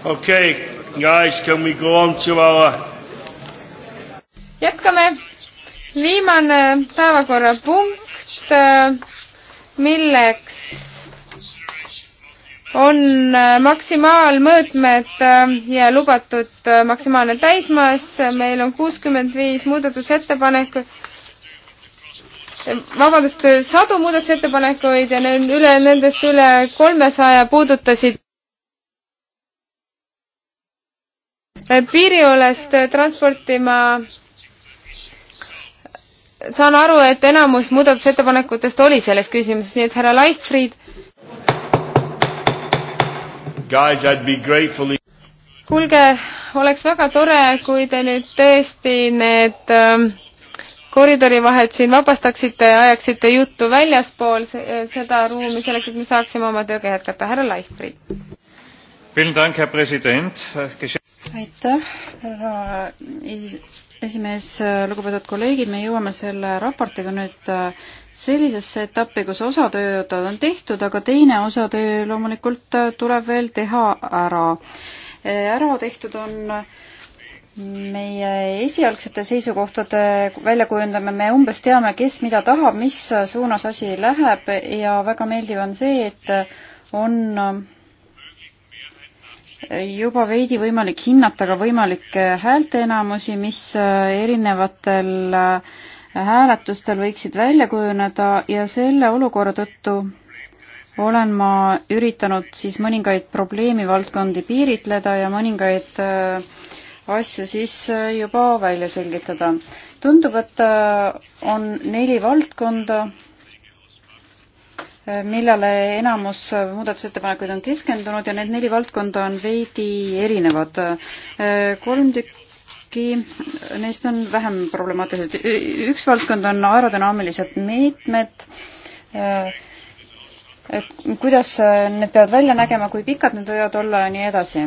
S1: okei okay,, guys, can we go on to our? jätkame.
S3: viimane päevakorrapunkt, äh, milleks on äh, maksimaalmõõtmed äh, ja lubatud maksimaalne täismass, meil on kuuskümmend viis muudatusettepanekut, vabandust, sadu muudatusettepanekuid ja need üle, nendest üle kolmesaja puudutasid Äh, piiriolest äh, transportima. saan aru, et enamus muudatusettepanekutest oli selles küsimuses, nii et härra Leistfried. kuulge, oleks väga tore, kui te nüüd tõesti need ähm, koridori vahelt siin vabastaksite ja ajaksite juttu väljaspool äh, seda ruumi,
S4: selleks et me saaksime oma tööga jätkata. härra Leistfried aitäh, härra esimees, lugupeetud kolleegid, me jõuame selle raportiga nüüd äh, sellisesse etappi, kus osa tööd on tehtud, aga teine osa töö loomulikult äh, tuleb veel teha ära. Äh, ära tehtud on meie esialgsete seisukohtade väljakujundame, me umbes teame, kes mida tahab, mis suunas asi läheb ja väga meeldiv on see, et on juba veidi võimalik hinnata ka võimalikke häälteenamusi, mis äh, erinevatel äh, hääletustel võiksid välja kujuneda ja selle olukorra tõttu olen ma üritanud siis mõningaid probleemivaldkondi piiritleda ja mõningaid äh, asju siis juba välja selgitada. tundub, et on neli valdkonda, millele enamus muudatusettepanekuid on keskendunud ja need neli valdkonda on veidi erinevad. kolm tükki neist on vähem problemaatilised. üks valdkond on aerodünaamilised meetmed, et kuidas need peavad välja nägema, kui pikad need võivad olla ja nii edasi.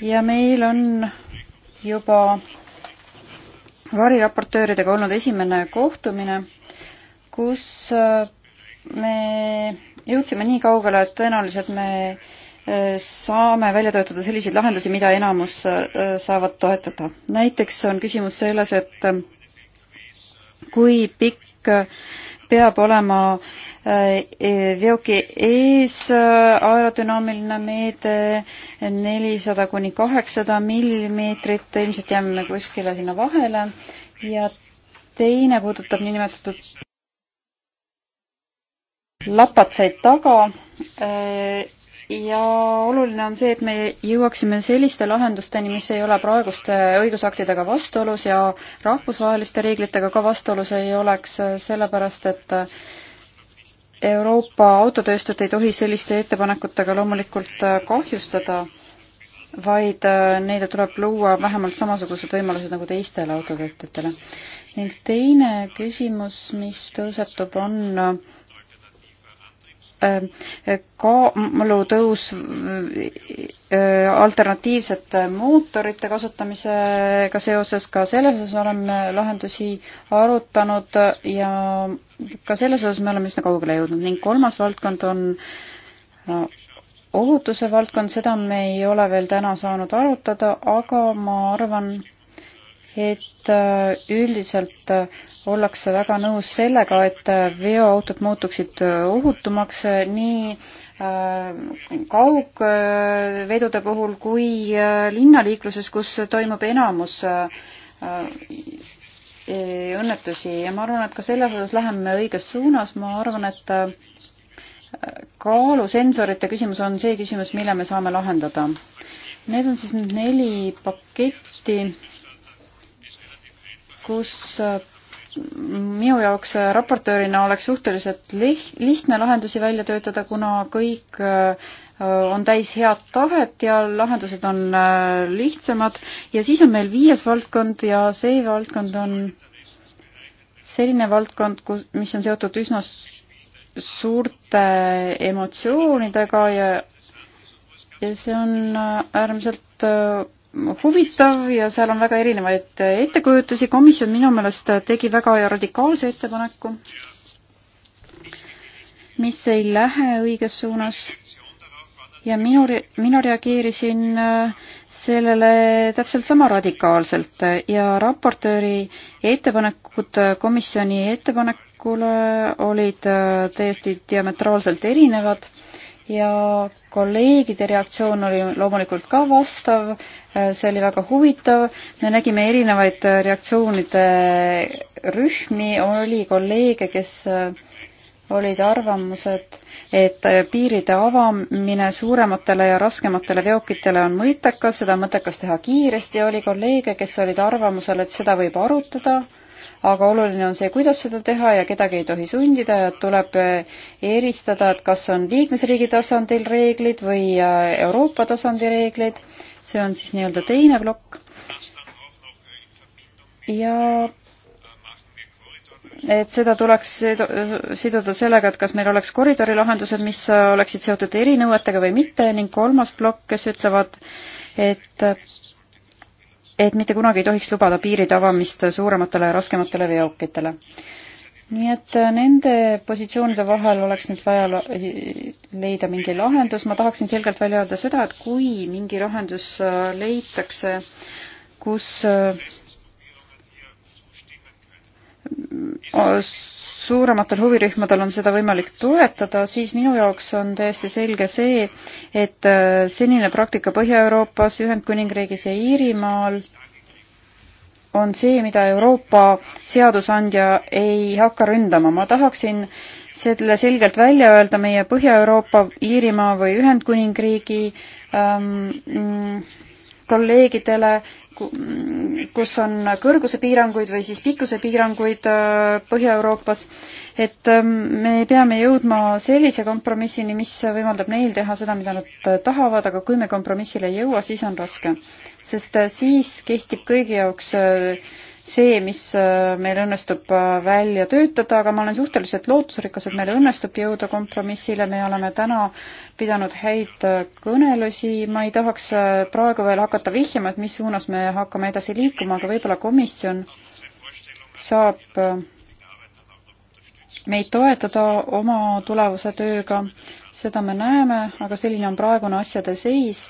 S4: ja meil on juba variraportööridega olnud esimene kohtumine, kus me jõudsime nii kaugele, et tõenäoliselt me äh, saame välja töötada selliseid lahendusi, mida enamus äh, saavad toetada. näiteks on küsimus selles, et äh, kui pikk peab olema e-, veoki ees aerodünaamiline meede nelisada kuni kaheksasada millimeetrit, ilmselt jääme kuskile sinna vahele ja teine puudutab niinimetatud lapad said taga äh, ja oluline on see, et me jõuaksime selliste lahendusteni, mis ei ole praeguste õigusaktidega vastuolus ja rahvusvaheliste reeglitega ka vastuolus ei oleks, sellepärast et Euroopa autotööstust ei tohi selliste ettepanekutega loomulikult kahjustada, vaid äh, neile tuleb luua vähemalt samasugused võimalused nagu teistele autotöötajatele. ning teine küsimus, mis tõusetub, on Äh, kaalutõus äh, alternatiivsete mootorite kasutamisega seoses, ka selles osas oleme lahendusi arutanud ja ka selles osas me oleme üsna kaugele jõudnud ning kolmas valdkond on äh, ohutuse valdkond, seda me ei ole veel täna saanud arutada, aga ma arvan, et äh, üldiselt äh, ollakse väga nõus sellega, et äh, veoautod muutuksid ohutumaks nii kaugvedude puhul kui linnaliikluses, kus toimub enamus õnnetusi ja ma arvan, et ka selles osas läheme õiges suunas, ma arvan, et kaalusensorite küsimus on see küsimus, mille me saame lahendada. Need on siis nüüd neli paketti kus äh, minu jaoks äh, raportöörina oleks suhteliselt lihtne lahendusi välja töötada, kuna kõik äh, on täis head tahet ja lahendused on lihtsamad ja siis on meil viies valdkond ja see valdkond on selline valdkond, kus, mis on seotud üsna suurte emotsioonidega ja ja see on äärmiselt huvitav ja seal on väga erinevaid ettekujutusi. komisjon minu meelest tegi väga radikaalse ettepaneku, mis ei lähe õiges suunas ja minu, mina reageerisin äh, sellele täpselt sama radikaalselt ja raportööri ettepanekud komisjoni ettepanekule olid äh, täiesti diametraalselt erinevad ja kolleegide reaktsioon oli loomulikult ka vastav, see oli väga huvitav, me nägime erinevaid reaktsioonide rühmi, oli kolleege, kes olid arvamused, et piiride avamine suurematele ja raskematele veokitele on mõttekas, seda on mõttekas teha kiiresti, oli kolleege, kes olid arvamusel, et seda võib arutada aga oluline on see, kuidas seda teha ja kedagi ei tohi sundida ja tuleb eristada, et kas on liikmesriigi tasandil reeglid või äh, Euroopa tasandi reeglid. see on siis nii-öelda teine plokk. ja et seda tuleks siduda sellega, et kas meil oleks koridori lahendused, mis oleksid seotud erinõuetega või mitte ning kolmas plokk, kes ütlevad, et et mitte kunagi ei tohiks lubada piiride avamist suurematele ja raskematele veokitele. nii et äh, nende positsioonide vahel oleks nüüd vaja leida mingi lahendus, ma tahaksin selgelt välja öelda seda, et kui mingi lahendus äh, leitakse, kus äh, suurematel huvirühmadel on seda võimalik toetada, siis minu jaoks on täiesti selge see, et äh, senine praktika Põhja-Euroopas, Ühendkuningriigis ja Iirimaal on see, mida Euroopa seadusandja ei hakka ründama. ma tahaksin selle selgelt välja öelda meie Põhja-Euroopa, Iirimaa või Ühendkuningriigi ähm, mm, kolleegidele, kus on kõrgusepiiranguid või siis pikkusepiiranguid äh, Põhja-Euroopas, et ähm, me peame jõudma sellise kompromissini, mis võimaldab neil teha seda, mida nad äh, tahavad, aga kui me kompromissile ei jõua, siis on raske. sest äh, siis kehtib kõigi jaoks see, mis äh, meil õnnestub äh, välja töötada, aga ma olen suhteliselt lootusrikas, et meil õnnestub jõuda kompromissile, me oleme täna pidanud häid äh, kõnelusi, ma ei tahaks praegu veel hakata vihjama, et mis suunas me hakkame edasi liikuma, aga võib-olla komisjon saab meid toetada oma tulevuse tööga, seda me näeme, aga selline on praegune asjade seis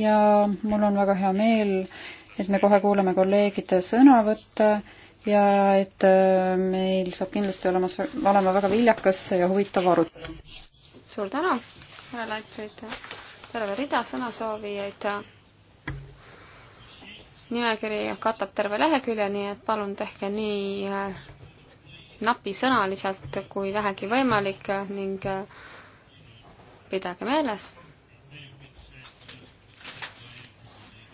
S4: ja mul on väga hea meel, et me kohe kuulame kolleegide sõnavõtte ja et äh, meil saab kindlasti olema, olema väga viljakas ja huvitav arutelu.
S2: suur tänu, härra Leitfried, terve rida sõnasoovijaid. nimekiri katab terve lehekülje, nii et palun tehke nii äh, napisõnaliselt kui vähegi võimalik ning äh, pidage meeles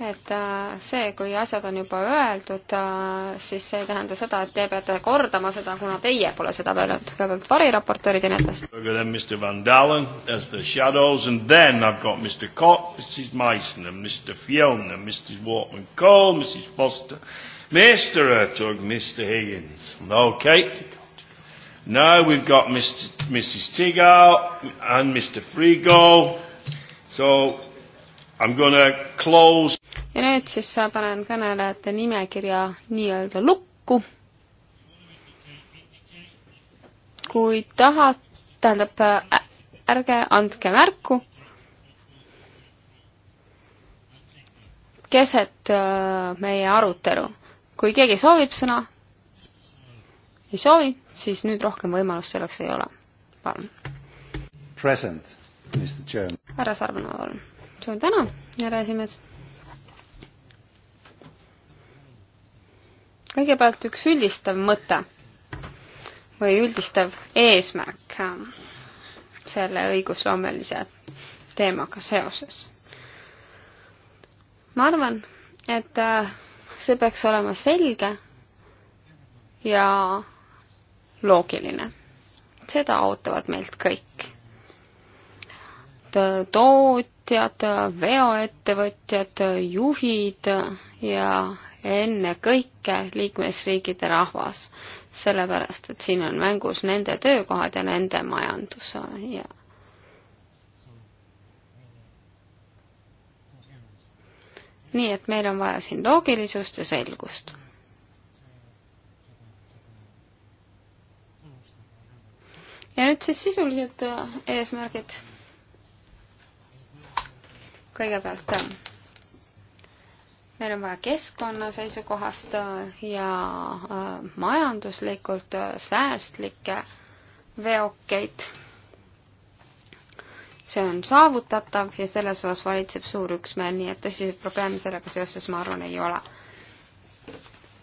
S2: et äh, see, kui asjad on juba öeldud, äh, siis see ei tähenda seda, et te peate kordama seda, kuna teie pole seda veel öelnud. kõigepealt variraportöörid ja nii edasi.
S1: Then Mr Van Dalen as the shadows and then I have got Mr Cox, Mrs Meissner, Mr Fiona, Mrs Walkman Cole, Mrs Foster, Mr Ertug, Mr Higgins. okei okay.. Now we have got Mr Mrs Tigal and Mr Frigo. So I am going to close
S2: ja nüüd siis panen kõnelejate nimekirja nii-öelda lukku. kui tahad, tähendab äh,, ärge andke märku. keset äh, meie arutelu, kui keegi soovib sõna, ei soovi, siis nüüd rohkem võimalust selleks ei ole. palun.
S1: Present, Mr Chairman. härra Sarvenoo,
S2: palun. suur tänu, härra esimees kõigepealt üks üldistav mõte või üldistav eesmärk selle õigusloomelise teemaga seoses. ma arvan, et äh, see peaks olema selge ja loogiline. seda ootavad meilt kõik. tootjad, veoettevõtjad, juhid ja ennekõike liikmesriigide rahvas, sellepärast et siin on mängus nende töökohad ja nende majandus ja nii et meil on vaja siin loogilisust ja selgust. ja nüüd siis sisulised äh, eesmärgid. kõigepealt äh, meil on vaja keskkonna seisukohast äh, ja äh, majanduslikult äh, säästlikke veokeid. see on saavutatav ja selles osas valitseb suur üksmeel, nii et tõsiseid probleeme sellega seoses, ma arvan, ei ole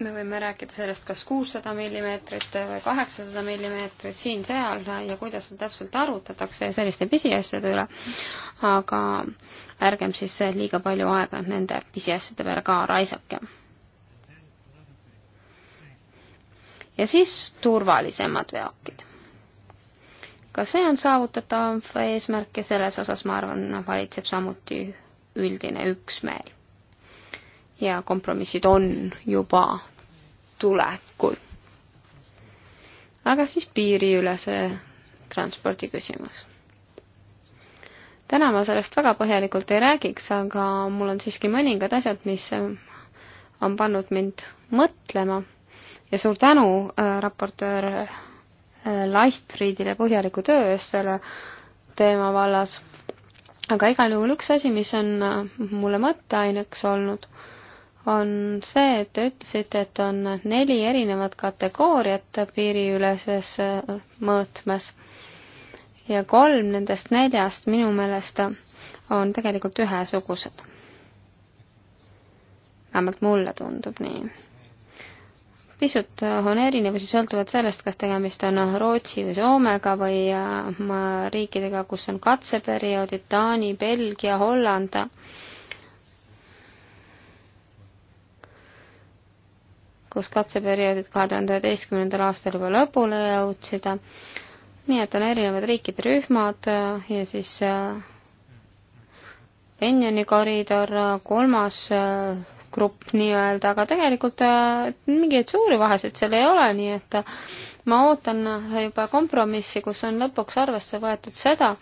S2: me võime rääkida sellest, kas kuussada millimeetrit või kaheksasada millimeetrit siin-seal ja kuidas seda täpselt arvutatakse selliste pisiasjade üle, aga ärgem siis liiga palju aega nende pisiasjade peale ka raisakem. ja siis turvalisemad veokid. ka see on saavutatav eesmärk ja selles osas, ma arvan, valitseb samuti üldine üksmeel ja kompromissid on juba tulekul. aga siis piiriülese transpordi küsimus. täna ma sellest väga põhjalikult ei räägiks, aga mul on siiski mõningad asjad, mis on pannud mind mõtlema ja suur tänu äh, raportöör äh, Leichtfriedile põhjaliku töö eest selle teema vallas. aga igal juhul üks asi, mis on äh, mulle mõtteaineks olnud äh,, on see, et te ütlesite, et on neli erinevat kategooriat piiriüleses äh, mõõtmes ja kolm nendest neljast minu meelest on tegelikult ühesugused. vähemalt mulle tundub nii. pisut on erinevusi sõltuvalt sellest, kas tegemist on Rootsi või Soomega või äh, riikidega, kus on katseperioodid, Taani, Belgia, Holland kus katseperioodid kahe tuhande üheteistkümnendal aastal juba lõpule jõudsid. nii et on erinevad riikide rühmad ja siis Benjoni äh, koridor, kolmas äh, grupp nii-öelda, aga tegelikult äh, mingeid suuri vahesid seal ei ole, nii et ma ootan juba kompromissi, kus on lõpuks arvesse võetud seda,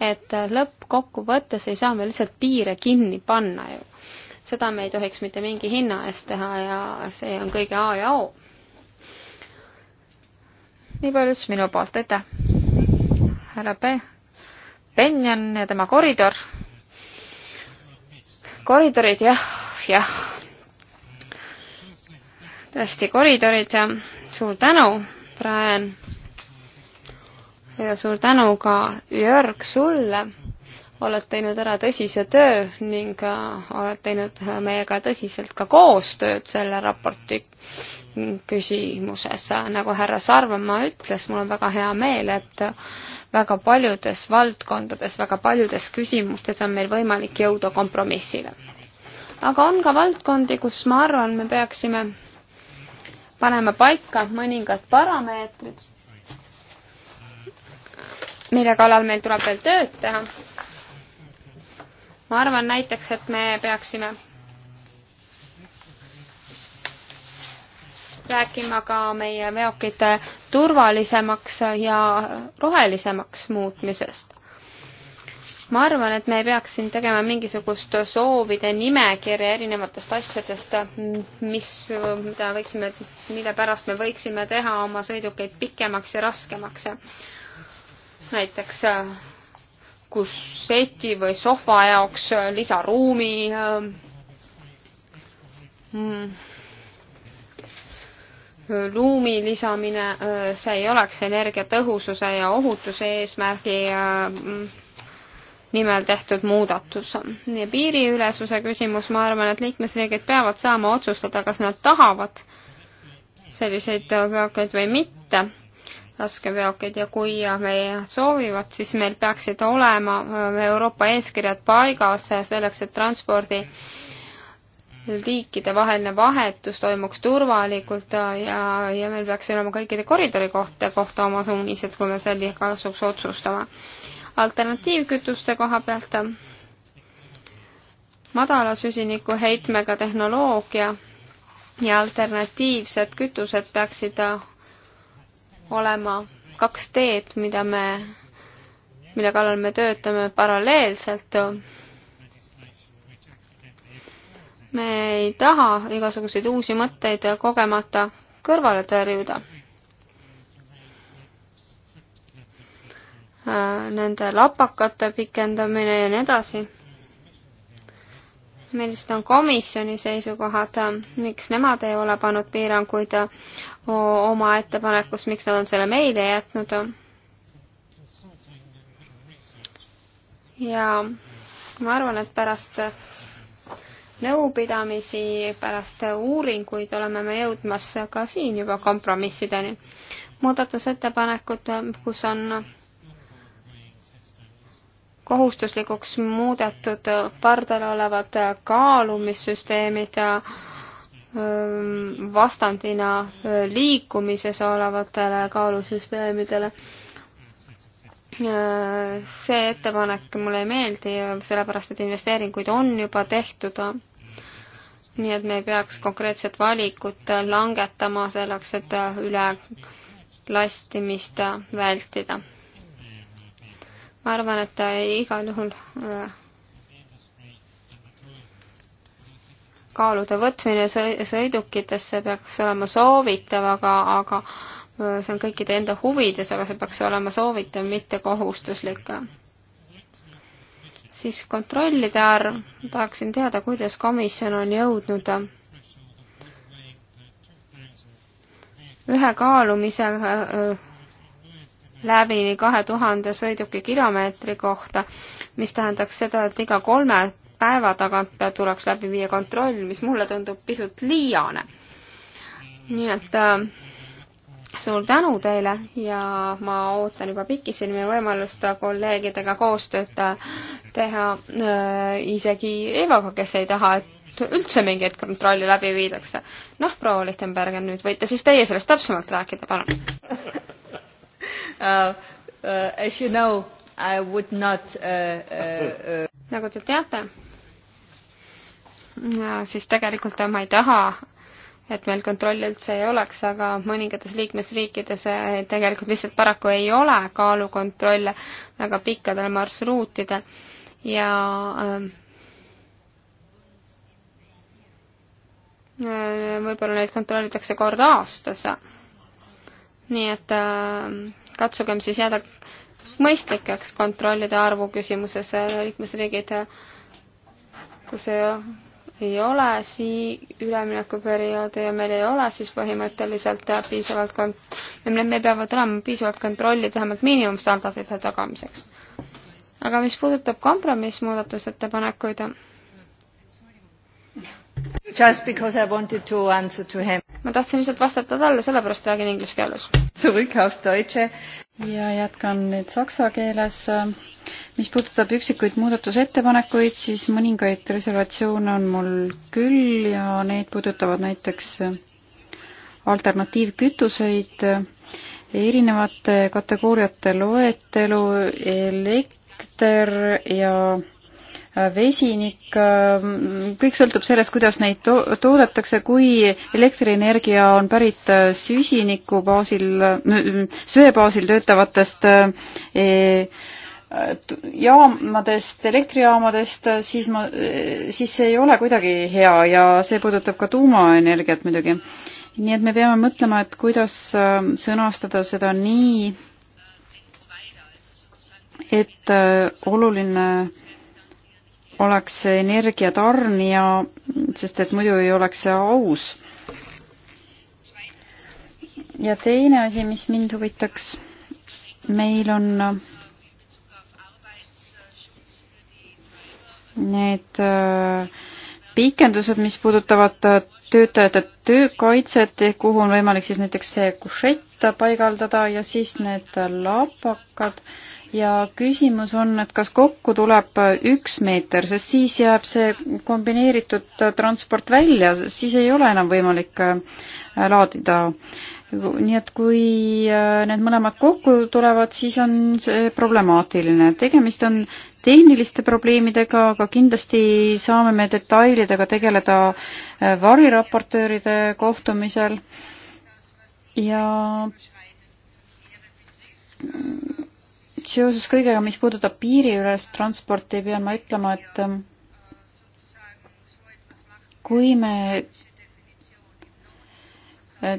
S2: et lõppkokkuvõttes ei saa me lihtsalt piire kinni panna ju seda me ei tohiks mitte mingi hinna eest teha ja see on kõige A ja O. nii palju siis minu poolt, aitäh! härra Pe-, Benjan ja tema koridor. koridorid, jah, jah. tõesti, koridorid ja suur tänu, Brian. ja suur tänu ka, Jörg, sulle oled teinud ära tõsise töö ning äh, oled teinud äh, meiega tõsiselt ka koostööd selle raporti küsimuses. nagu härra Sarvamaa ütles, mul on väga hea meel, et väga paljudes valdkondades, väga paljudes küsimustes on meil võimalik jõuda kompromissile. aga on ka valdkondi, kus ma arvan, me peaksime panema paika mõningad parameetrid, mille kallal meil tuleb veel tööd teha ma arvan näiteks, et me peaksime rääkima ka meie veokite turvalisemaks ja rohelisemaks muutmisest. ma arvan, et me ei peaks siin tegema mingisugust soovide nimekirja erinevatest asjadest, mis, mida võiksime, mille pärast me võiksime teha oma sõidukeid pikemaks ja raskemaks. näiteks puhkuseti või sohva jaoks äh, lisaruumi äh, mm, ruumi lisamine, äh, see ei oleks energiatõhususe ja ohutuse eesmärgi nimel tehtud muudatus. ja piiriülesuse küsimus, ma arvan, et liikmesriigid peavad saama otsustada, kas nad tahavad selliseid veokeid või mitte raskeveokeid ja kui meie soovivad, siis meil peaksid olema äh, Euroopa eeskirjad paigas selleks, et transpordi liikide vaheline vahetus toimuks turvalikult äh, ja, ja meil peaks olema kõikide koridori kohta, kohta oma suunised, kui me selle kasuks otsustame. alternatiivkütuste koha pealt äh, madala süsinikuheitmega tehnoloogia ja alternatiivsed kütused peaksid olema kaks teed, mida me, mille kallal me töötame paralleelselt. me ei taha igasuguseid uusi mõtteid kogemata kõrvale tõrjuda. Nende
S4: lapakate
S2: pikendamine ja nii edasi millised on komisjoni seisukohad, miks nemad ei ole pannud piiranguid oma ettepanekus, miks nad on selle meile jätnud. ja ma arvan, et pärast nõupidamisi, pärast uuringuid oleme me jõudmas ka siin juba kompromissideni. muudatusettepanekud, kus on kohustuslikuks muudetud pardal olevad kaalumissüsteemid ja Ähm, vastandina äh, liikumises olevatele kaalusüsteemidele. Äh, see ettepanek mulle ei meeldi, sellepärast et investeeringuid on juba tehtud. nii et me ei peaks konkreetset valikut langetama selleks, et ülelastimist vältida. ma arvan, et igal juhul äh, kaalude võtmine sõidukitesse peaks olema soovitav, aga, aga äh, see on kõikide enda huvides, aga see peaks olema soovitav, mitte kohustuslik. siis kontrollide arv, tahaksin teada, kuidas komisjon on jõudnud ühe kaalumise äh, läbini kahe tuhande sõiduki kilomeetri kohta, mis tähendaks seda, et iga kolme päeva tagant tuleks läbi viia kontroll, mis mulle tundub pisut liiane. nii et äh, suur tänu teile ja ma ootan juba pikisilmi võimalust kolleegidega koostööd äh, teha äh, isegi Evaga, kes ei taha, et üldse mingeid kontrolli läbi viidakse. noh, proua Lichtenbergen, nüüd võite siis teie sellest täpsemalt rääkida, palun [laughs] uh,. Uh, as you know, I would not uh, uh, uh... nagu te teate siis tegelikult ma ei taha, et meil kontrolli üldse ei oleks, aga mõningates liikmesriikides eh, tegelikult lihtsalt paraku ei ole kaalukontrolle väga pikkadel marsruutidel ja eh, võib-olla neid kontrollitakse kord aastas. nii et eh, katsugem siis jääda mõistlikeks kontrollide arvu küsimuses liikmesriigid, kus ei ei ole sii-, üleminekuperioodi ja meil ei ole siis põhimõtteliselt äh, piisavalt kont-, meil peavad olema piisavalt kontrolli vähemalt miinimumstandardite tagamiseks. aga mis puudutab kompromissmuudatusettepanekuid, Just because I wanted to answer to him. ma tahtsin lihtsalt vastata talle, sellepärast räägin inglise
S4: keeles. ja jätkan nüüd saksa keeles mis puudutab üksikuid muudatusettepanekuid, siis mõningaid reservatsioone on mul küll ja need puudutavad näiteks alternatiivkütuseid, erinevate kategooriate loetelu, elekter ja vesinik, kõik sõltub sellest, kuidas neid to toodetakse, kui elektrienergia on pärit süsiniku baasil, söe baasil töötavatest e jaamadest, elektrijaamadest, äh, siis ma, äh, siis see ei ole kuidagi hea ja see puudutab ka tuumaenergiat muidugi. nii et me peame mõtlema, et kuidas äh, sõnastada seda nii, et oluline oleks energiatarnija, sest et muidu ei oleks see aus. ja teine asi, mis mind huvitaks, meil on need äh, pikendused, mis puudutavad äh, töötajate töökaitset, eh, kuhu on võimalik siis näiteks see kušett paigaldada ja siis need äh, lapakad ja küsimus on, et kas kokku tuleb üks meeter, sest siis jääb see kombineeritud transport välja, siis ei ole enam võimalik laadida. nii et kui need mõlemad kokku tulevad, siis on see problemaatiline. tegemist on tehniliste probleemidega, aga kindlasti saame me detailidega tegeleda äh, variraportööride kohtumisel ja mm, seoses kõigega, mis puudutab piiriülest transporti, pean ma ütlema, et ähm, kui me äh,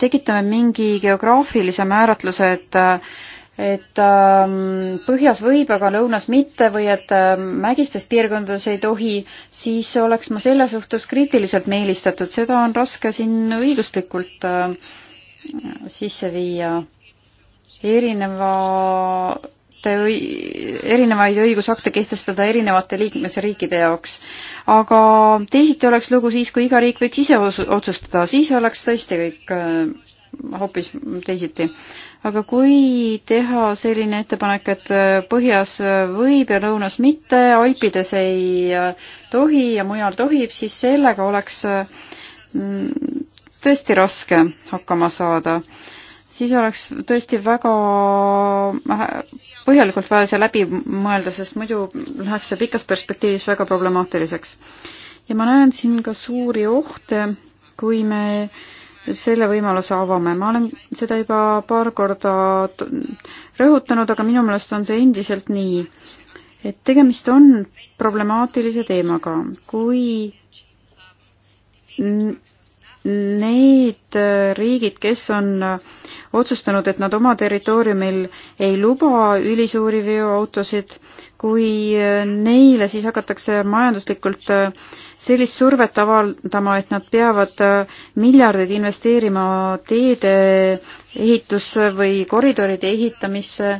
S4: tekitame mingi geograafilise määratluse, et äh, et ähm, põhjas võib, aga lõunas mitte või et ähm, mägistes piirkondades ei tohi, siis oleks ma selle suhtes kriitiliselt meelistatud, seda on raske siin õiguslikult äh, sisse viia. erineva erinevaid õigusakte kehtestada erinevate liikmesriikide jaoks. aga teisiti oleks lugu siis, kui iga riik võiks ise otsustada, siis oleks tõesti kõik äh, hoopis teisiti aga kui teha selline ettepanek, et äh, põhjas äh, võib ja lõunas mitte, Alpides ei äh, tohi ja mujal tohib, siis sellega oleks mm, tõesti raske hakkama saada. siis oleks tõesti väga põhjalikult vaja see läbi mõelda, sest muidu läheks see pikas perspektiivis väga problemaatiliseks. ja ma näen siin ka suuri ohte, kui me äh, selle võimaluse avame. ma olen seda juba paar korda rõhutanud, aga minu meelest on see endiselt nii, et tegemist on problemaatilise teemaga. kui need riigid, kes on otsustanud, et nad oma territooriumil ei luba ülisuuri veoautosid, kui neile siis hakatakse majanduslikult äh, sellist survet avaldama, et nad peavad äh, miljardeid investeerima teede ehitusse või koridoride ehitamisse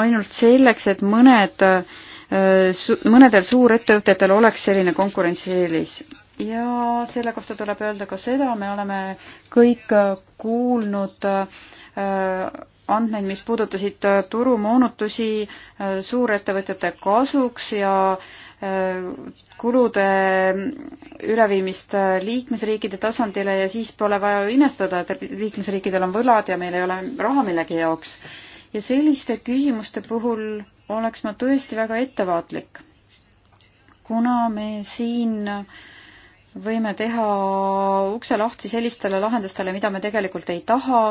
S4: ainult selleks, et mõned, äh, mõnedel suurettevõtetel oleks selline konkurentsieelis. ja selle kohta tuleb öelda ka seda, me oleme kõik äh, kuulnud andmeid, mis puudutasid turumoonutusi suurettevõtjate kasuks ja äh, Äh, kulude üleviimist liikmesriikide tasandile ja siis pole vaja imestada, et liikmesriikidel on võlad ja meil ei ole raha millegi jaoks. ja selliste küsimuste puhul oleks ma tõesti väga ettevaatlik, kuna me siin võime teha ukse lahti sellistele lahendustele, mida me tegelikult ei taha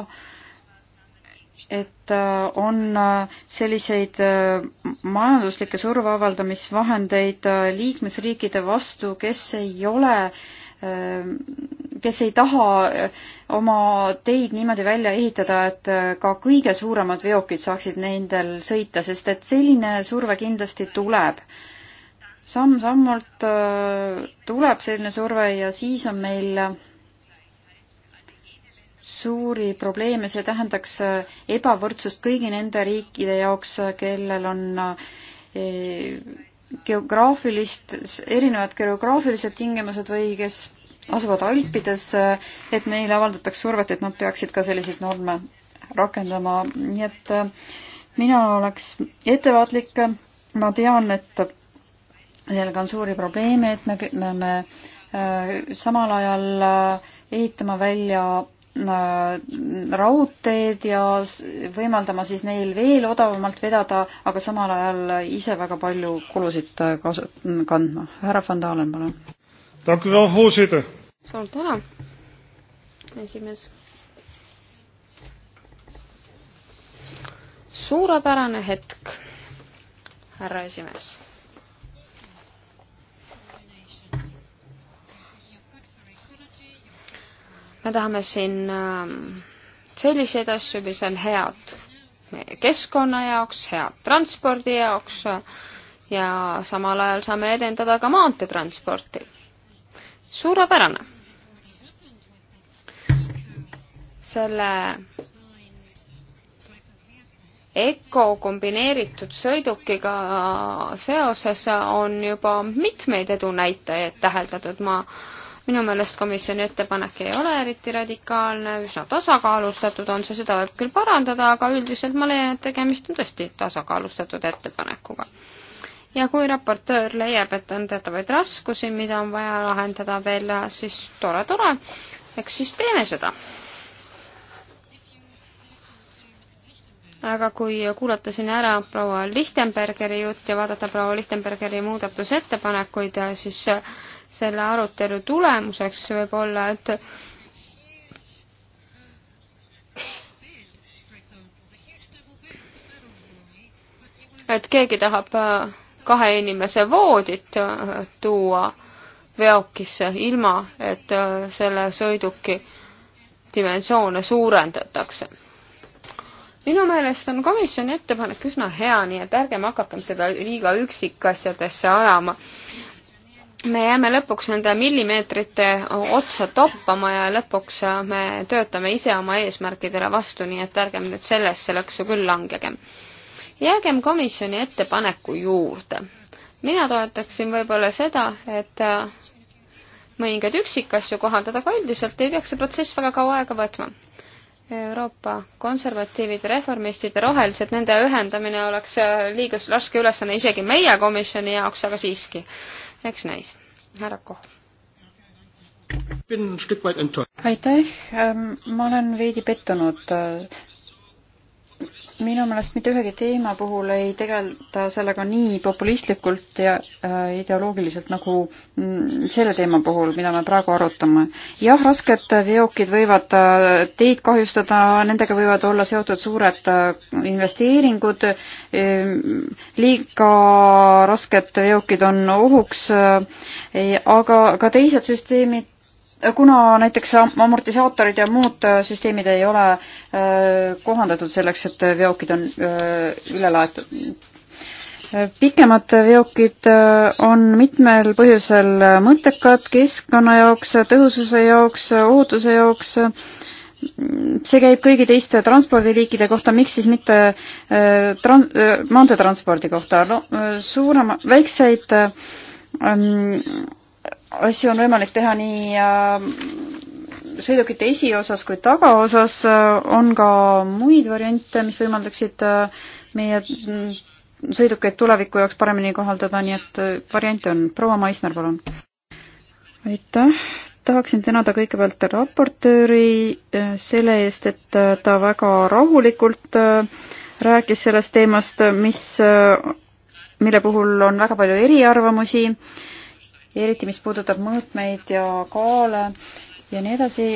S4: et äh, on äh, selliseid äh, majanduslikke surveavaldamisvahendeid liikmesriikide vastu, kes ei ole, kes ei taha oma teid niimoodi välja ehitada, et ka kõige suuremad veokid saaksid nendel sõita, sest et selline surve kindlasti tuleb Sam. samm-sammult tuleb selline surve ja siis on meil suuri probleeme, see tähendaks äh, ebavõrdsust kõigi nende riikide jaoks, äh, kellel on äh, geograafilist, erinevad geograafilised tingimused või kes asuvad Alpides, et neile avaldataks survet, et nad peaksid ka selliseid norme rakendama, nii et mina oleks ettevaatlik, ma tean, et sellega on suuri probleeme, et me peame samal ajal ehitama välja Äh, raudteed ja võimaldama siis neil veel odavamalt vedada, aga samal ajal ise väga palju kulusid äh, kasu-, kandma. härra Van Dalen, palun.
S2: suur tänu, esimees. suurepärane hetk, härra esimees me tahame siin ähm, selliseid asju, mis on head meie keskkonna jaoks, head transpordi jaoks ja samal ajal saame edendada ka maanteetransporti. suurepärane. selle ECO kombineeritud sõidukiga seoses on juba mitmeid edunäitajaid täheldatud, ma minu meelest komisjoni ettepanek ei ole eriti radikaalne, üsna tasakaalustatud on see, seda võib küll parandada, aga üldiselt ma leian, et tegemist on tõesti tasakaalustatud ettepanekuga. ja kui raportöör leiab, et on teatavaid raskusi, mida on vaja lahendada veel, siis tore-tore, eks siis teeme seda. aga kui kuulata siin ära proua Lichtenbergeri jutt ja vaadata proua Lichtenbergeri muudatusettepanekuid, siis äh, selle arutelu tulemuseks võib-olla, et et keegi tahab äh, kahe inimese voodit äh, tuua veokisse, ilma et äh, selle sõiduki dimensioone suurendatakse. minu meelest on komisjoni ettepanek üsna hea, nii et ärgem hakakem seda liiga üksikasjadesse ajama me jääme lõpuks nende millimeetrite otsa toppama ja lõpuks äh, me töötame ise oma eesmärkidele vastu, nii et ärgem nüüd sellesse lõksu küll langegem. jäägem komisjoni ettepaneku juurde. mina toetaksin võib-olla seda, et äh, mõningaid üksikasju kohandada, aga üldiselt ei peaks see protsess väga kaua aega võtma. Euroopa konservatiivid, reformistid ja rohelised, nende ühendamine oleks äh, liiga raske ülesanne isegi meie komisjoni jaoks, aga siiski eks näis. härra Koh
S4: aitäh, ähm, ma olen veidi pettunud. Äh, minu meelest mitte ühegi teema puhul ei tegeleta sellega nii populistlikult ja äh, ideoloogiliselt nagu mm, selle teema puhul, mida me praegu arutame. jah, rasked veokid võivad äh, teid kahjustada, nendega võivad olla seotud suured äh, investeeringud äh,, liiga rasked veokid on ohuks äh,, aga ka teised süsteemid kuna näiteks amortisaatorid ja muud äh, süsteemid ei ole äh, kohandatud selleks, et äh, veokid on üle laetud. pikemad veokid on mitmel põhjusel mõttekad keskkonna jaoks, tõhususe jaoks, ohutuse jaoks, see käib kõigi teiste transpordiliikide kohta, miks siis mitte tran-, maanteetranspordi kohta, no suurema, väikseid ähm, asju on võimalik teha nii äh, sõidukite esiosas kui tagaosas, äh, on ka muid variante, mis võimaldaksid äh, meie mm, sõidukeid tuleviku jaoks paremini kohaldada, nii et variante on. proua Maisner, palun. aitäh, tahaksin tänada kõigepealt raportööri selle eest, et ta väga rahulikult rääkis sellest teemast, mis, mille puhul on väga palju eriarvamusi eriti mis puudutab mõõtmeid ja kaale ja nii edasi.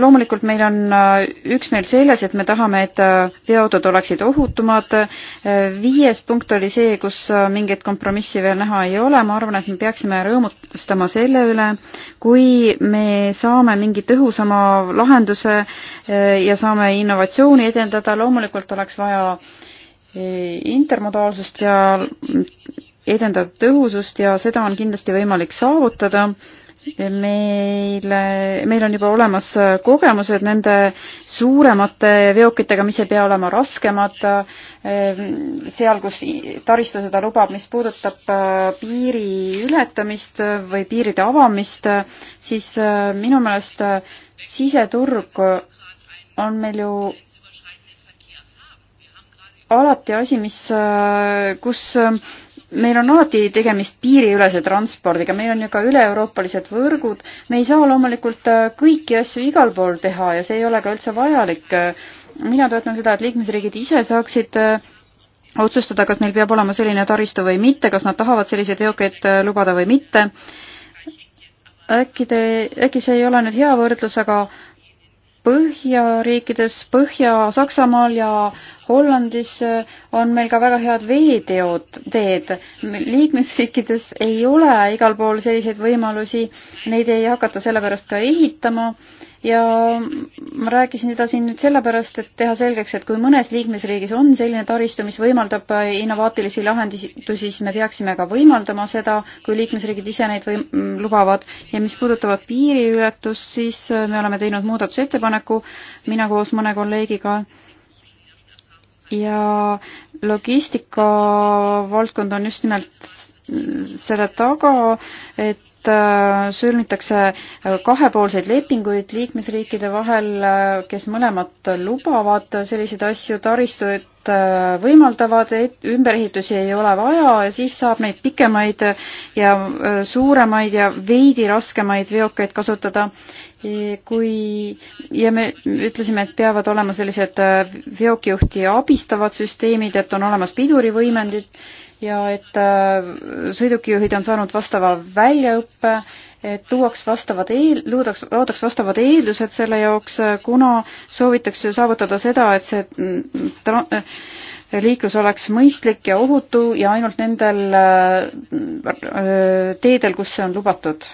S4: loomulikult meil on üksmeel selles, et me tahame, et veoautod oleksid ohutumad. viies punkt oli see, kus mingit kompromissi veel näha ei ole, ma arvan, et me peaksime rõõmustama selle üle, kui me saame mingi tõhusama lahenduse ja saame innovatsiooni edendada, loomulikult oleks vaja äh, intermodaalsust ja edendada tõhusust ja seda on kindlasti võimalik saavutada. meile, meil on juba olemas kogemused nende suuremate veokitega, mis ei pea olema raskemad, seal, kus taristu seda lubab, mis puudutab äh, piiri ületamist või piiride avamist, siis äh, minu meelest äh, siseturg on meil ju alati asi, mis, äh, kus äh, meil on alati tegemist piiriülese transpordiga, meil on ju ka üle-euroopalised võrgud, me ei saa loomulikult äh, kõiki asju igal pool teha ja see ei ole ka üldse vajalik. mina toetan seda, et liikmesriigid ise saaksid otsustada, kas neil peab olema selline taristu või mitte, kas nad tahavad selliseid veokeid lubada või mitte. äkki te, äkki see ei ole nüüd hea võrdlus, aga Põhjariikides, Põhja-Saksamaal ja Hollandis äh, on meil ka väga head veeteod, teed. liikmesriikides ei ole igal pool selliseid võimalusi, neid ei hakata sellepärast ka ehitama ja ma rääkisin seda siin nüüd sellepärast, et teha selgeks, et kui mõnes liikmesriigis on selline taristu, mis võimaldab innovaatilisi lahendusi, siis me peaksime ka võimaldama seda, kui liikmesriigid ise neid või lubavad. ja mis puudutavad piiriületust, siis me oleme teinud muudatusettepaneku, mina koos mõne kolleegiga ja logistika valdkond on just nimelt selle taga, et äh, sõlmitakse äh, kahepoolseid lepinguid liikmesriikide vahel, äh, kes mõlemad lubavad selliseid asju, taristuid võimaldavad, et ümberehitusi ei ole vaja ja siis saab neid pikemaid ja suuremaid ja veidi raskemaid veokeid kasutada kui ja me ütlesime, et peavad olema sellised äh, veokijuhti abistavad süsteemid, et on olemas pidurivõimendid ja et äh, sõidukijuhid on saanud vastava väljaõppe, et tuuaks vastavad eel-, loodaks, loodaks vastavad eeldused selle jaoks, äh, kuna soovitakse saavutada seda, et see mm, tra-, liiklus oleks mõistlik ja ohutu ja ainult nendel teedel, kus see on lubatud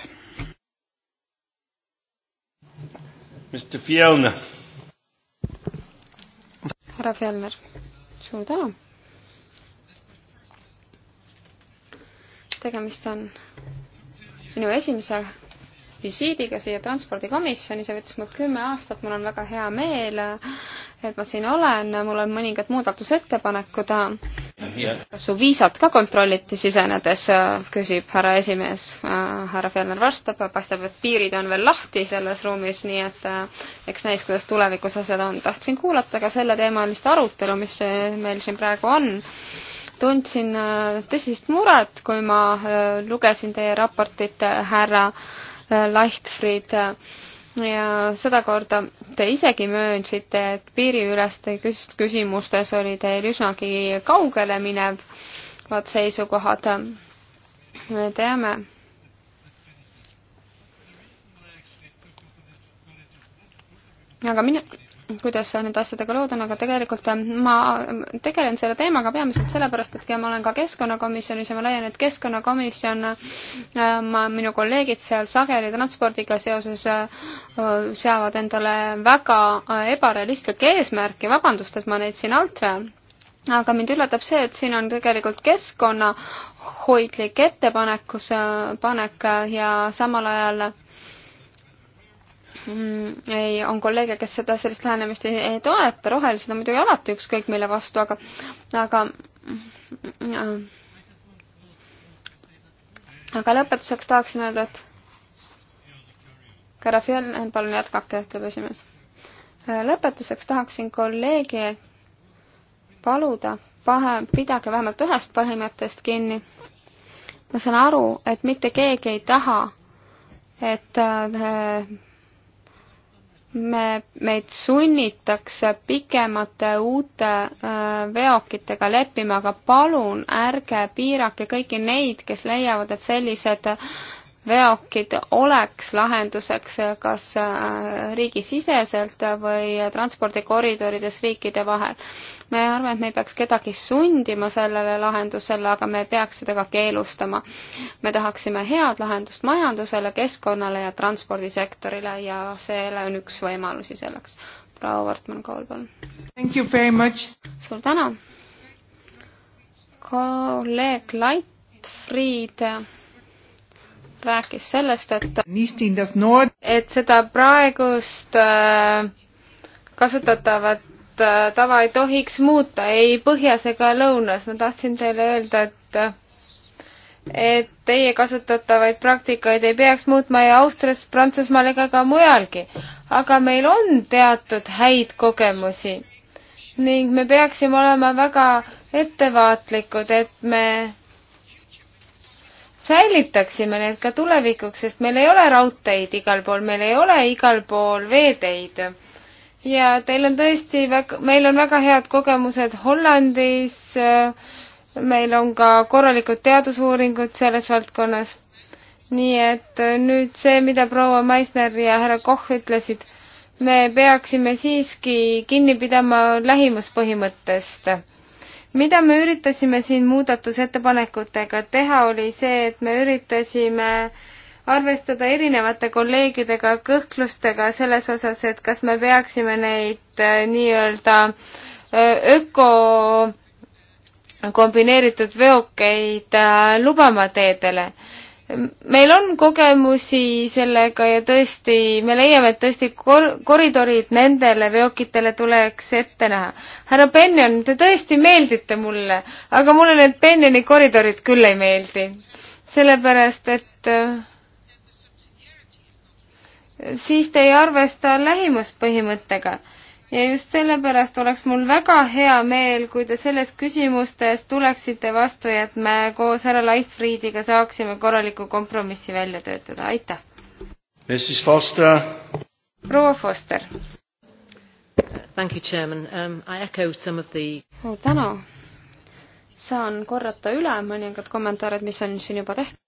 S1: Mr Fjellner.
S2: härra Fjellner, suur tänu. tegemist on minu esimese visiidiga siia transpordikomisjoni, see võttis mul kümme aastat, mul on väga hea meel, et ma siin olen, mul on mõningad muudatusettepanekud. kas su viisat ka kontrolliti sisenedes, küsib härra esimees. härra Fjellner vastab, paistab, et piirid on veel lahti selles ruumis, nii et eh, eks näis, kuidas tulevikus asjad on. tahtsin kuulata ka selleteemalist arutelu, mis meil siin praegu on tundsin eh, tõsist muret, kui ma eh, lugesin teie raportit, härra äh, Leichtfried ja sedakorda te isegi möönsite, et piiriüleste küsimustes oli teil üsnagi kaugele minevad seisukohad. me teame, aga mina, kuidas nende asjadega lood on, aga tegelikult äh, ma tegelen selle teemaga peamiselt sellepärast, et ma olen ka keskkonnakomisjonis ja ma leian, et keskkonnakomisjon, äh, ma, minu kolleegid seal sageli transpordiga seoses äh, seavad endale väga ebarealistlikke eesmärke, vabandust, et ma neid siin alt vean aga mind üllatab see, et siin on tegelikult keskkonnahoidlik ettepanekus, panek ja samal ajal äh, Mm, ei, on kolleege, kes seda, sellist lähenemist ei, ei toeta, rohelised on muidugi alati ükskõik mille vastu, aga, aga mm, aga lõpetuseks tahaksin öelda, et Karafiel, palun jätkake, ütleb esimees. lõpetuseks tahaksin kolleegi paluda, vahe, pidage vähemalt ühest põhimõttest kinni. ma saan aru, et mitte keegi ei taha, et äh, me, meid sunnitakse pikemate uute äh, veokitega leppima, aga palun ärge piirake kõiki neid, kes leiavad, et sellised veokid oleks lahenduseks kas äh, riigisiseselt või transpordikoridorides riikide vahel. me arvame, et me ei peaks kedagi sundima sellele lahendusele, aga me peaks seda ka keelustama. me tahaksime head lahendust majandusele, keskkonnale ja transpordisektorile ja see on üks võimalusi selleks. proua Wortmann-Kool, palun. suur tänu. kolleeg Leitfried rääkis sellest, et, et seda
S3: praegust äh, kasutatavat äh, tava ei tohiks muuta ei põhjas ega lõunas. ma tahtsin teile öelda, et, et teie kasutatavaid praktikaid ei peaks muutma ei Austrias, Prantsusmaal ega ka mujalgi. aga meil on teatud häid kogemusi ning me peaksime olema väga ettevaatlikud, et me säilitaksime need ka tulevikuks, sest meil ei ole raudteid igal pool, meil ei ole igal pool veeteid. ja teil on tõesti väga, meil on väga head kogemused Hollandis, meil on ka korralikud teadusuuringud selles valdkonnas. nii et nüüd see, mida proua Meissner ja härra Koch ütlesid, me peaksime siiski kinni pidama lähimuspõhimõttest mida me üritasime siin muudatusettepanekutega teha, oli see, et me üritasime arvestada erinevate kolleegidega kõhklustega selles osas, et kas me peaksime neid äh, nii-öelda äh, öko kombineeritud veokeid äh, lubama teedele meil on kogemusi sellega ja tõesti, me leiame, et tõesti kor-, koridorid nendele veokitele tuleks ette näha. härra Benjon, te tõesti meeldite mulle, aga mulle need Benjoni koridorid küll ei meeldi. sellepärast, et äh, siis te ei arvesta lähimuspõhimõttega ja just sellepärast oleks mul väga hea meel, kui te selles küsimustes tuleksite vastu ja et me koos härra Leifridiga saaksime korraliku kompromissi välja töötada, aitäh! proua Foster.
S1: Um,
S3: the...
S2: suur tänu! saan korrata üle mõningad kommentaarid, mis on siin juba tehtud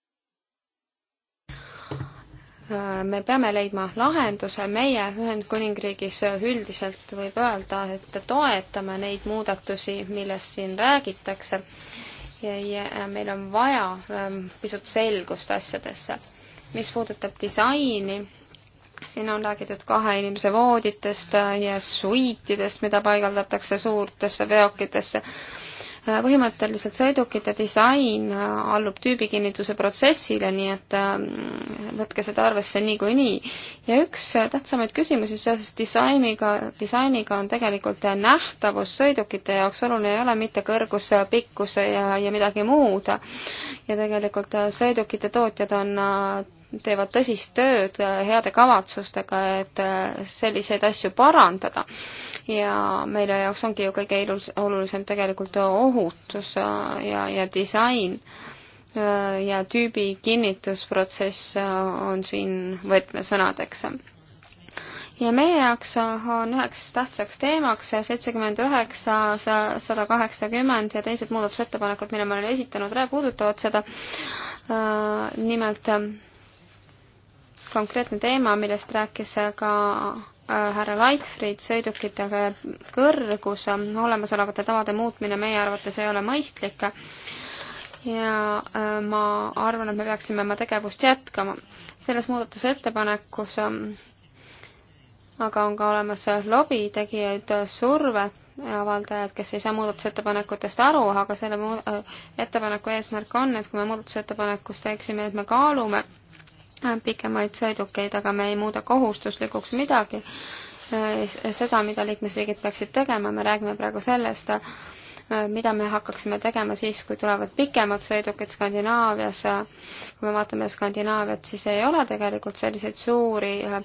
S2: me peame leidma lahenduse, meie Ühendkuningriigis üldiselt võib öelda, et toetame neid muudatusi, millest siin räägitakse ja, ja meil on vaja ähm, pisut selgust asjadesse. mis puudutab disaini, siin on räägitud kahe inimese vooditest ja suitidest, mida paigaldatakse suurtesse veokitesse Äh, põhimõtteliselt sõidukite disain äh, allub tüübikinnituse protsessile, nii et ähm, võtke seda arvesse niikuinii. Nii. ja üks äh, tähtsamaid küsimusi seoses disainiga, disainiga on tegelikult nähtavus sõidukite jaoks, oluline ei ole mitte kõrgus, pikkuse ja, ja midagi muud. ja tegelikult sõidukite tootjad on teevad tõsist tööd äh, heade kavatsustega, et äh, selliseid asju parandada. ja meile jaoks ongi ju kõige ilus, olulisem tegelikult ohutus äh, ja, ja disain ja tüübi kinnitusprotsess on siin võtmesõnadeks ja meie jaoks on üheks tähtsaks teemaks seitsekümmend üheksa, sada kaheksakümmend ja teised muudatusettepanekud, mille me oleme esitanud, puudutavad seda nimelt konkreetne teema, millest rääkis ka äh, härra Leitfried, sõidukite kõrgus, äh, olemasolevate tavade muutmine meie arvates ei ole mõistlik ja äh, ma arvan, et me peaksime oma tegevust jätkama. selles muudatusettepanekus aga on ka olemas lobitegijaid, surveavaldajad, kes ei saa muudatusettepanekutest aru, aga selle muu-, ettepaneku eesmärk on, et kui me muudatusettepanekus teeksime, et me kaalume pikemaid sõidukeid, aga me ei muuda kohustuslikuks midagi, eh, seda, mida liikmesriigid peaksid tegema, me räägime praegu sellest, eh, mida me hakkaksime tegema siis, kui tulevad pikemad sõidukid Skandinaavias. kui me vaatame Skandinaaviat, siis ei ole tegelikult selliseid suuri eh,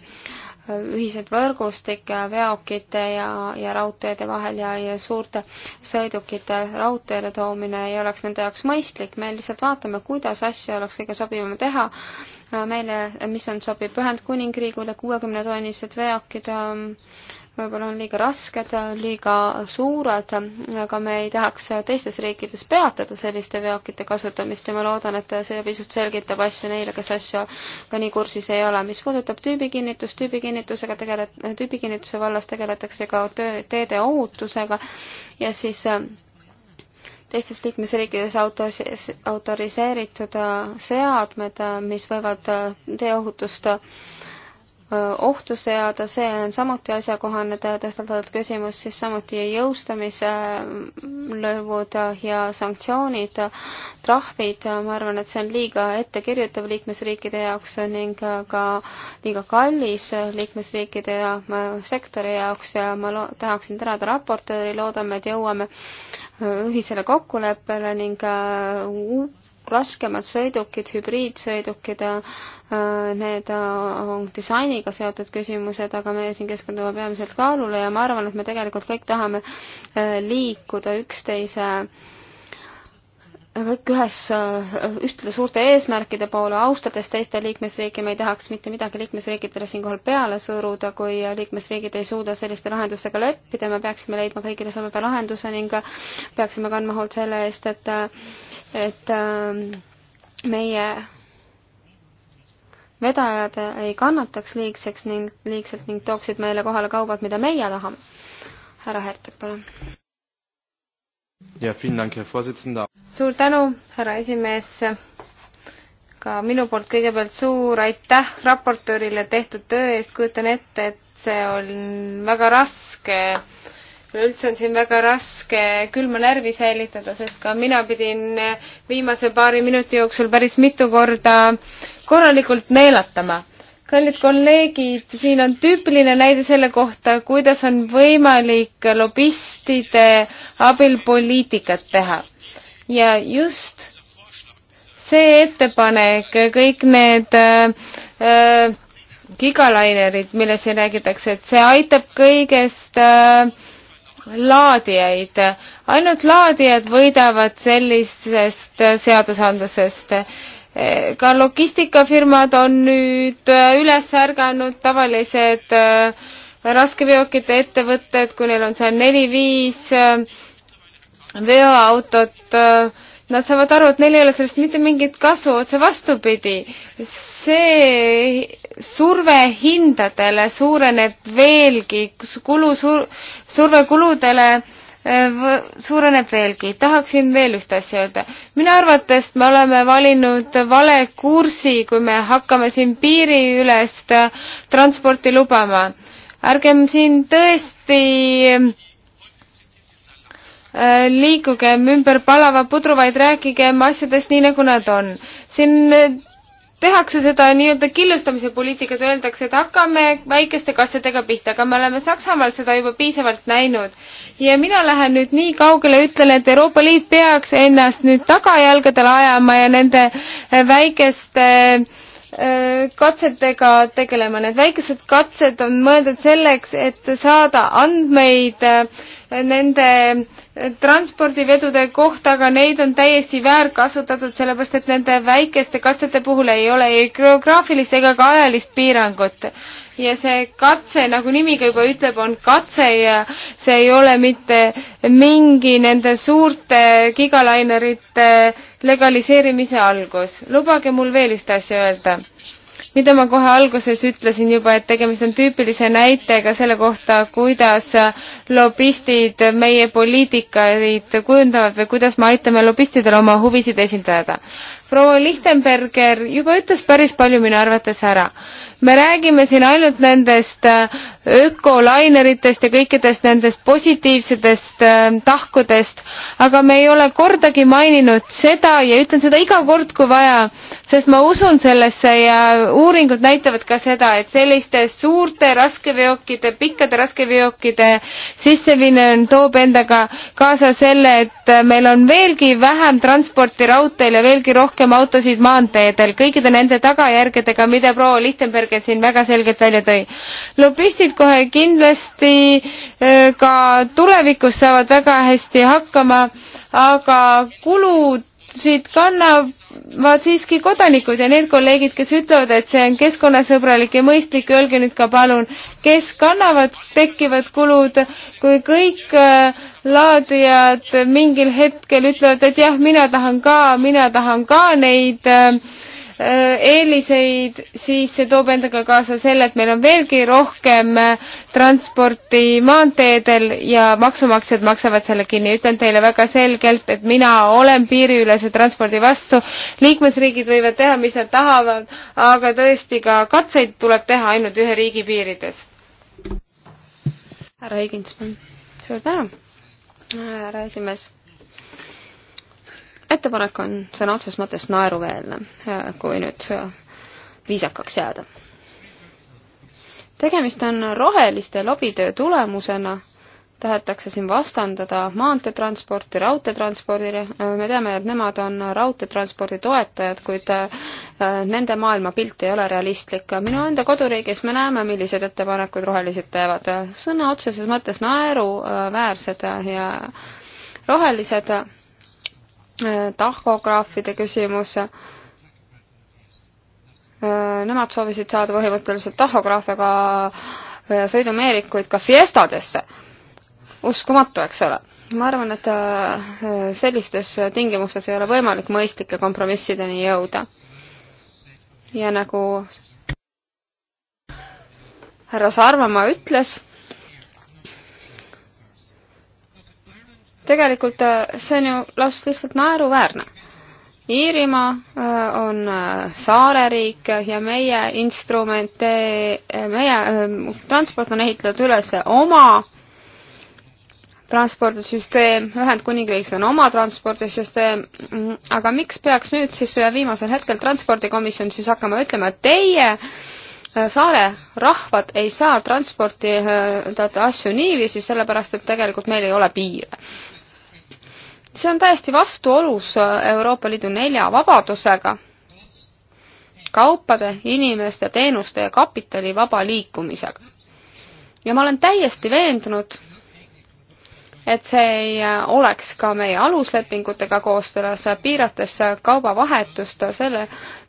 S2: ühiseid võrgustikke veokite ja, ja raudteede vahel ja, ja suurte sõidukite raudteele toomine ei oleks nende jaoks mõistlik. me lihtsalt vaatame, kuidas asju oleks kõige sobivam teha Äh, meile, mis on, sobib Ühendkuningriigile, kuuekümnetonnised veokid ähm, võib-olla on liiga rasked, liiga suured, aga me ei tahaks teistes riikides peatada selliste veokite kasutamist ja ma loodan, et see pisut selgitab asju neile, kes asju ka nii kursis ei ole. mis puudutab tüübikinnitust, tüübikinnitusega tegele-, tüübikinnituse vallas tegeletakse ka töö, teede ohutusega ja siis äh, teistes liikmesriikides autos, autoriseeritud äh, seadmed, äh, mis võivad äh, teeohutust ohtu seada, see on samuti asjakohane tõstatatud küsimus, siis samuti jõustamise lõivud ja sanktsioonid, trahvid, ma arvan, et see on liiga ettekirjutav liikmesriikide jaoks ning ka liiga kallis liikmesriikide ja sektori jaoks ja ma tahaksin tänada raportööri, loodame, et jõuame äh, ühisele kokkuleppele ning äh, raskemad sõidukid, hübriidsõidukid, äh, need äh, on disainiga seotud küsimused, aga meie siin keskendume peamiselt kaalule ja ma arvan, et me tegelikult kõik tahame liikuda üksteise kõik ühes, äh, ühtede suurte eesmärkide poole, austades teiste liikmesriike, me ei tahaks mitte midagi liikmesriikidele siinkohal peale suruda, kui äh, liikmesriigid ei suuda selliste lahendustega leppida, me peaksime leidma kõigile sobeva lahenduse ning äh, peaksime kandma hoolt selle eest, et, et meie vedajad ei kannataks liigseks ning liigselt ning tooksid meile kohale kaubad, mida meie tahame. härra Hertog, palun suur tänu, härra esimees.
S3: ka minu poolt kõigepealt suur aitäh raportöörile tehtud töö eest, kujutan ette, et see on väga raske üleüldse on siin väga raske külma närvi säilitada, sest ka mina pidin viimase paari minuti jooksul päris mitu korda korralikult neelatama kallid kolleegid, siin on tüüpiline näide selle kohta, kuidas on võimalik lobistide abil poliitikat teha. ja just see ettepanek, kõik need äh, äh gigalainerid, millest siin räägitakse, et see aitab kõigest äh, laadijaid. ainult laadijad võidavad sellisest äh, seadusandlusest äh, Eh, ka logistikafirmad on nüüd eh, üles ärganud, tavalised eh, raskeveokite ettevõtted, kui neil on seal neli-viis veoautot, nad saavad aru, et neil ei ole sellest mitte mingit kasu, otse vastupidi. see surve hindadele suureneb veelgi, kulu sur-, surve kuludele äh, Äh, suureneb veelgi. tahaksin veel ühte asja öelda. minu arvates me oleme valinud vale kursi, kui me hakkame siin piiriülest äh, transporti lubama. ärgem siin tõesti äh, liikugem ümber palava pudru, vaid rääkigem asjadest nii, nagu nad on. siin tehakse seda nii-öelda killustamise poliitikat, öeldakse, et hakkame väikeste kassadega pihta, aga me oleme Saksamaal seda juba piisavalt näinud. ja mina lähen nüüd nii kaugele, ütlen, et Euroopa Liit peaks ennast nüüd tagajalgadele ajama ja nende eh, väikeste eh, katsetega tegelema. Need väikesed katsed on mõeldud selleks, et saada andmeid eh, nende transpordivedude kohta, aga neid on täiesti väärkasutatud, sellepärast et nende väikeste katsete puhul ei ole ei geograafilist ega ka ajalist piirangut. ja see katse, nagu nimi ka juba ütleb, on katse ja see ei ole mitte mingi nende suurte gigalainerite legaliseerimise algus. lubage mul veel ühte asja öelda mida ma kohe alguses ütlesin juba, et tegemist on tüüpilise näitega selle kohta, kuidas lobistid meie poliitikaid kujundavad või kuidas me aitame lobistidel oma huvisid esindada. proua Lichtenberger juba ütles päris palju minu arvates ära me räägime siin ainult nendest äh, ökolaineritest ja kõikidest nendest positiivsetest äh, tahkudest, aga me ei ole kordagi maininud seda ja ütlen seda iga kord, kui vaja, sest ma usun sellesse ja uuringud näitavad ka seda, et selliste suurte raskeveokite, pikkade raskeveokide sisseviimine toob endaga kaasa selle, et äh, meil on veelgi vähem transporti raudteel ja veelgi rohkem autosid maanteedel kõikide nende tagajärgedega, mida proua Lichtenberg Merkel siin väga selgelt välja tõi. lobistid kohe kindlasti eh, ka tulevikus saavad väga hästi hakkama, aga kulud siit kannavad siiski kodanikud ja need kolleegid, kes ütlevad, et see on keskkonnasõbralik ja mõistlik, öelge nüüd ka palun, kes kannavad tekkivad kulud, kui kõik eh, laadijad mingil hetkel ütlevad, et jah, mina tahan ka, mina tahan ka neid äh, eeliseid, siis see toob endaga kaasa selle, et meil on veelgi rohkem äh, transporti maanteedel ja maksumaksjad maksavad selle kinni. ütlen teile väga selgelt, et mina olen piiriülese transpordi vastu. liikmesriigid võivad teha, mis nad tahavad, aga tõesti ka katseid tuleb teha ainult ühe riigi piirides.
S2: härra Higins, suur tänu, härra esimees ettepanek on sõna otseses mõttes naeruväärne, äh, kui nüüd äh, viisakaks jääda. tegemist on roheliste lobitöö tulemusena, tahetakse siin vastandada maanteetransporti raudteetranspordile, äh, me teame, et nemad on raudteetranspordi toetajad, kuid nende maailmapilt ei ole realistlik. minu enda koduriigis me näeme, millised ettepanekud rohelised teevad. sõna otseses mõttes naeruväärsed ja rohelised Äh, tahkograafide küsimus. Äh, nemad soovisid saada põhimõtteliselt tahograafiaga äh, sõidumeerikuid ka fiestadesse. uskumatu, eks ole. ma arvan, et sellistes tingimustes ei ole võimalik mõistlike kompromissideni jõuda. ja nagu härra Sarvamaa ütles, tegelikult äh, see on ju lausa lihtsalt naeruväärne. Iirimaa äh, on äh, saareriik ja meie instrumente, meie transport on ehitatud üles oma transpordisüsteem, Ühendkuningriigis on oma transpordisüsteem, aga miks peaks nüüd siis viimasel hetkel transpordikomisjon siis hakkama ütlema, et teie saare rahvad ei saa transportida asju niiviisi, sellepärast et tegelikult meil ei ole piire see on täiesti vastuolus äh, Euroopa Liidu nelja vabadusega, kaupade, inimeste, teenuste ja kapitali vaba liikumisega. ja ma olen täiesti veendunud, et see ei äh, oleks ka meie aluslepingutega kooskõlas, piirates kaubavahetust selle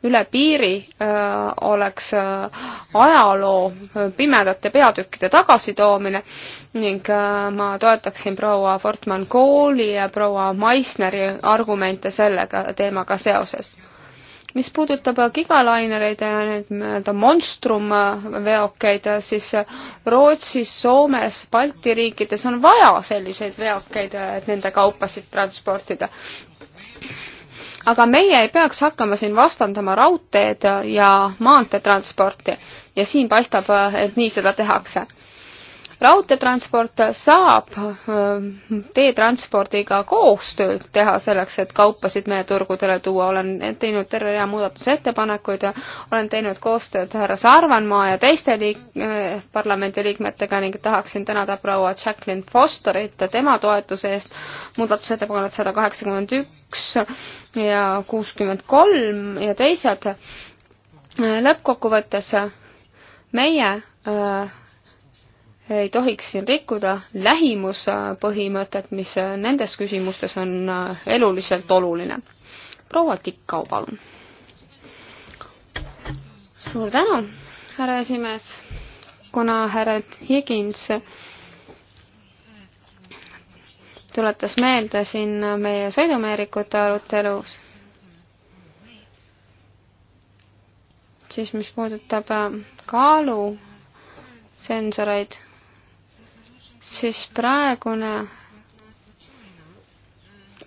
S2: üle piiri, äh, oleks äh, ajaloo pimedate peatükkide tagasitoomine ning ma toetaksin proua Fortman Kooli ja proua Meissneri argumente sellega teemaga seoses mis puudutab äh, gigalainereid ja need nii-öelda monstrum äh, veokeid, äh, siis Rootsis, Soomes, Balti riikides on vaja selliseid veokeid, et nende kaupasid transportida. aga meie ei peaks hakkama siin vastandama raudteed ja maanteetransporti ja siin paistab, et nii seda tehakse raudteetransport saab ähm, teetranspordiga koostööd teha selleks, et kaupasid meie turgudele tuua, olen teinud terve rea muudatusettepanekuid ja olen teinud koostööd härra Sarvanmaa ja teiste liik-, äh, parlamendiliikmetega ning tahaksin tänada proua Jacqueline Fosterit tema toetuse eest, muudatusettepanekud sada kaheksakümmend üks ja kuuskümmend kolm ja teised. Äh, lõppkokkuvõttes meie öö, äh, ei tohiks siin rikkuda lähimuspõhimõtet, mis nendes küsimustes on eluliselt oluline. proua Tikkau, palun. suur tänu, härra esimees. kuna härra Higins tuletas meelde siin meie sõidumeerikute arutelus, siis mis puudutab kaalusensoreid siis praegune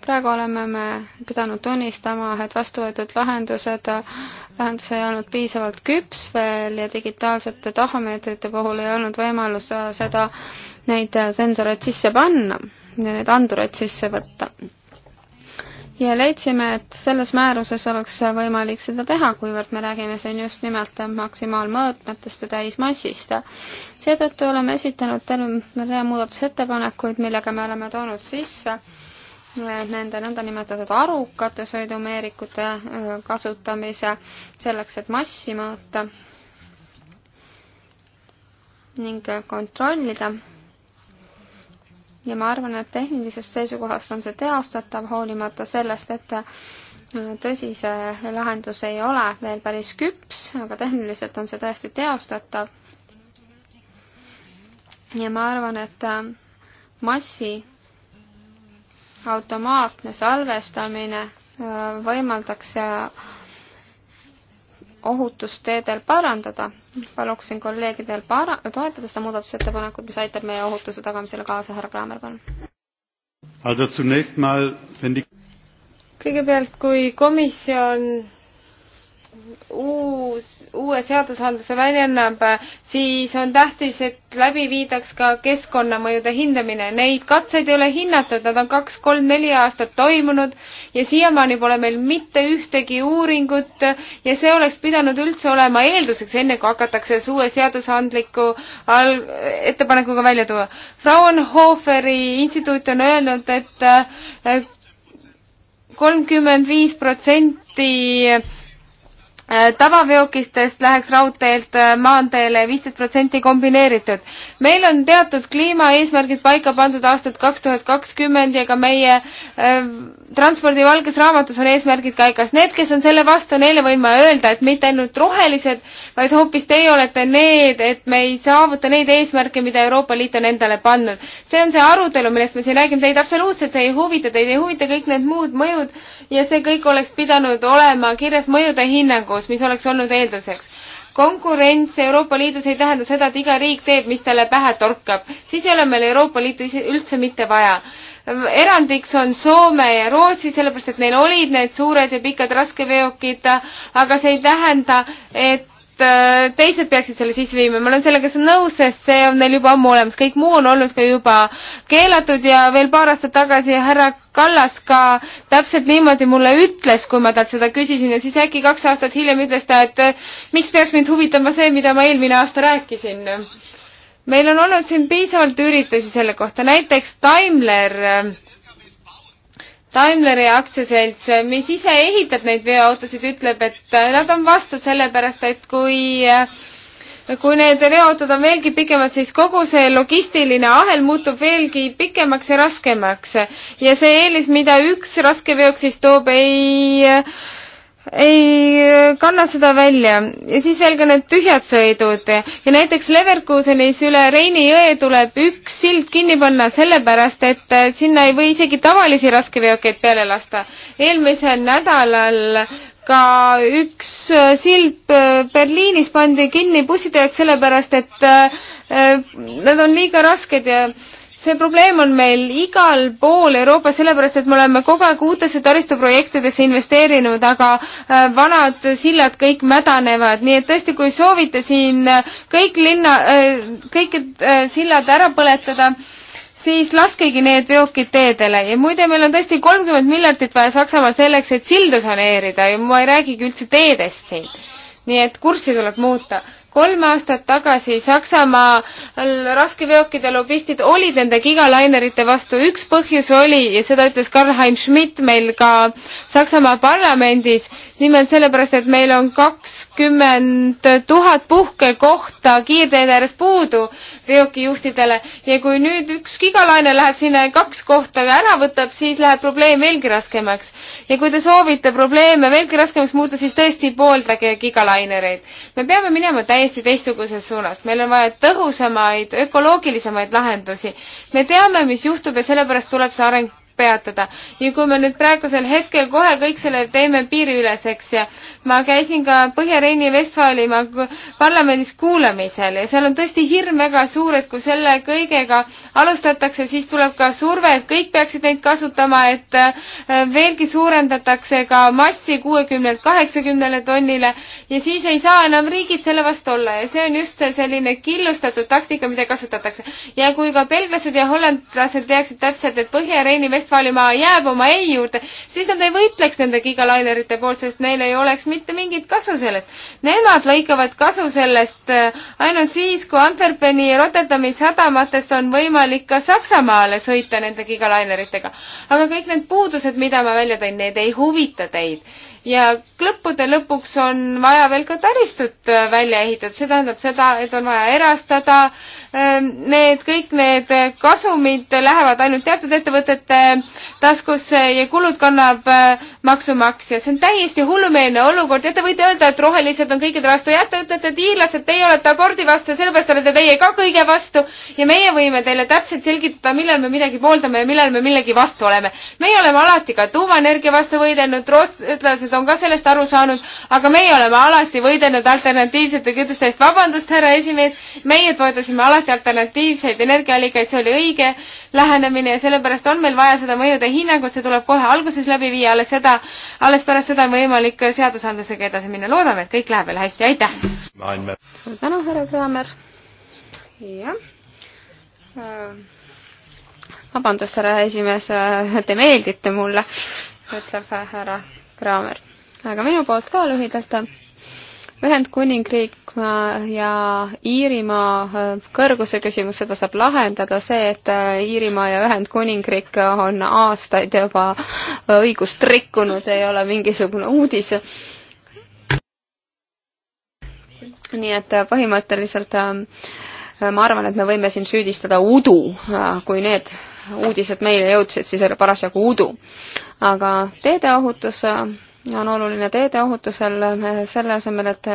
S2: praegu oleme me pidanud tunnistama, et vastu võetud lahendused, lahendus ei olnud piisavalt küps veel ja digitaalsete tahomeetrite puhul ei olnud võimalus seda, neid sensoreid sisse panna ja neid andureid sisse võtta ja leidsime, et selles määruses oleks võimalik seda teha, kuivõrd me räägime siin just nimelt maksimaalmõõtmetest ja täismassist. seetõttu oleme esitanud terve rea muudatusettepanekuid, millega me oleme toonud sisse eh, nende nõndanimetatud arukate sõidumeerikute eh, kasutamise selleks, et massi mõõta ning kontrollida ja ma arvan, et tehnilisest seisukohast on see teostatav, hoolimata sellest, et äh, tõsi, see lahendus ei ole veel päris küps, aga tehniliselt on see täiesti teostatav. ja ma arvan, et äh, massi automaatne salvestamine äh, võimaldaks ohutust teedel parandada. paluksin kolleegidel para-, toetada seda muudatusettepanekut, mis aitab meie ohutuse tagamisele kaasa, härra Kraamer, palun. kõigepealt, kui komisjon
S3: uus, uue seadusandluse välja annab, siis on tähtis, et läbi viidaks ka keskkonnamõjude hindamine. Neid katseid ei ole hinnatud, nad on kaks, kolm, neli aastat toimunud ja siiamaani pole meil mitte ühtegi uuringut ja see oleks pidanud üldse olema eelduseks, enne kui hakatakse see uue seadusandliku al-, ettepanekuga välja tuua. Fraunhoferi instituut on öelnud et, et kolmkümmend viis protsenti Äh, tavaveokistest läheks raudteelt äh, maanteele viisteist protsenti kombineeritud. meil on teatud kliimaeesmärgid paika pandud aastat kaks tuhat kakskümmend ja ka meie äh, transpordi valges raamatus on eesmärgid käigas. Need, kes on selle vastu, neile võin ma öelda, et mitte ainult rohelised, vaid hoopis teie olete need, et me ei saavuta neid eesmärke, mida Euroopa Liit on endale pannud. see on see arutelu, millest me siin räägime, teid absoluutselt see ei huvita, teid ei huvita kõik need muud mõjud ja see kõik oleks pidanud olema kirjas mõjude hinnangus koos, mis oleks olnud eelduseks konkurents Euroopa Liidus ei tähenda seda, et iga riik teeb, mis talle pähe torkab. siis ei ole meil Euroopa Liitu üldse mitte vaja. erandiks on Soome ja Rootsi, sellepärast et neil olid need suured ja pikad raskeveokid, aga see ei tähenda, et et äh, teised peaksid selle sisse viima. ma olen sellega nõus, sest see on neil juba ammu olemas, kõik muu on olnud ka juba keelatud ja veel paar aastat tagasi härra Kallas ka täpselt niimoodi mulle ütles, kui ma talt seda küsisin ja siis äkki kaks aastat hiljem ütles ta, et äh, miks peaks mind huvitama see, mida ma eelmine aasta rääkisin. meil on olnud siin piisavalt üritusi selle kohta, näiteks Daimler äh, Daimleri aktsiaselts, mis ise ehitab neid veoautosid, ütleb, et nad on vastu, sellepärast et kui kui need veoautod on veelgi pikemad, siis kogu see logistiline ahel muutub veelgi pikemaks ja raskemaks. ja see eelis, mida üks raskeveok siis toob, ei äh, ei eh, kanna seda välja ja siis veel ka need tühjad sõidud ja näiteks Leverkusenis üle Reini jõe tuleb üks sild kinni panna sellepärast, et eh, sinna ei või isegi tavalisi raskeveokeid peale lasta. eelmisel nädalal ka üks eh, sild Berliinis pandi kinni bussitööks sellepärast, et
S1: nad
S3: on liiga rasked ja äh, see probleem on meil igal pool Euroopas, sellepärast et me oleme kogu aeg uutesse taristuprojektidesse investeerinud, aga äh, vanad sillad kõik mädanevad, nii et tõesti, kui soovite siin äh, kõik linna, äh, kõik sillad ära põletada, siis laskegi need veokid teedele ja muide, meil on tõesti kolmkümmend miljardit vaja Saksamaal selleks, et sildu saneerida ja ma ei räägigi üldse teedest siin. nii et kurssi tuleb muuta kolm aastat tagasi Saksamaa raskeveokide lobistid olid nende gigalainerite vastu. üks põhjus oli ja seda ütles Karl-Heinz Schmidt meil ka Saksamaa parlamendis. nimelt sellepärast, et meil on kakskümmend tuhat puhkekohta kiirteede ääres puudu veokijuhtidele ja kui nüüd üks gigalaine läheb sinna kaks kohta ära võtab, siis läheb probleem veelgi raskemaks. ja kui te soovite probleeme veelgi raskemaks muuta, siis tõesti pooldage gigalainereid. me peame minema täiesti teistsuguses suunas, meil on vaja tõhusamaid, ökoloogilisemaid lahendusi. me teame, mis juhtub ja sellepärast tuleb see areng peatada. ja kui me nüüd praegusel hetkel kohe kõik selle teeme piiriüleseks ja ma käisin ka Põhja-Reini Vestfaalimaa parlamendis kuulamisel ja seal on tõesti hirm väga suur, et kui selle kõigega alustatakse, siis tuleb ka surve, et kõik peaksid neid kasutama, et äh, veelgi suurendatakse ka massi kuuekümnelt kaheksakümnele tonnile ja siis ei saa enam riigid selle vastu olla ja see on just see selline killustatud taktika, mida kasutatakse. ja kui ka belglased ja hollandlased teaksid täpselt, et Põhja-Reini Vestfaalimaa Westfalimaa jääb oma ei juurde, siis nad ei võitleks nende gigalainerite poolt, sest neil ei oleks mitte mingit kasu sellest. Nemad lõikavad kasu sellest äh, ainult siis, kui Antwerpeni ja Rotterdami sadamatest on võimalik ka Saksamaale sõita nende gigalaineritega. aga kõik need puudused, mida ma välja tõin, need ei huvita teid ja lõppude lõpuks on vaja veel ka taristut äh, välja ehitada, see tähendab seda, et on vaja erastada. Ähm, need, kõik need kasumid lähevad ainult teatud ettevõtete taskusse ja kulud kannab äh, maksumaksja. see on täiesti hullumeelne olukord ja te võite öelda, et rohelised on kõikide vastu. jah, te ütlete, et iirlased, teie olete abordi vastu ja sellepärast olete teie ka kõige vastu ja meie võime teile täpselt selgitada, millal me midagi pooldame ja millal me millegi vastu oleme. meie oleme alati ka tuumaenergia vastu võidelnud, rootslased valitsused on ka sellest aru saanud, aga meie oleme alati võidelnud alternatiivsete kütuste eest. vabandust, härra esimees, meie toetasime alati alternatiivseid energiaallikaid, see oli õige lähenemine ja sellepärast on meil vaja seda mõjude hinnangut, see tuleb kohe alguses läbi viia, alles seda, alles pärast seda on võimalik seadusandlusega edasi minna.
S2: loodame, et kõik läheb veel hästi, aitäh! suur tänu, härra Kraamer! jah vabandust, härra esimees, te meeldite mulle, ütleb härra Kraamer aga minu poolt ka lühidalt. Ühendkuningriik ja Iirimaa äh, kõrguse küsimus, seda saab lahendada see, et äh, Iirimaa ja Ühendkuningriik on aastaid juba äh, õigust rikkunud, ei ole mingisugune uudis. nii et põhimõtteliselt ma arvan, et me võime siin süüdistada udu, kui need uudised meile jõudsid, siis oli parasjagu udu. aga teedeohutus on oluline teedeohutusel, eh, selle asemel, et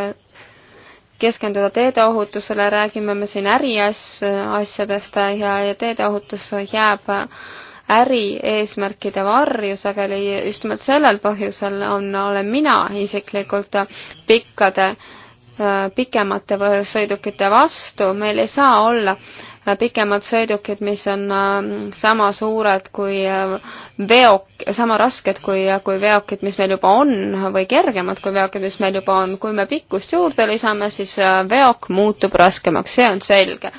S2: keskenduda teedeohutusele, räägime me siin äriasjadest eh, ja, ja teedeohutus jääb ärieesmärkide varju sageli just nimelt sellel põhjusel on, olen mina isiklikult pikkade, eh, pikemate sõidukite vastu, meil ei saa olla pikemad sõidukid, mis on ähm, sama suured kui äh, veok, sama rasked kui, äh, kui veokid, mis meil juba on, või kergemad kui veokid, mis meil juba on. kui me pikkust juurde lisame, siis äh, veok muutub raskemaks, see on selge.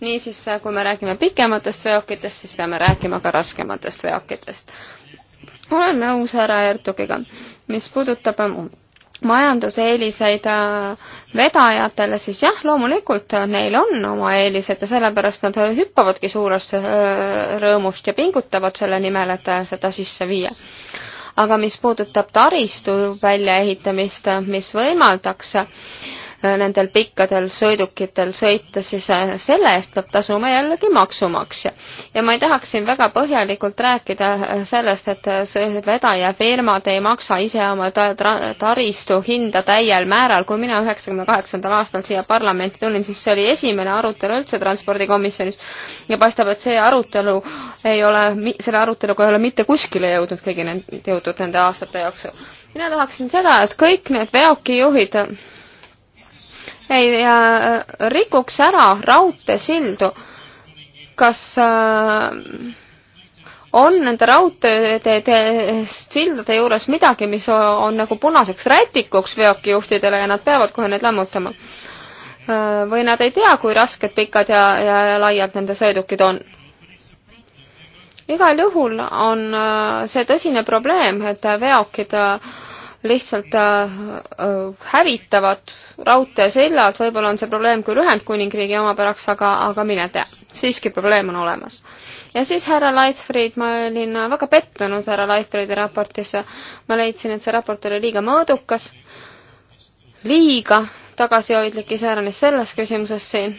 S2: niisiis, kui me räägime pikematest veokitest, siis peame rääkima ka raskematest veokitest. olen nõus härra Ertugiga, mis puudutab ähm, majanduseeliseid äh, vedajatele, siis jah, loomulikult äh, neil on oma eelised ja sellepärast nad äh, hüppavadki suurest rõõmust ja pingutavad selle nimel, et seda sisse viia. aga mis puudutab taristu väljaehitamist, mis võimaldaks äh, nendel pikkadel sõidukitel sõita, siis äh, selle eest peab tasuma jällegi maksumaksja. ja ma ei tahaks siin väga põhjalikult rääkida äh, sellest, et äh, vedajafirmad ei maksa ise oma taristu hinda täiel määral. kui mina üheksakümne kaheksandal aastal siia parlamenti tulin, siis see oli esimene arutelu üldse transpordikomisjonis ja paistab, et see arutelu ei ole, selle aruteluga ei ole mitte kuskile jõudnud kõigi nende, jõudnud nende aastate jooksul. mina tahaksin seda, et kõik need veokijuhid ei äh, rikuks ära raudteesildu, kas äh, on nende raudteede sildade juures midagi, mis on nagu punaseks rätikuks veokijuhtidele ja nad peavad kohe need lammutama. Äh, või nad ei tea, kui rasked, pikad ja, ja laiad nende sõidukid on. igal juhul on äh, see tõsine probleem, et veokid äh, lihtsalt hävitavad raudteesillad, võib-olla on see probleem küll Ühendkuningriigi omapäraks, aga, aga mine tea, siiski probleem on olemas. ja siis härra Leitfried, ma olin väga pettunud härra Leitfriedi raportisse, ma leidsin, et see raport oli liiga mõõdukas, liiga tagasihoidlik iseäranis selles küsimuses siin,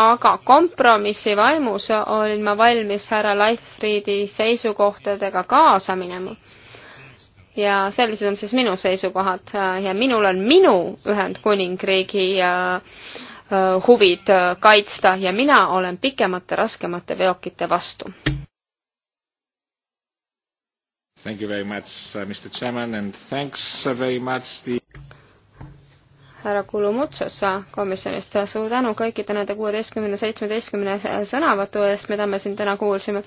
S2: aga kompromissi vaimus olin ma valmis härra Leitfriedi seisukohtadega kaasa minema ja sellised on siis minu seisukohad äh, ja minul on minu Ühendkuningriigi äh, äh, huvid kaitsta ja mina olen pikemate raskemate veokite vastu.
S1: Thank you very much, uh, Mr Chairman and thanks uh, very much the
S2: härra Kulumutsus komisjonist, suur tänu kõikide nende kuueteistkümne, seitsmeteistkümne sõnavõtu eest, mida me siin täna kuulsime.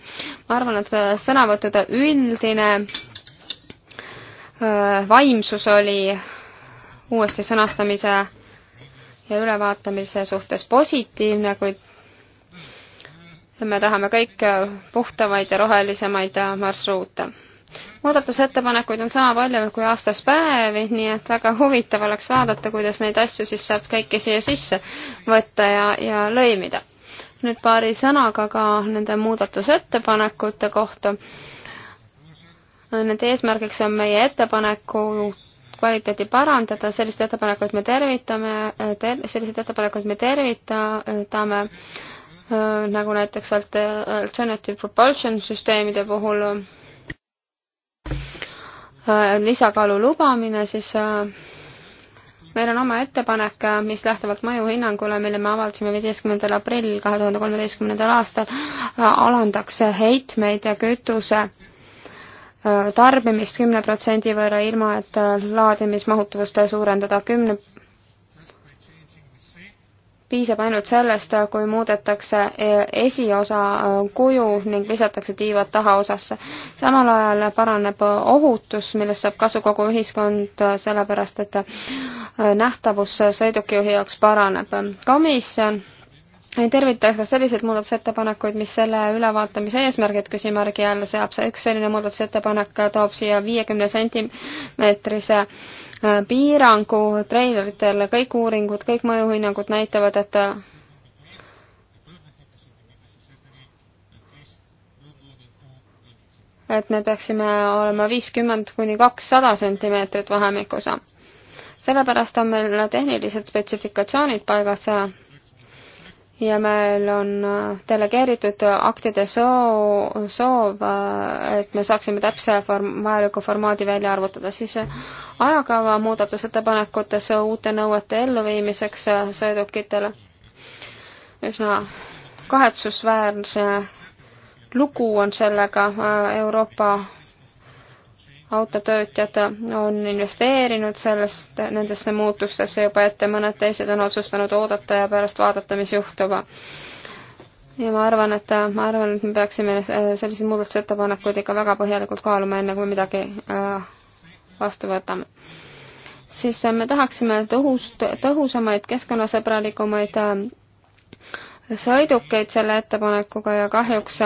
S2: ma arvan, et sõnavõttude üldine vaimsus oli uuesti sõnastamise ja ülevaatamise suhtes positiivne, kuid me tahame kõik puhtamaid ja rohelisemaid marsruute. muudatusettepanekuid on sama palju kui aastas päevi, nii et väga huvitav oleks vaadata, kuidas neid asju siis saab kõike siia sisse võtta ja, ja lõimida. nüüd paari sõnaga ka nende muudatusettepanekute kohta Nende eesmärgiks on meie ettepaneku kvaliteeti parandada, selliseid ettepanekuid me tervitame ter,, selliseid ettepanekuid me tervitame nagu näiteks alternative propulsion süsteemide puhul lisakaalu lubamine, siis meil on oma ettepanek, mis lähtuvalt mõjuhinnangule, mille me avaldasime viieteistkümnendal aprillil kahe tuhande kolmeteistkümnendal aastal, alandaks heitmeid ja kütuse Äh, tarbimist kümne protsendi võrra, ilma et äh, laadimismahutavust äh, suurendada kümne 10 piisab ainult sellest, kui muudetakse esiosa kuju ning lisatakse tiivad tahaosasse. samal ajal paraneb ohutus, millest saab kasu kogu ühiskond, sellepärast et nähtavus sõidukijuhi jaoks paraneb. komisjon tervitaks ka selliseid muudatusettepanekuid, mis selle ülevaatamise eesmärgid küsimärgi alla seab. see üks selline muudatusettepanek toob siia viiekümne sentimeetrise äh, piirangu treileritele, kõik uuringud, kõik mõjuhinnangud näitavad, et et me peaksime olema viiskümmend kuni kakssada sentimeetrit vahemikus. sellepärast on meil tehnilised spetsifikatsioonid paigas ja meil on äh, delegeeritud aktide soov, soov, äh, et me saaksime täpse form-, vajaliku formaadi välja arvutada, siis äh, ajakava muudatusettepanekutes uute nõuete elluviimiseks sõidukitele üsna kahetsusväärne lugu on sellega Euroopa autotöötjad on investeerinud sellest, nendesse muutustesse juba ette, mõned teised on otsustanud oodata ja pärast vaadata, mis juhtub. ja ma arvan, et ma arvan, et me peaksime äh, selliseid muudatusettepanekuid ikka väga põhjalikult kaaluma, enne kui midagi äh, vastu võtame siis äh, me tahaksime tõhust, tõhusamaid, keskkonnasõbralikumaid sõidukeid selle ettepanekuga ja kahjuks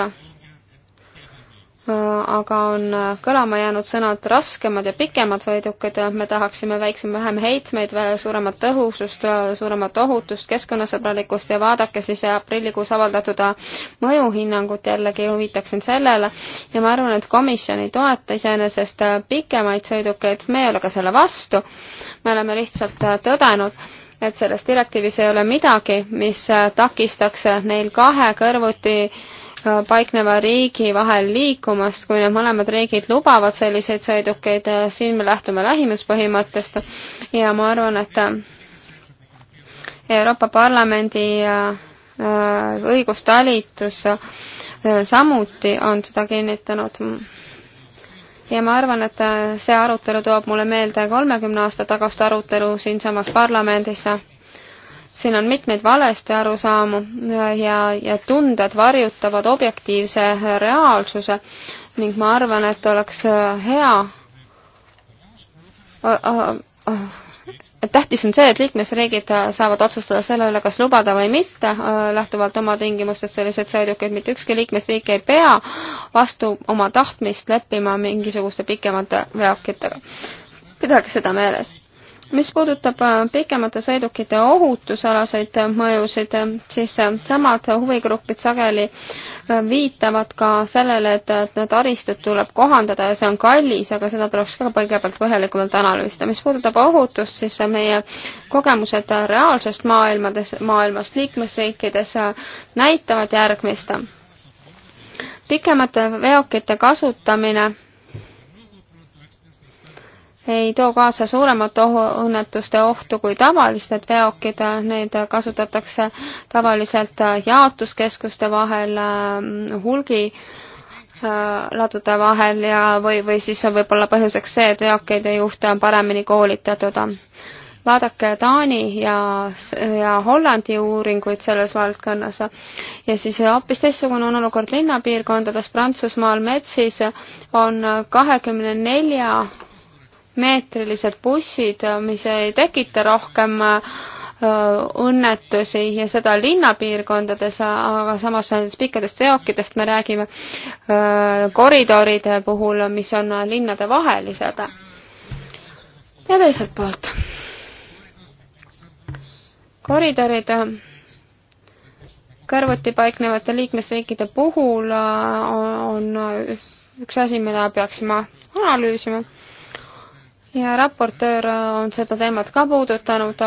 S2: Äh, aga on äh, kõlama jäänud sõnad raskemad ja pikemad võidukid, me tahaksime väiksem, vähem heitmeid, suuremat tõhusust, äh, suuremat ohutust, keskkonnasõbralikkust ja vaadake siis aprillikuus avaldatud mõjuhinnangut, jällegi huvitaksin sellele. ja ma arvan, et komisjon ei toeta iseenesest pikemaid sõidukeid, me ei ole ka selle vastu, me oleme lihtsalt tõdenud, et selles direktiivis ei ole midagi, mis takistaks neil kahe kõrvuti äh, paikneva riigi vahel liikumast, kui need mõlemad riigid lubavad selliseid sõidukeid, siin me lähtume lähimuspõhimõttest ja ma arvan, et Euroopa Parlamendi äh, äh, õigustalitus äh, samuti on seda kinnitanud. ja ma arvan, et see arutelu toob mulle meelde kolmekümne aasta tagust arutelu siinsamas parlamendis siin on mitmeid valesti arusaamu ja, ja tunded varjutavad objektiivse reaalsuse ning ma arvan, et oleks äh, hea et äh, äh, tähtis on see, et liikmesriigid saavad otsustada selle üle, kas lubada või mitte, lähtuvalt oma tingimustest selliseid sõidukeid, mitte ükski liikmesriik ei pea vastu oma tahtmist leppima mingisuguste pikemate veokitega. pidage seda meeles mis puudutab äh, pikemate sõidukite ohutusalaseid äh, mõjusid, äh, siis samad huvigrupid sageli viitavad ka sellele, et, et need aristud tuleb kohandada ja see on kallis, aga seda tuleks ka kõigepealt põhjalikumalt analüüsida. mis puudutab ohutust, siis meie kogemused reaalsest maailmades, maailmast liikmesriikides näitavad järgmist pikemate veokite kasutamine ei too kaasa suuremat ohuõnnetuste ohtu kui tavalised veokid, neid kasutatakse tavaliselt äh, jaotuskeskuste vahel äh, hulgi äh, ladude vahel ja, või, või siis on võib-olla põhjuseks see, et veokeide juhte on paremini koolitatud. vaadake Taani ja, ja Hollandi uuringuid selles valdkonnas ja siis hoopis teistsugune on olukord linnapiirkondades, Prantsusmaal Metsis on kahekümne nelja meetrilised bussid, mis ei tekita rohkem äh, õnnetusi ja seda linnapiirkondades, aga samas nendest pikkadest veokitest me räägime äh, koridoride puhul, mis on linnadevahelised. ja teiselt poolt, koridorid äh, kõrvuti paiknevate liikmesriikide puhul on üks asi, mida peaksime analüüsima ja raportöör on seda teemat ka puudutanud.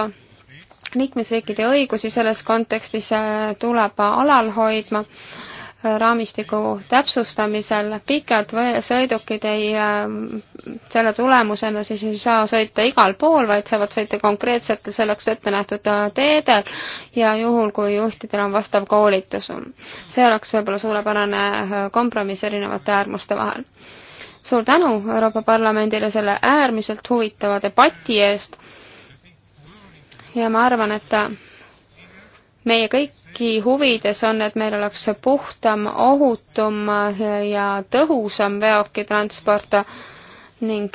S2: liikmesriikide õigusi selles kontekstis äh, tuleb alal hoidma äh, raamistiku täpsustamisel. pikad sõidukid ei, äh, selle tulemusena siis ei saa sõita igal pool, vaid saavad sõita konkreetselt selleks ette nähtud teedel ja juhul, kui juhtidel on vastav koolitus. see oleks võib-olla suurepärane kompromiss erinevate äärmuste vahel suur tänu Euroopa Parlamendile selle äärmiselt huvitava debati eest ja ma arvan, et meie kõiki huvides on, et meil oleks puhtam, ohutum ja tõhusam veokitransport ning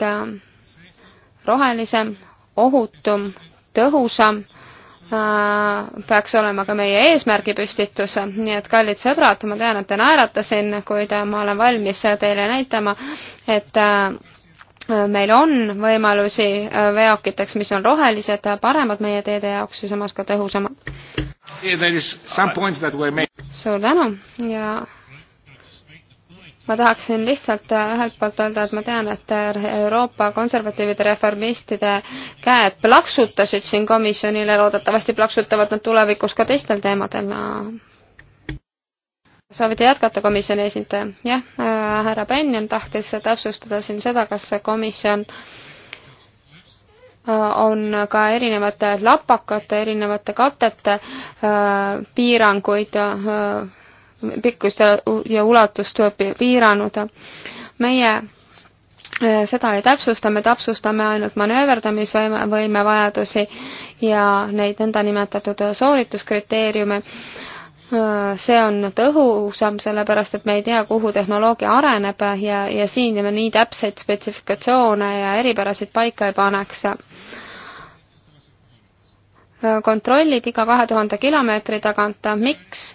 S2: rohelisem, ohutum, tõhusam Äh, peaks olema ka meie eesmärgipüstitus, nii et kallid sõbrad, ma tean, et te naerate siin, kuid äh, ma olen valmis äh, teile näitama, et meil on võimalusi veokiteks, mis on rohelised, paremad meie teede jaoks ja samas ka tõhusamad. suur tänu ja ma tahaksin lihtsalt äh, ühelt poolt öelda, et ma tean, et äh, Euroopa konservatiivide reformistide käed plaksutasid siin komisjonile, loodetavasti plaksutavad nad tulevikus ka teistel teemadel no.. soovite jätkata, komisjoni esindaja? jah äh,, härra Benjon tahtis täpsustada siin seda, kas see komisjon äh, on ka erinevate lapakate, erinevate katete äh, piiranguid äh, pikkust ja, ja ulatust piiranud. meie äh, seda ei täpsusta, me täpsustame ainult manööverdamisvõime, võime vajadusi ja neid nõndanimetatud soorituskriteeriume. Äh, see on tõhusam, sellepärast et me ei tea, kuhu tehnoloogia areneb ja, ja siin me nii täpseid spetsifikatsioone ja eripärasid paika ei paneks äh, kontrollib iga kahe tuhande kilomeetri tagant, miks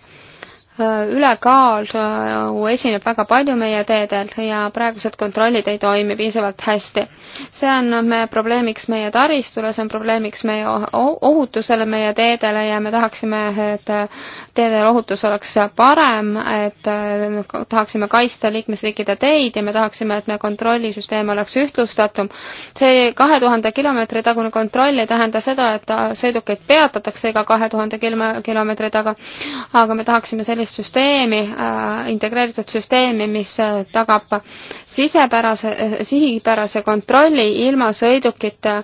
S2: Äh, ülekaalu äh, esineb väga palju meie teedel ja praegused kontrollid ei toimi piisavalt hästi. see on me probleemiks meie taristule, see on probleemiks meie ohutusele meie teedele ja me tahaksime, et äh, teedel ohutus oleks parem, et tahaksime kaitsta liikmesriikide teid ja me tahaksime, et meie kontrollisüsteem oleks ühtlustatum. see kahe tuhande kilomeetri tagune kontroll ei tähenda seda, et sõidukeid peatatakse iga kahe tuhande kilomeetri taga, aga me tahaksime sellist sellist süsteemi, äh, integreeritud süsteemi, mis äh, tagab sisepärase, äh, sihipärase kontrolli ilma sõidukite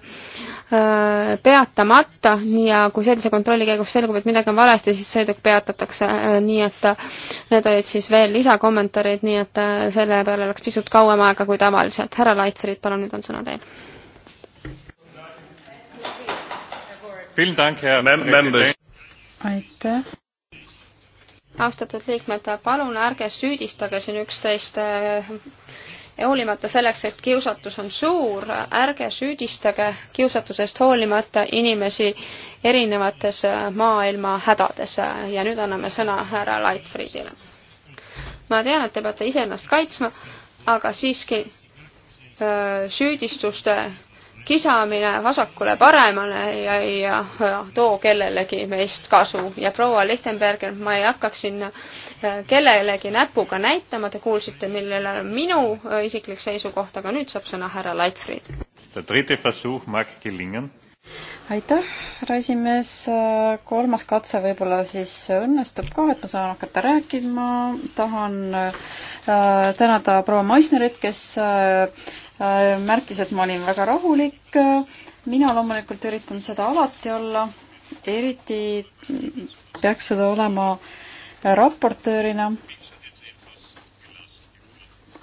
S2: peatamata ja kui sellise kontrolli käigus selgub, et midagi on valesti, siis sõiduk peatatakse, nii et need olid siis veel lisakommentaarid, nii et selle peale läks pisut kauem aega kui tavaliselt. härra Leitfried, palun, nüüd on sõna teil.
S4: aitäh
S2: austatud liikmed, palun ärge süüdistage siin üksteist eh, hoolimata selleks, et kiusatus on suur, ärge süüdistage kiusatusest hoolimata inimesi erinevates eh, maailma hädades ja nüüd anname sõna härra Lightfriedile. ma tean, et te peate iseennast kaitsma, aga siiski eh, süüdistuste kisamine vasakule-paremale ja ei too kellelegi meist kasu. ja proua Lichtenberger, ma ei hakkaks sinna äh, kellelegi näpuga näitama, te kuulsite, millele on minu äh, isiklik seisukoht, aga
S4: nüüd saab sõna härra Leitfried aitäh, härra esimees, kolmas katse võib-olla siis õnnestub ka, et ma saan hakata rääkima, tahan äh, tänada proua Maisnerit, kes äh, äh, märkis, et ma olin väga rahulik, mina loomulikult üritan seda alati olla, eriti peaks seda olema raportöörina.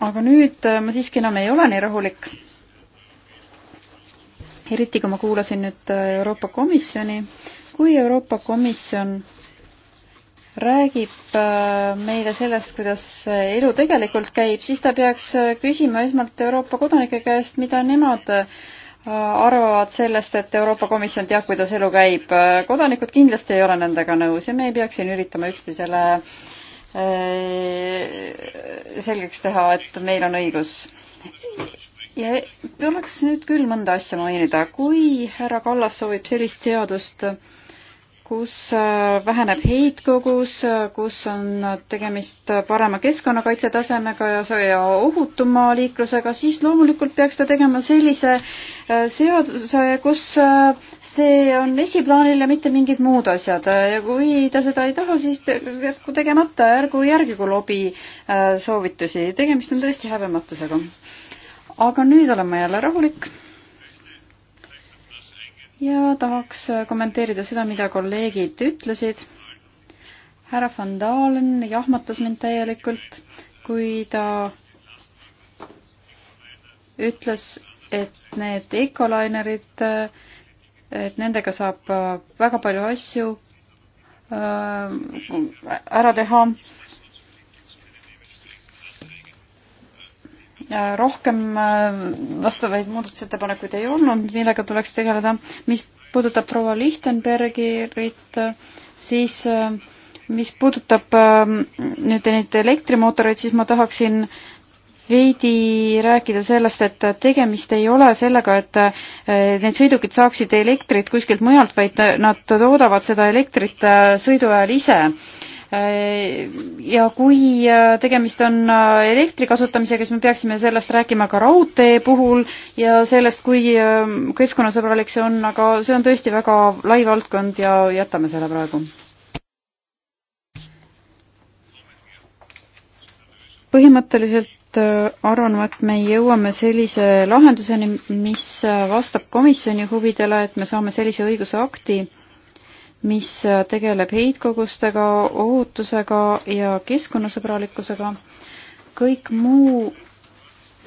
S4: aga nüüd ma siiski enam ei ole nii rahulik eriti kui ma kuulasin nüüd äh, Euroopa Komisjoni, kui Euroopa Komisjon räägib äh, meile sellest, kuidas äh, elu tegelikult käib, siis ta peaks küsima esmalt Euroopa kodanike käest, mida nemad arvavad sellest, et Euroopa Komisjon teab, kuidas elu käib. kodanikud kindlasti ei ole nendega nõus ja me ei peaks siin üritama üksteisele selgeks teha, et meil on õigus ja oleks nüüd küll mõnda asja mainida, kui härra Kallas soovib sellist seadust, kus äh, väheneb heitkogus, kus on tegemist parema keskkonnakaitse tasemega ja, ja ohutuma liiklusega, siis loomulikult peaks ta tegema sellise äh, seaduse, kus äh, see on esiplaanil ja mitte mingid muud asjad ja kui ta seda ei taha, siis jätku tegemata, ärgu järgigu lobi soovitusi, tegemist on tõesti häbematusega aga nüüd olen ma jälle rahulik. ja tahaks kommenteerida seda, mida kolleegid ütlesid. härra Van Dalen jahmatas mind täielikult, kui ta ütles, et need ekolainerid, et nendega saab väga palju asju äh, ära teha Äh, rohkem äh, vastavaid muudatusettepanekuid ei olnud, millega tuleks tegeleda. mis puudutab proua Lichtenbergerit, siis äh, mis puudutab ähm, nüüd neid elektrimootoreid, siis ma tahaksin veidi rääkida sellest, et tegemist ei ole sellega, et need sõidukid saaksid elektrit kuskilt mujalt, vaid nad toodavad seda elektrit sõidu ajal ise Äh, ja kui äh, tegemist on äh, elektri kasutamisega, siis me peaksime sellest rääkima ka raudtee puhul ja sellest, kui ähm, keskkonnasõbralik see on, aga see on tõesti väga lai valdkond ja jätame selle praegu. põhimõtteliselt arvan ma, et me jõuame sellise lahenduseni, mis vastab komisjoni huvidele, et me saame sellise õiguse akti mis tegeleb heitkogustega, ohutusega ja keskkonnasõbralikkusega. kõik muu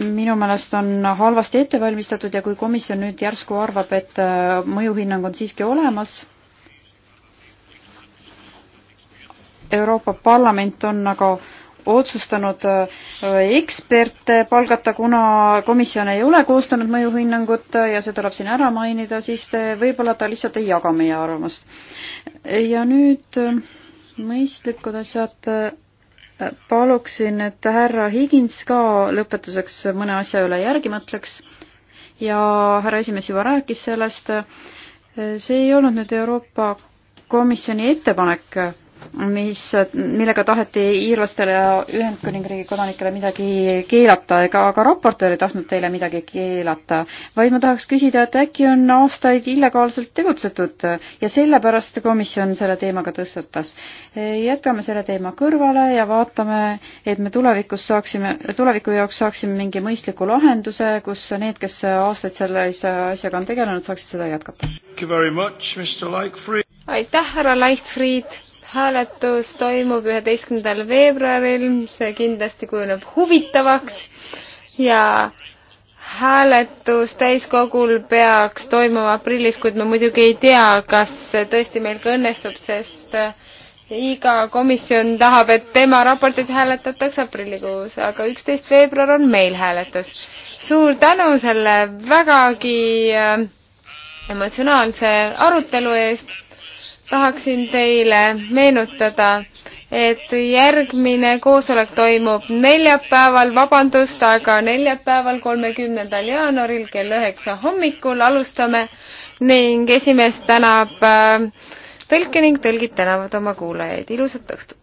S4: minu meelest on halvasti ette valmistatud ja kui komisjon nüüd järsku arvab, et äh, mõjuhinnang on siiski olemas, Euroopa Parlament on aga nagu otsustanud äh, eksperte palgata, kuna komisjon ei ole koostanud mõjuhinnangut ja see tuleb siin ära mainida, siis te, võib-olla ta lihtsalt ei jaga meie arvamust. ja nüüd äh, mõistlikud asjad. Äh, paluksin, et härra Higins ka lõpetuseks mõne asja üle järgi mõtleks ja härra esimees juba rääkis sellest. see ei olnud nüüd Euroopa Komisjoni ettepanek mis, millega taheti iirlastele ja Ühendkuningriigi kodanikele midagi keelata, ega ka raportöör ei tahtnud teile midagi keelata, vaid ma tahaks küsida, et äkki on aastaid illegaalselt tegutsetud ja sellepärast komisjon selle teemaga tõstatas. jätkame selle teema kõrvale ja vaatame, et me tulevikus saaksime, tuleviku jaoks saaksime mingi mõistliku lahenduse, kus need, kes aastaid sellise asjaga on tegelenud, saaksid seda jätkata.
S3: aitäh, härra Leichtfried hääletus toimub üheteistkümnendal veebruaril, see kindlasti kujuneb huvitavaks ja hääletus täiskogul peaks toimuma aprillis, kuid me muidugi ei tea, kas see tõesti meil ka õnnestub, sest äh, iga komisjon tahab, et tema raportit hääletatakse aprillikuus, aga üksteist veebruar on meil hääletus. suur tänu selle vägagi äh, emotsionaalse arutelu eest tahaksin teile meenutada, et järgmine koosolek toimub neljapäeval, vabandust, aga neljapäeval, kolmekümnendal jaanuaril kell üheksa hommikul alustame ning esimees tänab äh, tõlke ning tõlgid tänavad oma kuulajaid. ilusat õhtut!